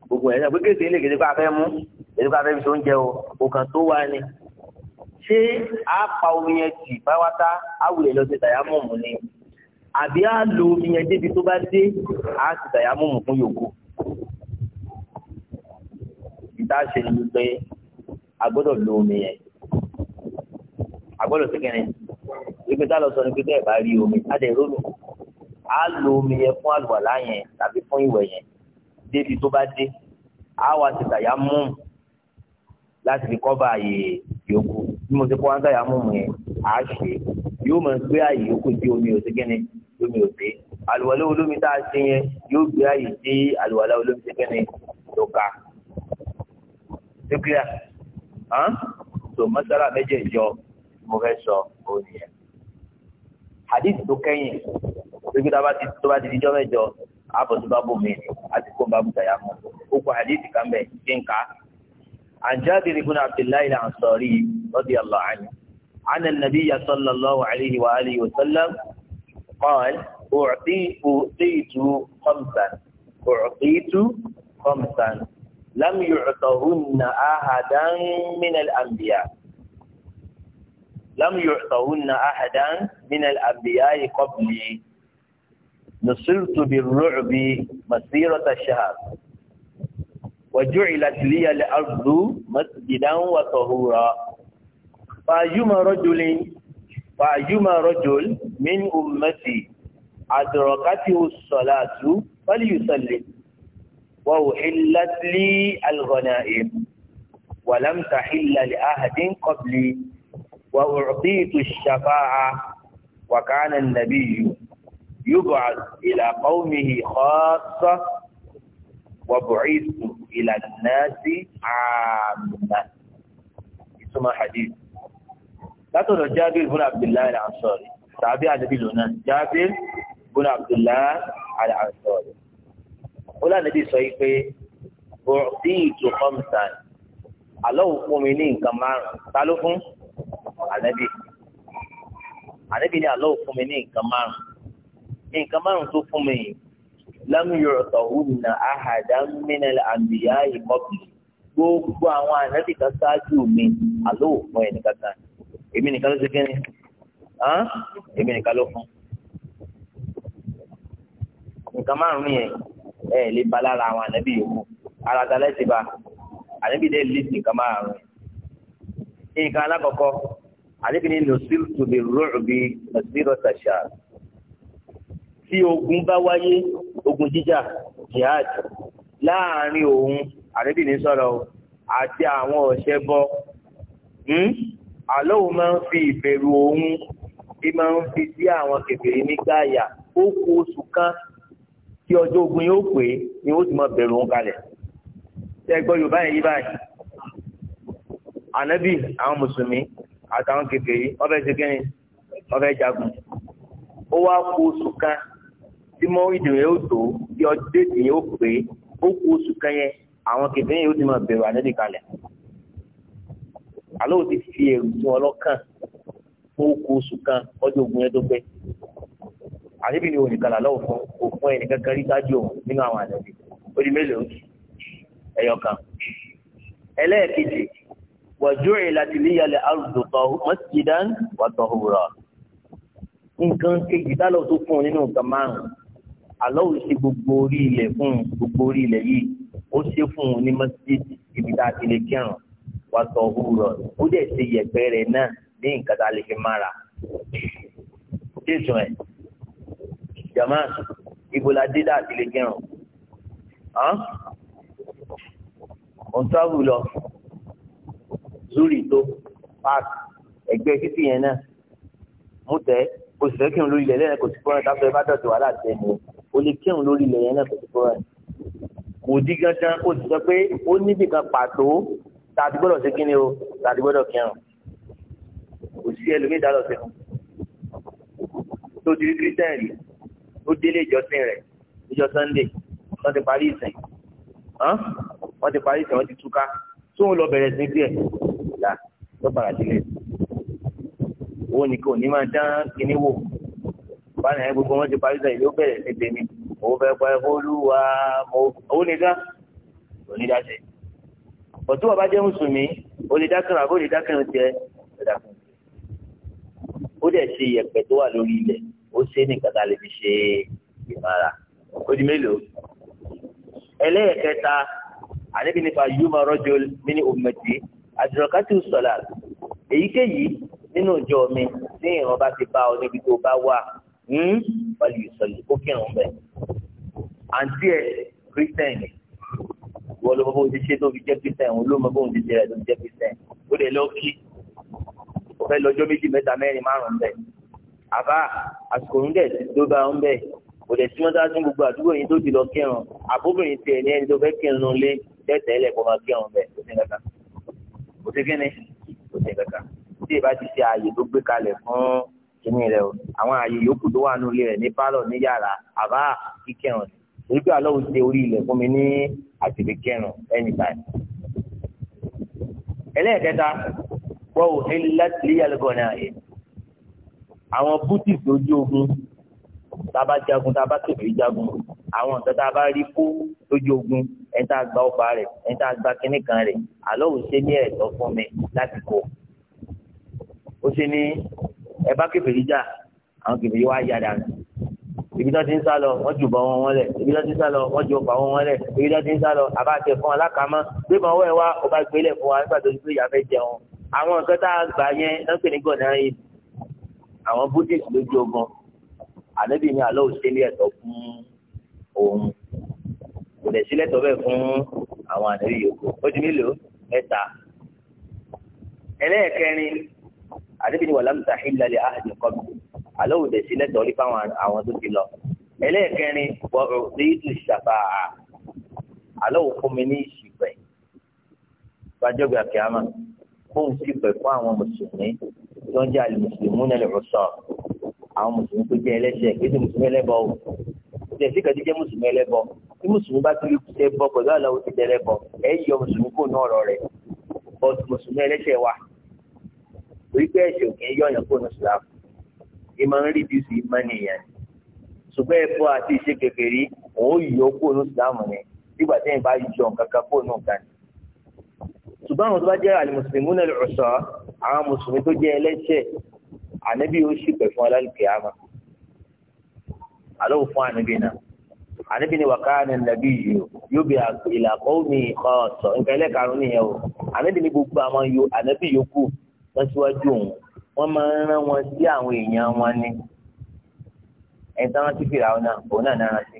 gbogbo ẹ̀ náà pé gèdè ilé gèdè bá fẹ́ mú gèdè bá fẹ́ fi tó ń jẹ o kò kàn tó wá ni ṣé a pa omi yẹn tì báwátá a wulẹ̀ lọ sí dàyámọ̀mù ni àbí a lo omi yẹn débi tó bá dé a sì dàyámọ̀mù fún yòókù ìta ni pé a gbọ́dọ̀ lo omi yẹn àgbọ́dọ̀ sí kẹ́rin ibi tá a lọ sọ ni pípẹ́ ìbá rí omi adé rólù á lo omi yẹn fún àlùwàlá yẹn tàbí fún ìwẹ̀ yẹn débi tó bá dé á wá ti tàyà mú láti fi kọ́ba àyè yòókù bí mo ti kọ́ wọn tàyà mú yẹn á ṣe yóò máa gbé àyè yòókù tí omi ò sí lómi ò sí àlùwàlá olómi tá a ṣe yẹn yóò gbé àyè sí àlùwàlá olómi sí kẹ́rin tó ka tó kíá tó mọ́sálà méjèèjọ mo fẹ́ sọ òun nìyẹn hadith tó kẹ́yìn gbégbé tó bá ti tó bá ti di jọ́mẹ́jọ àbọ̀ tó bá bò mí ni àti kó bá bùtà yà mọ́ ó kọ hadith kan bẹ̀ kí n kà á. عن جابر بن عبد الله الأنصاري رضي الله عنه عن النبي صلى الله عليه وآله وسلم قال أعطي أعطيت خمسا أعطيت خمسا لم يعطهن أحدا من الأنبياء لم يعطهن أحدا من الأنبياء قبلي نصرت بالرعب مسيرة الشهر وجعلت لي الأرض مسجدا وطهورا فأيما رجل فأيما رجل من أمتي أدركته الصلاة فليصلي وأحلت لي الغنائم ولم تحل لأحد قبلي وأعطيت الشفاعة وكان النبي يبعث إلى قومه خاصة وبعثت إلى الناس عامة ثم حديث látọ̀dọ̀ jábìr bùn abdullahi al-ansori tàbí àdàbí lónà jábìr bùn abdullahi al-ansori ó lánàbí sọ yìí pé bọ̀dí ìtò kọ́msán alọ́ òkú mi ní nǹkan márùn-ún ta ló fún ànábì ànábì ní àlọ́ fún mi ní nǹkan márùn nǹkan márùn tó fún mi yìí yọrọ tọ̀hún gbogbo àwọn ànábì kan ṣáájú mi àlọ́ fún ẹ̀ nìkan èmi nìkan ló ṣe kí ni èmi nìkan ló fún nǹkan márùn yẹn ẹ lè ba lára àwọn ànábì yòókù ara ta ba ànábì lè nǹkan márùn yẹn nǹkan alákọ̀ọ́kọ́. àdébí ni nùsírùtù bí rúùbí nùsírùtà ṣá tí ogun bá wáyé ogun jíjà jihad láàrin òun àdébí ni sọ̀rọ̀ àti àwọn ọ̀ṣẹ́ bọ́ hmm? àlọ́ òun máa ń fi ìbẹ̀rù òun bí máa ń fi sí àwọn kèfèrí nígbà àyà ó kú oṣù kan tí ọjọ́ ogun yóò pé ni ó ti mọ bẹ̀rù òun kalẹ̀ ṣé ẹ gbọ́ Yorùbá yẹn báyìí ànábì àwọn mùsùlùmí àtàwọn kékeré wọ́n fẹ́ ṣe kí ni wọ́n fẹ́ jagun ó wá kó oṣù kan tí mọ́ ìdìrẹ́ yóò tó bí ọdún déètì yóò pé ó kó oṣù kan yẹn àwọn kékeré yóò ti máa bẹ̀rù ànẹ́bì kalẹ̀ àlọ́ òtí fi èrò tí wọn lọ́kàn fún oko oṣù kan ọjọ́ ogun yẹn tó pẹ́ ànẹ́bì ni òní kalà lọ́wọ́ fún òfin ẹnìkan kan rí sáájú òun nínú àwọn ànẹ́bì ó di mélòó ẹ̀yọ̀ kan ẹlẹ́ẹ̀kejì waju'ilat liyal ardu masjidan wa tahura. nǹkan kejì tálọ̀ tó fún un nínú nǹkan márùn-ún àlọ́ ò ṣe gbogbo orí ilẹ̀ fún un gbogbo orí ilẹ̀ yìí ó ṣe fún un ní masjid ibi tá a ti lè kírun wa tahura ó dẹ̀ ṣe yẹ̀pẹ̀ rẹ̀ náà ní nǹkan tá a lè fi mára. jésùn ẹ̀ jama ibola dídá àti lè kírun. ọ̀n tábù lọ zuri tó park ẹgbẹ́ títì yẹn náà mú tẹ kò sì fẹ́ kírun lórí ilẹ̀ lẹ́yìn kò sí kúrọ́ọ̀nì táfẹ́ ẹ bá dọ̀tí wàhálà tẹ̀ o lè kírun lórí ilẹ̀ yẹn náà kò sí kúrọ́ọ̀nì kò di gangan ó ti sọ pé ó níbì kan pàtó tàbí gbọ́dọ̀ sí kíni o tàbí gbọ́dọ̀ kírun kò sí ẹlòmíì dá lọ sí fún tó di kírísítẹ́n rí ó délé ìjọsìn rẹ̀ níjọ́ sunday wọ́n ti parí ìsìn wọ́n ti parí ìsìn wọ́n ti túká tó ń lọ bẹ̀rẹ̀ sí tó padà sílẹ̀ owó ni ò ní máa dán kíní wò báyìí náà gbogbo wọn ti parí sẹ́yìn ló bẹ̀rẹ̀ sí tèmi òun fẹ́ pẹ́ olúwa owó nìkan ò ní dá sẹ́yìn ọtú ọba jẹ́ mùsùlùmí o lè dákàrà o lè dákàrà jẹ ó dẹ̀ ṣe ìyẹ̀pẹ̀ tó wà lórí ilẹ̀ ó ṣe nìkan tá lè fi ṣe ìmọ̀ra ó di mélòó ẹlẹ́yẹ̀kẹta àníbi nípa yuma rọ́jò mini ometi àdìrọ̀kátì sọ̀là èyíkéyìí nínú ìjọ mi tí ìran bá ti bá ọ níbi tó bá wà ń hmm? wàlú ìsọ̀lì ó kírun bẹ́ẹ̀. àǹtí ẹ̀ kírísítẹ̀nì wọ́n ló mọ bóun ti ṣe tó fi jẹ́ kírísítẹ̀nì òun ló mọ bóun ti ṣe rẹ̀ tó fi jẹ́ kírísítẹ̀nì ó lè lọ kí ó fẹ́ lọ́jọ́ méjì mẹ́ta mẹ́rin márùn-ún bẹ́ẹ̀. àbá àsìkò ń dẹ̀ tó bá ń bẹ́ẹ̀ kò dẹ̀ sí mọ́tà sí gbogbo àdúgbò yìí tó ti lọ kírun àbóbìnrin tiẹ̀ ní ẹni tó fẹ́ kírun lé tẹ́tẹ́lẹ̀ kó máa kírun bẹ́ẹ̀ tó ní ṣe kíni kò ṣe kankan tí ìbá ti ṣe ààyè tó gbé kalẹ̀ fún kíní rẹ o àwọn ààyè yòókù tó wà nínú ilé rẹ ní pálọ̀ ní yàrá àbá kíkẹrùn torí pé àlọ́ òṣìṣẹ́ orí ilẹ̀ fún mi ní àtìlẹ́ kẹrùn anytime. ẹlẹ́ẹ̀kẹta wọ́n ò ní láti lé yàlẹ́gọ̀ náà yẹ àwọn bútìs lójú ogun tá a bá jagun tá a bá tètè jagun àwọn nǹkan tá a bá rí kó lójú ogun ẹ̀ ń tá gba ọgbà rẹ̀ ẹ̀ ń tá gba kínní kan rẹ̀ àlọ́ ò ṣe ní ẹ̀tọ́ fún mi láti kó ó ṣe ní ẹ bá kèfèrí jà àwọn kèfèrí wá yá dànù ibi tó ti ń sá lọ wọ́n jù bọ́ wọn wọlé ibi tó ti ń sá lọ wọ́n jù ọ̀pá wọn wọlé ibi tó ti ń sá lọ àbá tẹ fún alákàámọ́ gbé bọ́ wẹ̀ wá ọba gbélé fún wa nígbà tó ti pé ìyá fẹ́ jẹun àwọn nǹkan tá a gbà yẹn lọ́pẹ̀ nígbà náà yìí àwọn buddhist lójú ogun ànábì ní àlọ́ òṣèlú ẹ̀tọ́ fún òun kò dẹ̀ sílẹ̀ tó bẹ́ẹ̀ fún àwọn ànábì yòókù ó di mélòó mẹ́ta ẹlẹ́ẹ̀kẹrin ànábì ni wàlámù tàhí lálẹ́ àhàdì kọ́bù àlọ́ òdẹ̀ sílẹ̀ tó rí fáwọn àwọn tó ti lọ ẹlẹ́ẹ̀kẹrin wọ̀rọ̀ rídù ṣàfà àlọ́ òfún mi ní ìṣìpẹ̀ gbajọ́gbà kìámà fóun ṣìpẹ̀ fún àwọn mùsùlùmí tó ń jẹ́ àlùmùsùlùmí nílẹ̀ rọ̀ṣọ̀ àwọn mùsùlùmí tó jẹ́ ẹlẹ́ṣẹ̀ kí tí mùsùlùmí bá ti ṣe bọ pẹ̀lú àlàó ti bẹ̀rẹ̀ bọ̀ ẹ̀ yọ mùsùlùmí kò náà rọ̀ rẹ̀ bọ́ọ̀tù mùsùlùmí ẹlẹ́ṣẹ̀ wà torí pé ẹ̀ṣẹ̀ òkè yọ̀yàn kò ní sùlám ìmọ̀ ń rí bí sí ìmọ̀ nìyẹn ṣùgbọ́n ẹ̀fọ́ àti ìṣe kékeré òun yọ kò ní sùlám ni nígbà tẹ́yìn bá yọ kankan kò ní nǹkan ṣùgbọ́n àwọn tó bá jẹ́ àlùmùsùlùmí náà lọ́sọ̀ àwọn mùsùlùmí tó jẹ́ ẹlẹ́ṣẹ̀ ànábì ó ṣìpẹ̀ fún alálùkẹ́ àmà àlọ́ fún ànábì náà àníbi ni wàkàánì nàbí yìí yóò bí ìlàkọ́ ní ìkọ́ ọ̀sọ̀ nǹkan ẹlẹ́karùn-ún nìyẹn o àníbi ni gbogbo àwọn yo ànábì yòókù wọ́n síwájú òun wọ́n máa ń rán wọn sí àwọn èèyàn wọn ni ẹ̀ńtán rántí fìlà ọ̀nà òun náà náà rántí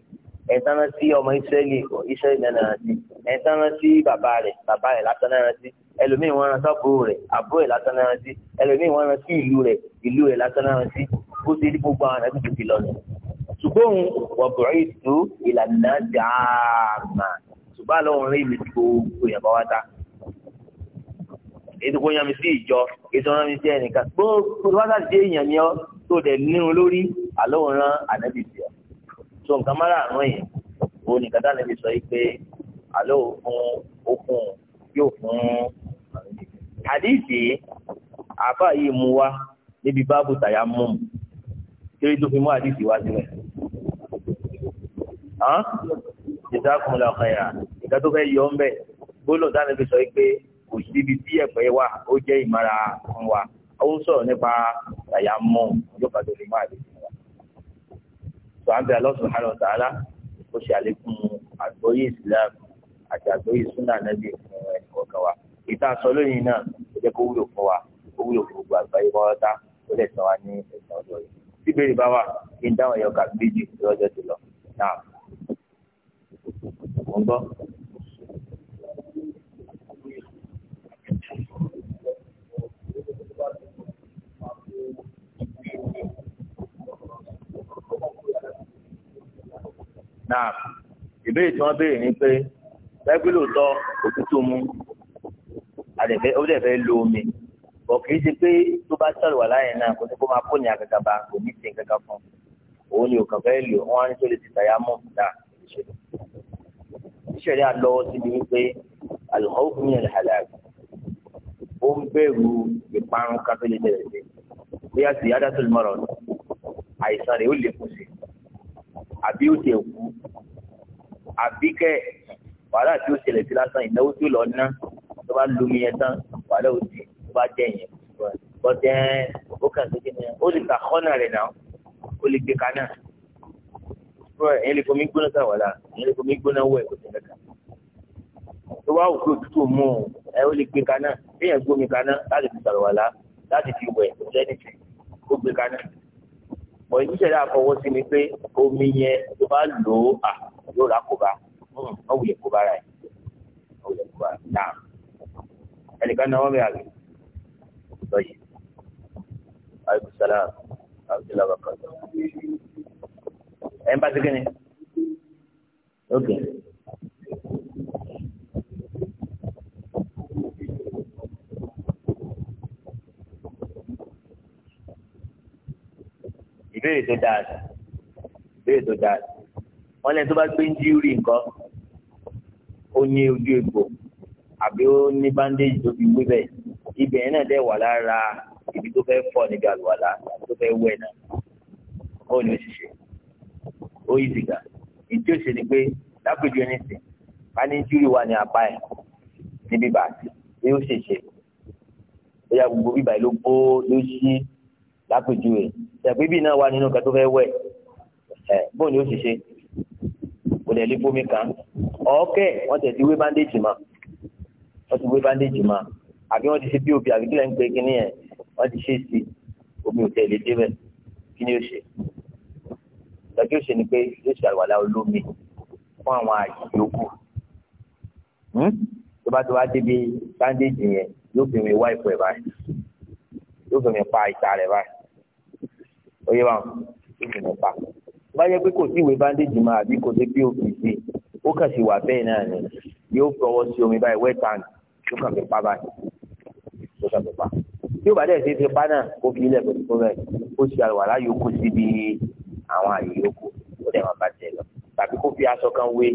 ẹ̀ńtán rántí ọmọ ìsírẹ́lì ìsírẹ́lì náà rántí ẹ̀ńtán rántí bàbá rẹ̀ bàbá rẹ̀ látọ̀ náà rántí ẹlòmíì wọ́n rán sábúrò rẹ̀ àbúrò rẹ̀ látọ̀ náà rántí ẹlòmíì wọ́n rán sí ìlú rẹ̀ ìlú rẹ̀ látọ̀ náà rántí kó ṣe ní gbogbo àwọn ànábì tó fi ṣùgbọ́n wọ̀bùrẹ́ ìtú ìlànà dàmà ṣùgbọ́n àlọ́ òun rí mi tí gbogbo èèyàn bá wá ta ètò kò yan mi sí ìjọ ètò rán mi sí ẹnìkan gbogbo wá dé èèyàn ni ọ tó dẹ̀ nínú lórí àlọ́ òun rán ànábì sí ọ tó nǹkan mọ́ra àrùn yìí òun nìkan tá ànábì sọ pé àlọ́ òfun òfun yóò fún àdìsí àáfàá yìí mú wa níbi báàbù tàyà mú mi kí ló tó fi mú àdìsí wá sílẹ̀ hàn ìdá kùnlẹ̀ ọ̀kan yà ìgbà tó fẹ́ yọ ọ́ mbẹ́ gbólóhùn táwọn ẹbí sọ pé kò síbi tí ẹ̀pẹ́ wà ó jẹ́ ìmọ̀ra fún wa ó ń sọ̀rọ̀ nípa àyà mọ́ ọjọ́ kan lè má lè fún wa. sọ àbẹ alọ́sùn hàn ọ̀tá ó ṣe àlékún àgbóyè Islam àti àgbóyè súnà nàbì fún ẹnì kọ̀ọ̀kan wa ìta sọ lónìí náà ó jẹ́ kó wúlò fún wa ó wúlò fún gbogbo àgbáyé wọ́ọ́tá ó lè sàn wá ní ẹ̀sán ọjọ́ yìí. bíbélì bá kí n dáhùn ẹ̀yọ́ kà lọ́jọ́ ti lọ náà wọ́n gbọ́. náà ìbéèrè tí wọ́n béèrè ni pé bẹ́ẹ̀ lóòótọ́ òtútù mu àdẹ̀fẹ́ ó dẹ̀ fẹ́ lo omi bọ̀ kì í ṣe pé tó bá sọ̀rọ̀ wà láyé náà kò ní kó máa kó ní àgàgàbà kò ní sìn kankan fún un òun ni òkàn fẹ́ lò wọ́n á ní tó lè ti tàyà mọ́ náà ṣẹ̀rí àlọ́wọ́ síbi wípé alùpàwọ́ mi yẹn halal ó ń bẹ̀rù ìparun kábílẹ̀ tẹ̀lé sí bóyá sì yá dátúlù mọ́rọ̀ àìsàn rẹ̀ ó lè kù sí àbí ó tẹ̀ kú àbí kẹ́ wàhálà tí ó ṣẹlẹ̀ sí lásán ìnáwó tí ó lọ ná tó bá lumi yẹn tán wàhálà ó ti tó bá jẹ yẹn bọ́tẹ́ ó kàn sí kí ni ó lè ta kọ́nà rẹ̀ náà ó lè gbé kaná èyàn lè fomi gbóná sàwọ́lá èyàn lè fomi gbóná wẹ̀ kò sí kankan tó bá wù kí òtútù mú o ẹ ó lè gbé kaná èyàn gbómi kaná láti fi sàwọ́lá láti fi wẹ̀ kò sẹ́ni tì ó gbé kaná bọ̀ ìṣẹ̀lẹ̀ àfọwọ́ sí ni pé omi yẹn tó bá lò ó à yóò rà kó bá ọ hmm, wùlẹ̀ kó bá rà ẹ̀ ọ wùlẹ̀ kó bá rà ẹnìkan náà wọ́n bẹ̀rẹ̀ àgbẹ̀ lọ́yẹ̀ àìkú sálà àbúlé làbàkàtà ẹ̀ ń ok. ìbéèrè tó dáa ìbéèrè tó dáa wọn lẹ́nu tó bá gbé ń jí rí nǹkan ó ní ojú egbò àbí ó ní bandage tó fi wé bẹ́ẹ̀ ibẹ̀ yẹn náà dẹ̀ wà lára ibi tó fẹ́ fọ̀ níbi àlùwàlà tó fẹ́ wẹ̀ náà ó ní òṣìṣẹ́ ó yí sìgá ìdí òṣè ni pé lápèjọ ẹni sìn ká ní júwèé wà ní apá ẹ̀ níbi bàtì bí ó ṣèṣe bóyá gbogbo bíbà ló bó ló ṣí lápèjúwe ṣàpébì náà wà nínú kan tó fẹ́ wẹ̀ bóun ni ó ṣèṣe kò dẹ̀ lé bómi kan ọ̀ọ́kẹ́ wọ́n tẹ̀ ti wé báńdéèjì mọ́ wọ́n ti wé báńdéèjì mọ́ àbí wọ́n ti ṣe pop àbí kílẹ̀ ń pe kíní yẹn wọ́n ti ṣe sí omi ò tẹ̀lé débẹ̀ kí ni ó ṣe tí ó ṣe ni pé yóò ṣe àlùwàlá olómi fún àwọn àyè yòókù hmm? tó bá ti wá débi bandage yẹn yóò fi mi wá ìpò ẹ̀ báyìí yóò fi mi pa ìta rẹ̀ báyìí ó yẹ báwọn yóò fi mi pa tó bá yẹ pé kò sí ìwé bandage máa àbí kò sí pop sí ó kàn sí wà bẹ́ẹ̀ náà ni yóò fọwọ́ sí omi báyìí wet hand tó kàn fi pa báyìí tó kàn fi pa tí ó bá dẹ̀ ṣe fi pa náà ó fi ilẹ̀ pẹ̀lú fún rẹ̀ ó ṣe àlùwàlá yòókù síbi àwọn àyè yòókù ó dẹ̀ wọn bá tiẹ̀ lọ tàbí kó fi aṣọ kan wé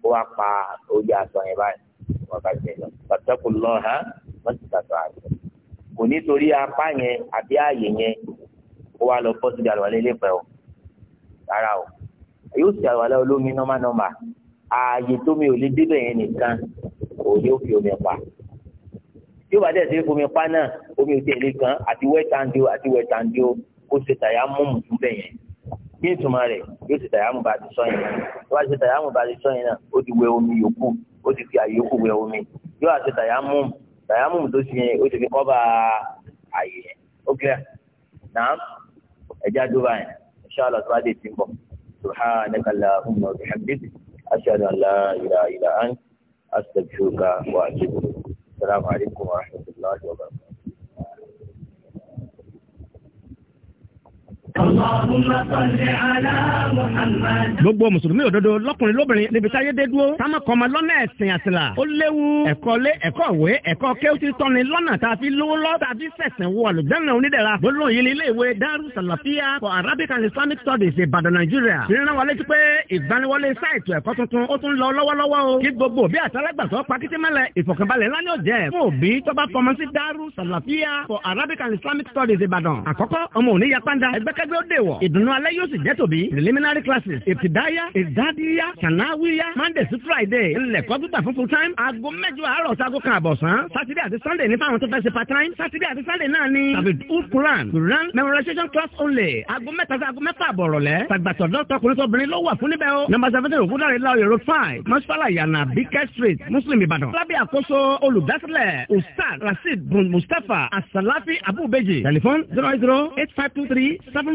kó wá pa orí aṣọ yẹn báyìí wọn bá tiẹ̀ lọ pàtàkùn lọ hàn wọn ti tàtọ àgbẹ kò nítorí apá yẹn àbí àyè yẹn kó wá lọ bọ́ síbi àlùwalẹ̀ lẹ́pẹ́ o rárá o yóò ṣe àlùwalẹ̀ olómi nọ́mà nọ́mà ààyè tómi ò lè débẹ̀ yẹn nìkan kò yóò fi omi pa tí ó bá dẹ̀ sí omi pa náà omi ò tẹ̀lé kan àti wẹ́tàndó àti wẹ́tàndó kó ṣe tàyà mọ́mù tún bẹ̀ yẹn kí ìtumọ̀ rẹ̀ yóò ti tàyàmù bá ti sọ yẹn náà tó bá ti tàyàmù bá ti sọ yẹn náà ó ti wẹ omi yòókù ó ti fi àyè yòókù wẹ omi yóò àti tàyàmù tàyàmù tó ti yẹn ó ti fi kọ́ba àyè yẹn ó kílẹ̀ náà dúró yẹn inṣàlá tó bá dé ti ń bọ̀ subhanaka allahumma wa bihamdik ashhadu an la ilaha illa ant astaghfiruka wa atubu ilayk alaikum wa rahmatullahi wa barakatuh gbogbo mùsùlùmí òdodo lọkùnrin lóbìnrin níbi táyé dé dúró táwọn kọ́ ọmọ lọ́nà ẹ̀sìn àṣìlá ó léwu ẹ̀kọ́ lé ẹ̀kọ́ ìwé ẹ̀kọ́ kéwùtì tọ́ni lọ́nà tá a fi lówó lọ́ tá a fi sẹ̀sìn wọ àlùjáná onídẹ̀ra gbólóhùn yìí ní ilé ìwé Daru Salafia for Arabic and Islamic Studies Ìbàdàn Nàìjíríà ìrìnà wọlé ti pé ìgbaniwọlé sáìtù ẹ̀kọ́ tuntun ó tún lọ lọ́wọ́lọ́wọ́ o kí gbogbo bí àtàlágbàsọ pakitimẹ́lẹ̀ ìfọ̀kànbalẹ̀ ńlá ni ó jẹ́ fún òbí tó bá fọmọ sí Daru Salafia for Arabic and Islamic Studies Ìbàdàn àkọ́kọ́ ọmọ òní yapanda ẹlẹ́gbẹ́ ó dè wọ̀. ìdùnnú alẹ́ yóò sì jẹ́ tòbí. preliminary classes ìtìdáyà ìdádíyà kànáwíyà monday sí friday ńlẹ̀kọ́ gbígbà fún full time. aago mẹ́jọ àárọ̀ sago kan àbọ̀sán. saturday àti sunday ní fáwọn tó fẹ́ ṣe part time. saturday àti sunday náà ni. david ul quran quran memorization class only. aago mẹ́ta sí aago mẹ́fà àbọ̀rọ̀ lẹ̀. tàgbàtọ̀ dọ́tọ̀ kùnrin tóbìnrin ló wà fún níbẹ̀ o. number seventeen ògúndàrí láòyè road five mọ́sálà yànnà bíkẹ́ street muslim ìbàdàn. lábẹ́ àkóso olùdásílẹ̀ ustaz rasheed bun mustapha asalafi abubeji. tẹlifon zero zero eight five two three seven